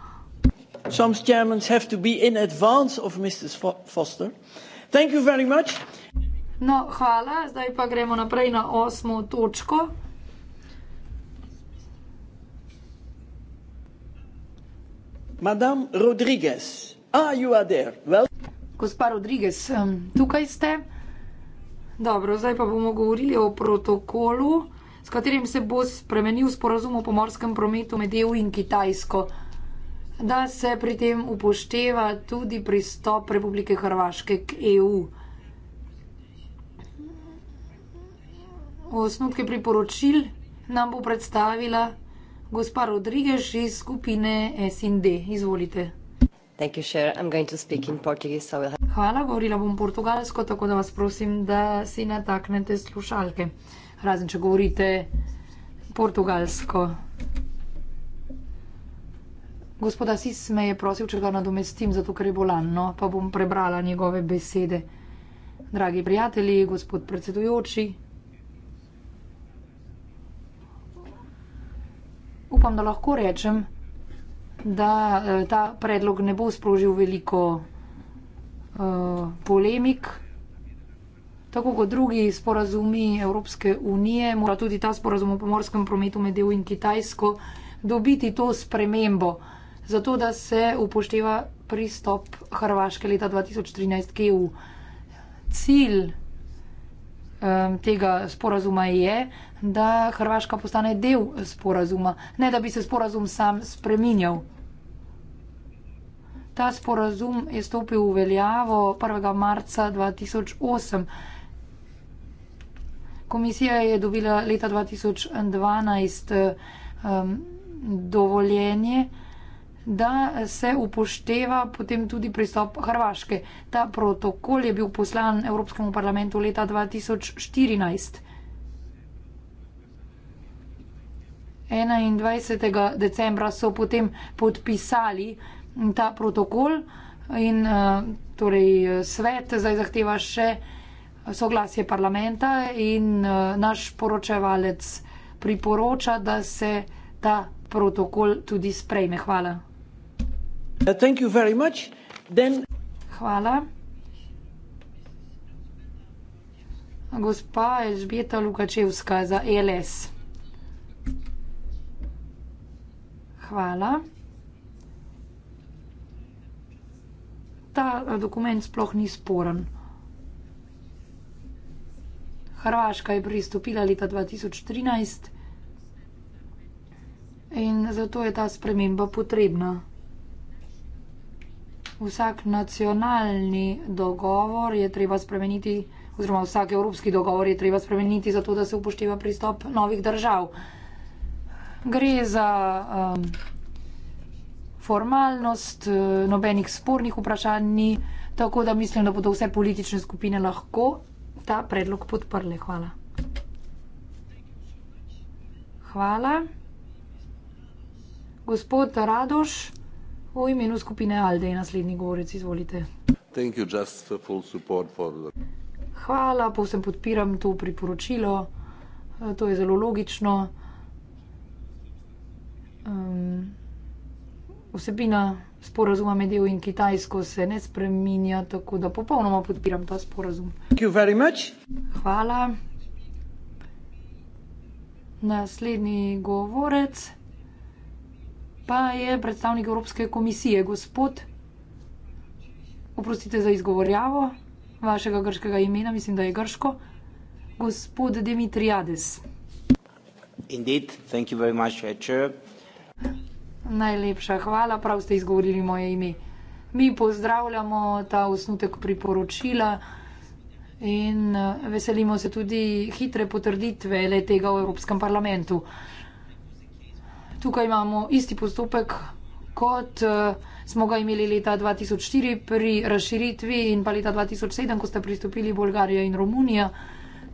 Some chairmans have to be in advance of Mrs. Foster. Thank you very much. No, hvala. Zdaj pa gremo naprej na osmo točko. Madame Rodriguez, ah, you are there. Well. Gospa Rodriguez, tukaj ste. Dobro, zdaj pa bomo govorili o protokolu, s katerim se bo spremenil sporazum o pomorskem prometu med EU in Kitajsko, da se pri tem upošteva tudi pristop Republike Hrvaške k EU. Osnutke priporočil nam bo predstavila gospa Rodriguez iz skupine SND. Izvolite. Thank you, Cher. I'm going to speak in Portuguese, so I will have... Hvala, govorila bom portugalsko, tako da vas prosim, da si nataknete slušalke. Razen, če govorite portugalsko. Gospoda Sis me je prosil, če ga nadomestim, zato ker je bolano, no, pa bom prebrala njegove besede. Dragi prijatelji, gospod predsedujoči, upam, da lahko rečem, da eh, ta predlog ne bo sprožil veliko uh, polemik. Tako kot drugi sporazumi Evropske unije, mora tudi ta sporazum o pomorskem prometu med EU in Kitajsko dobiti to spremembo, zato da se upošteva pristop Hrvaške leta 2013 k EU. Cilj um, tega sporazuma je, da Hrvaška postane del sporazuma, ne da bi se sporazum sam spreminjal. Ta sporazum je stopil v veljavo 1. marca 2008. Komisija je dobila leta 2012 um, dovoljenje, da se upošteva potem tudi pristop Hrvaške. Ta protokol je bil poslan Evropskemu parlamentu leta 2014. 21. decembra so potem podpisali ta protokol in eh, torej eh, svet zdaj zahteva še soglasje parlamenta in eh, naš poročevalec priporoča, da se ta protokol tudi sprejme. Hvala. Uh, Then... Hvala. Gospa Elžbeta Lukačevska za e LS. Hvala. ta eh, dokument sploh ni sporen. Hrvaška je pristopila leta 2013 in zato je ta sprememba potrebna. Vsak nacionalni dogovor je treba spremeniti, oziroma vsak evropski dogovor je treba spremeniti, zato da se upošteva pristop novih držav. Gre za. Um, formalnost, eh, nobenih spornih vprašanj ni, tako da mislim, da bodo vse politične skupine lahko ta predlog podprle. Hvala. Hvala. Gospod Radoš, v imenu skupine Alde je naslednji govorec, izvolite. Hvala, povsem podpiram to priporočilo, eh, to je zelo logično. Um, vsebina sporazuma med EU in Kitajsko se ne spreminja, tako da popolnoma podpiram ta sporazum. Hvala. Naslednji govorec pa je predstavnik Evropske komisije, gospod. Oprostite za izgovorjavo vašega grškega imena, mislim, da je grško. Gospod Dimitriades. Indeed, thank you very much, Chair. Najlepša hvala, prav ste izgovorili moje ime. Mi pozdravljamo ta osnutek priporočila in eh, veselimo se tudi hitre potrditve le tega v Evropskem parlamentu. Tukaj imamo isti postopek, kot eh, smo ga imeli leta 2004 pri razširitvi in pa leta 2007, ko sta pristopili Bolgarija in Romunija.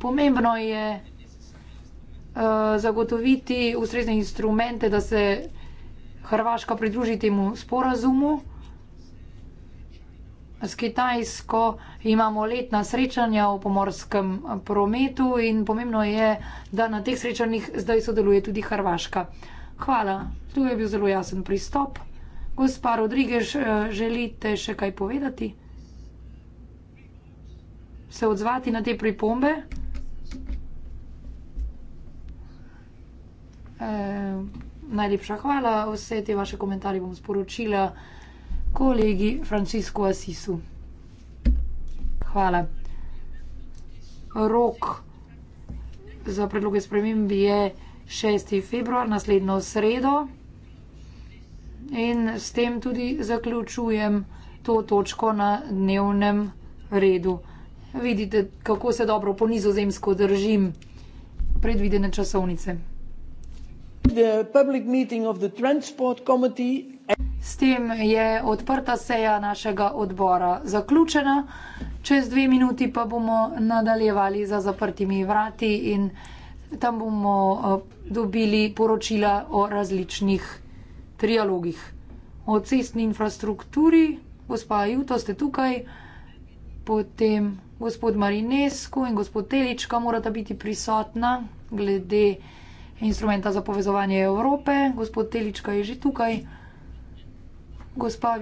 Pomembno je uh, zagotoviti ustrezne instrumente, da se Hrvaška pridruži temu sporazumu. S Kitajsko imamo letna srečanja v pomorskem prometu in pomembno je, da na teh srečanjih zdaj sodeluje tudi Hrvaška. Hvala, tu je bil zelo jasen pristop. Gospa Rodrigež, eh, želite še kaj povedati? Se odzvati na te pripombe? E najlepša hvala. Vse te vaše komentarje bom sporočila kolegi Francisku Asisu. Hvala. Rok za predloge sprememb je 6. februar, naslednjo sredo. In s tem tudi zaključujem to točko na dnevnem redu. Vidite, kako se dobro po nizozemsko držim predvidene časovnice. S tem je odprta seja našega odbora zaključena. Čez dve minuti pa bomo nadaljevali za zaprtimi vrati in tam bomo eh, dobili poročila o različnih trialogih. O cestni infrastrukturi, gospa Juto, ste tukaj, potem gospod Marinesko in gospod Telička morata biti prisotna glede instrumenta za povezovanje Evrope. Gospod Telička je že tukaj. Gospa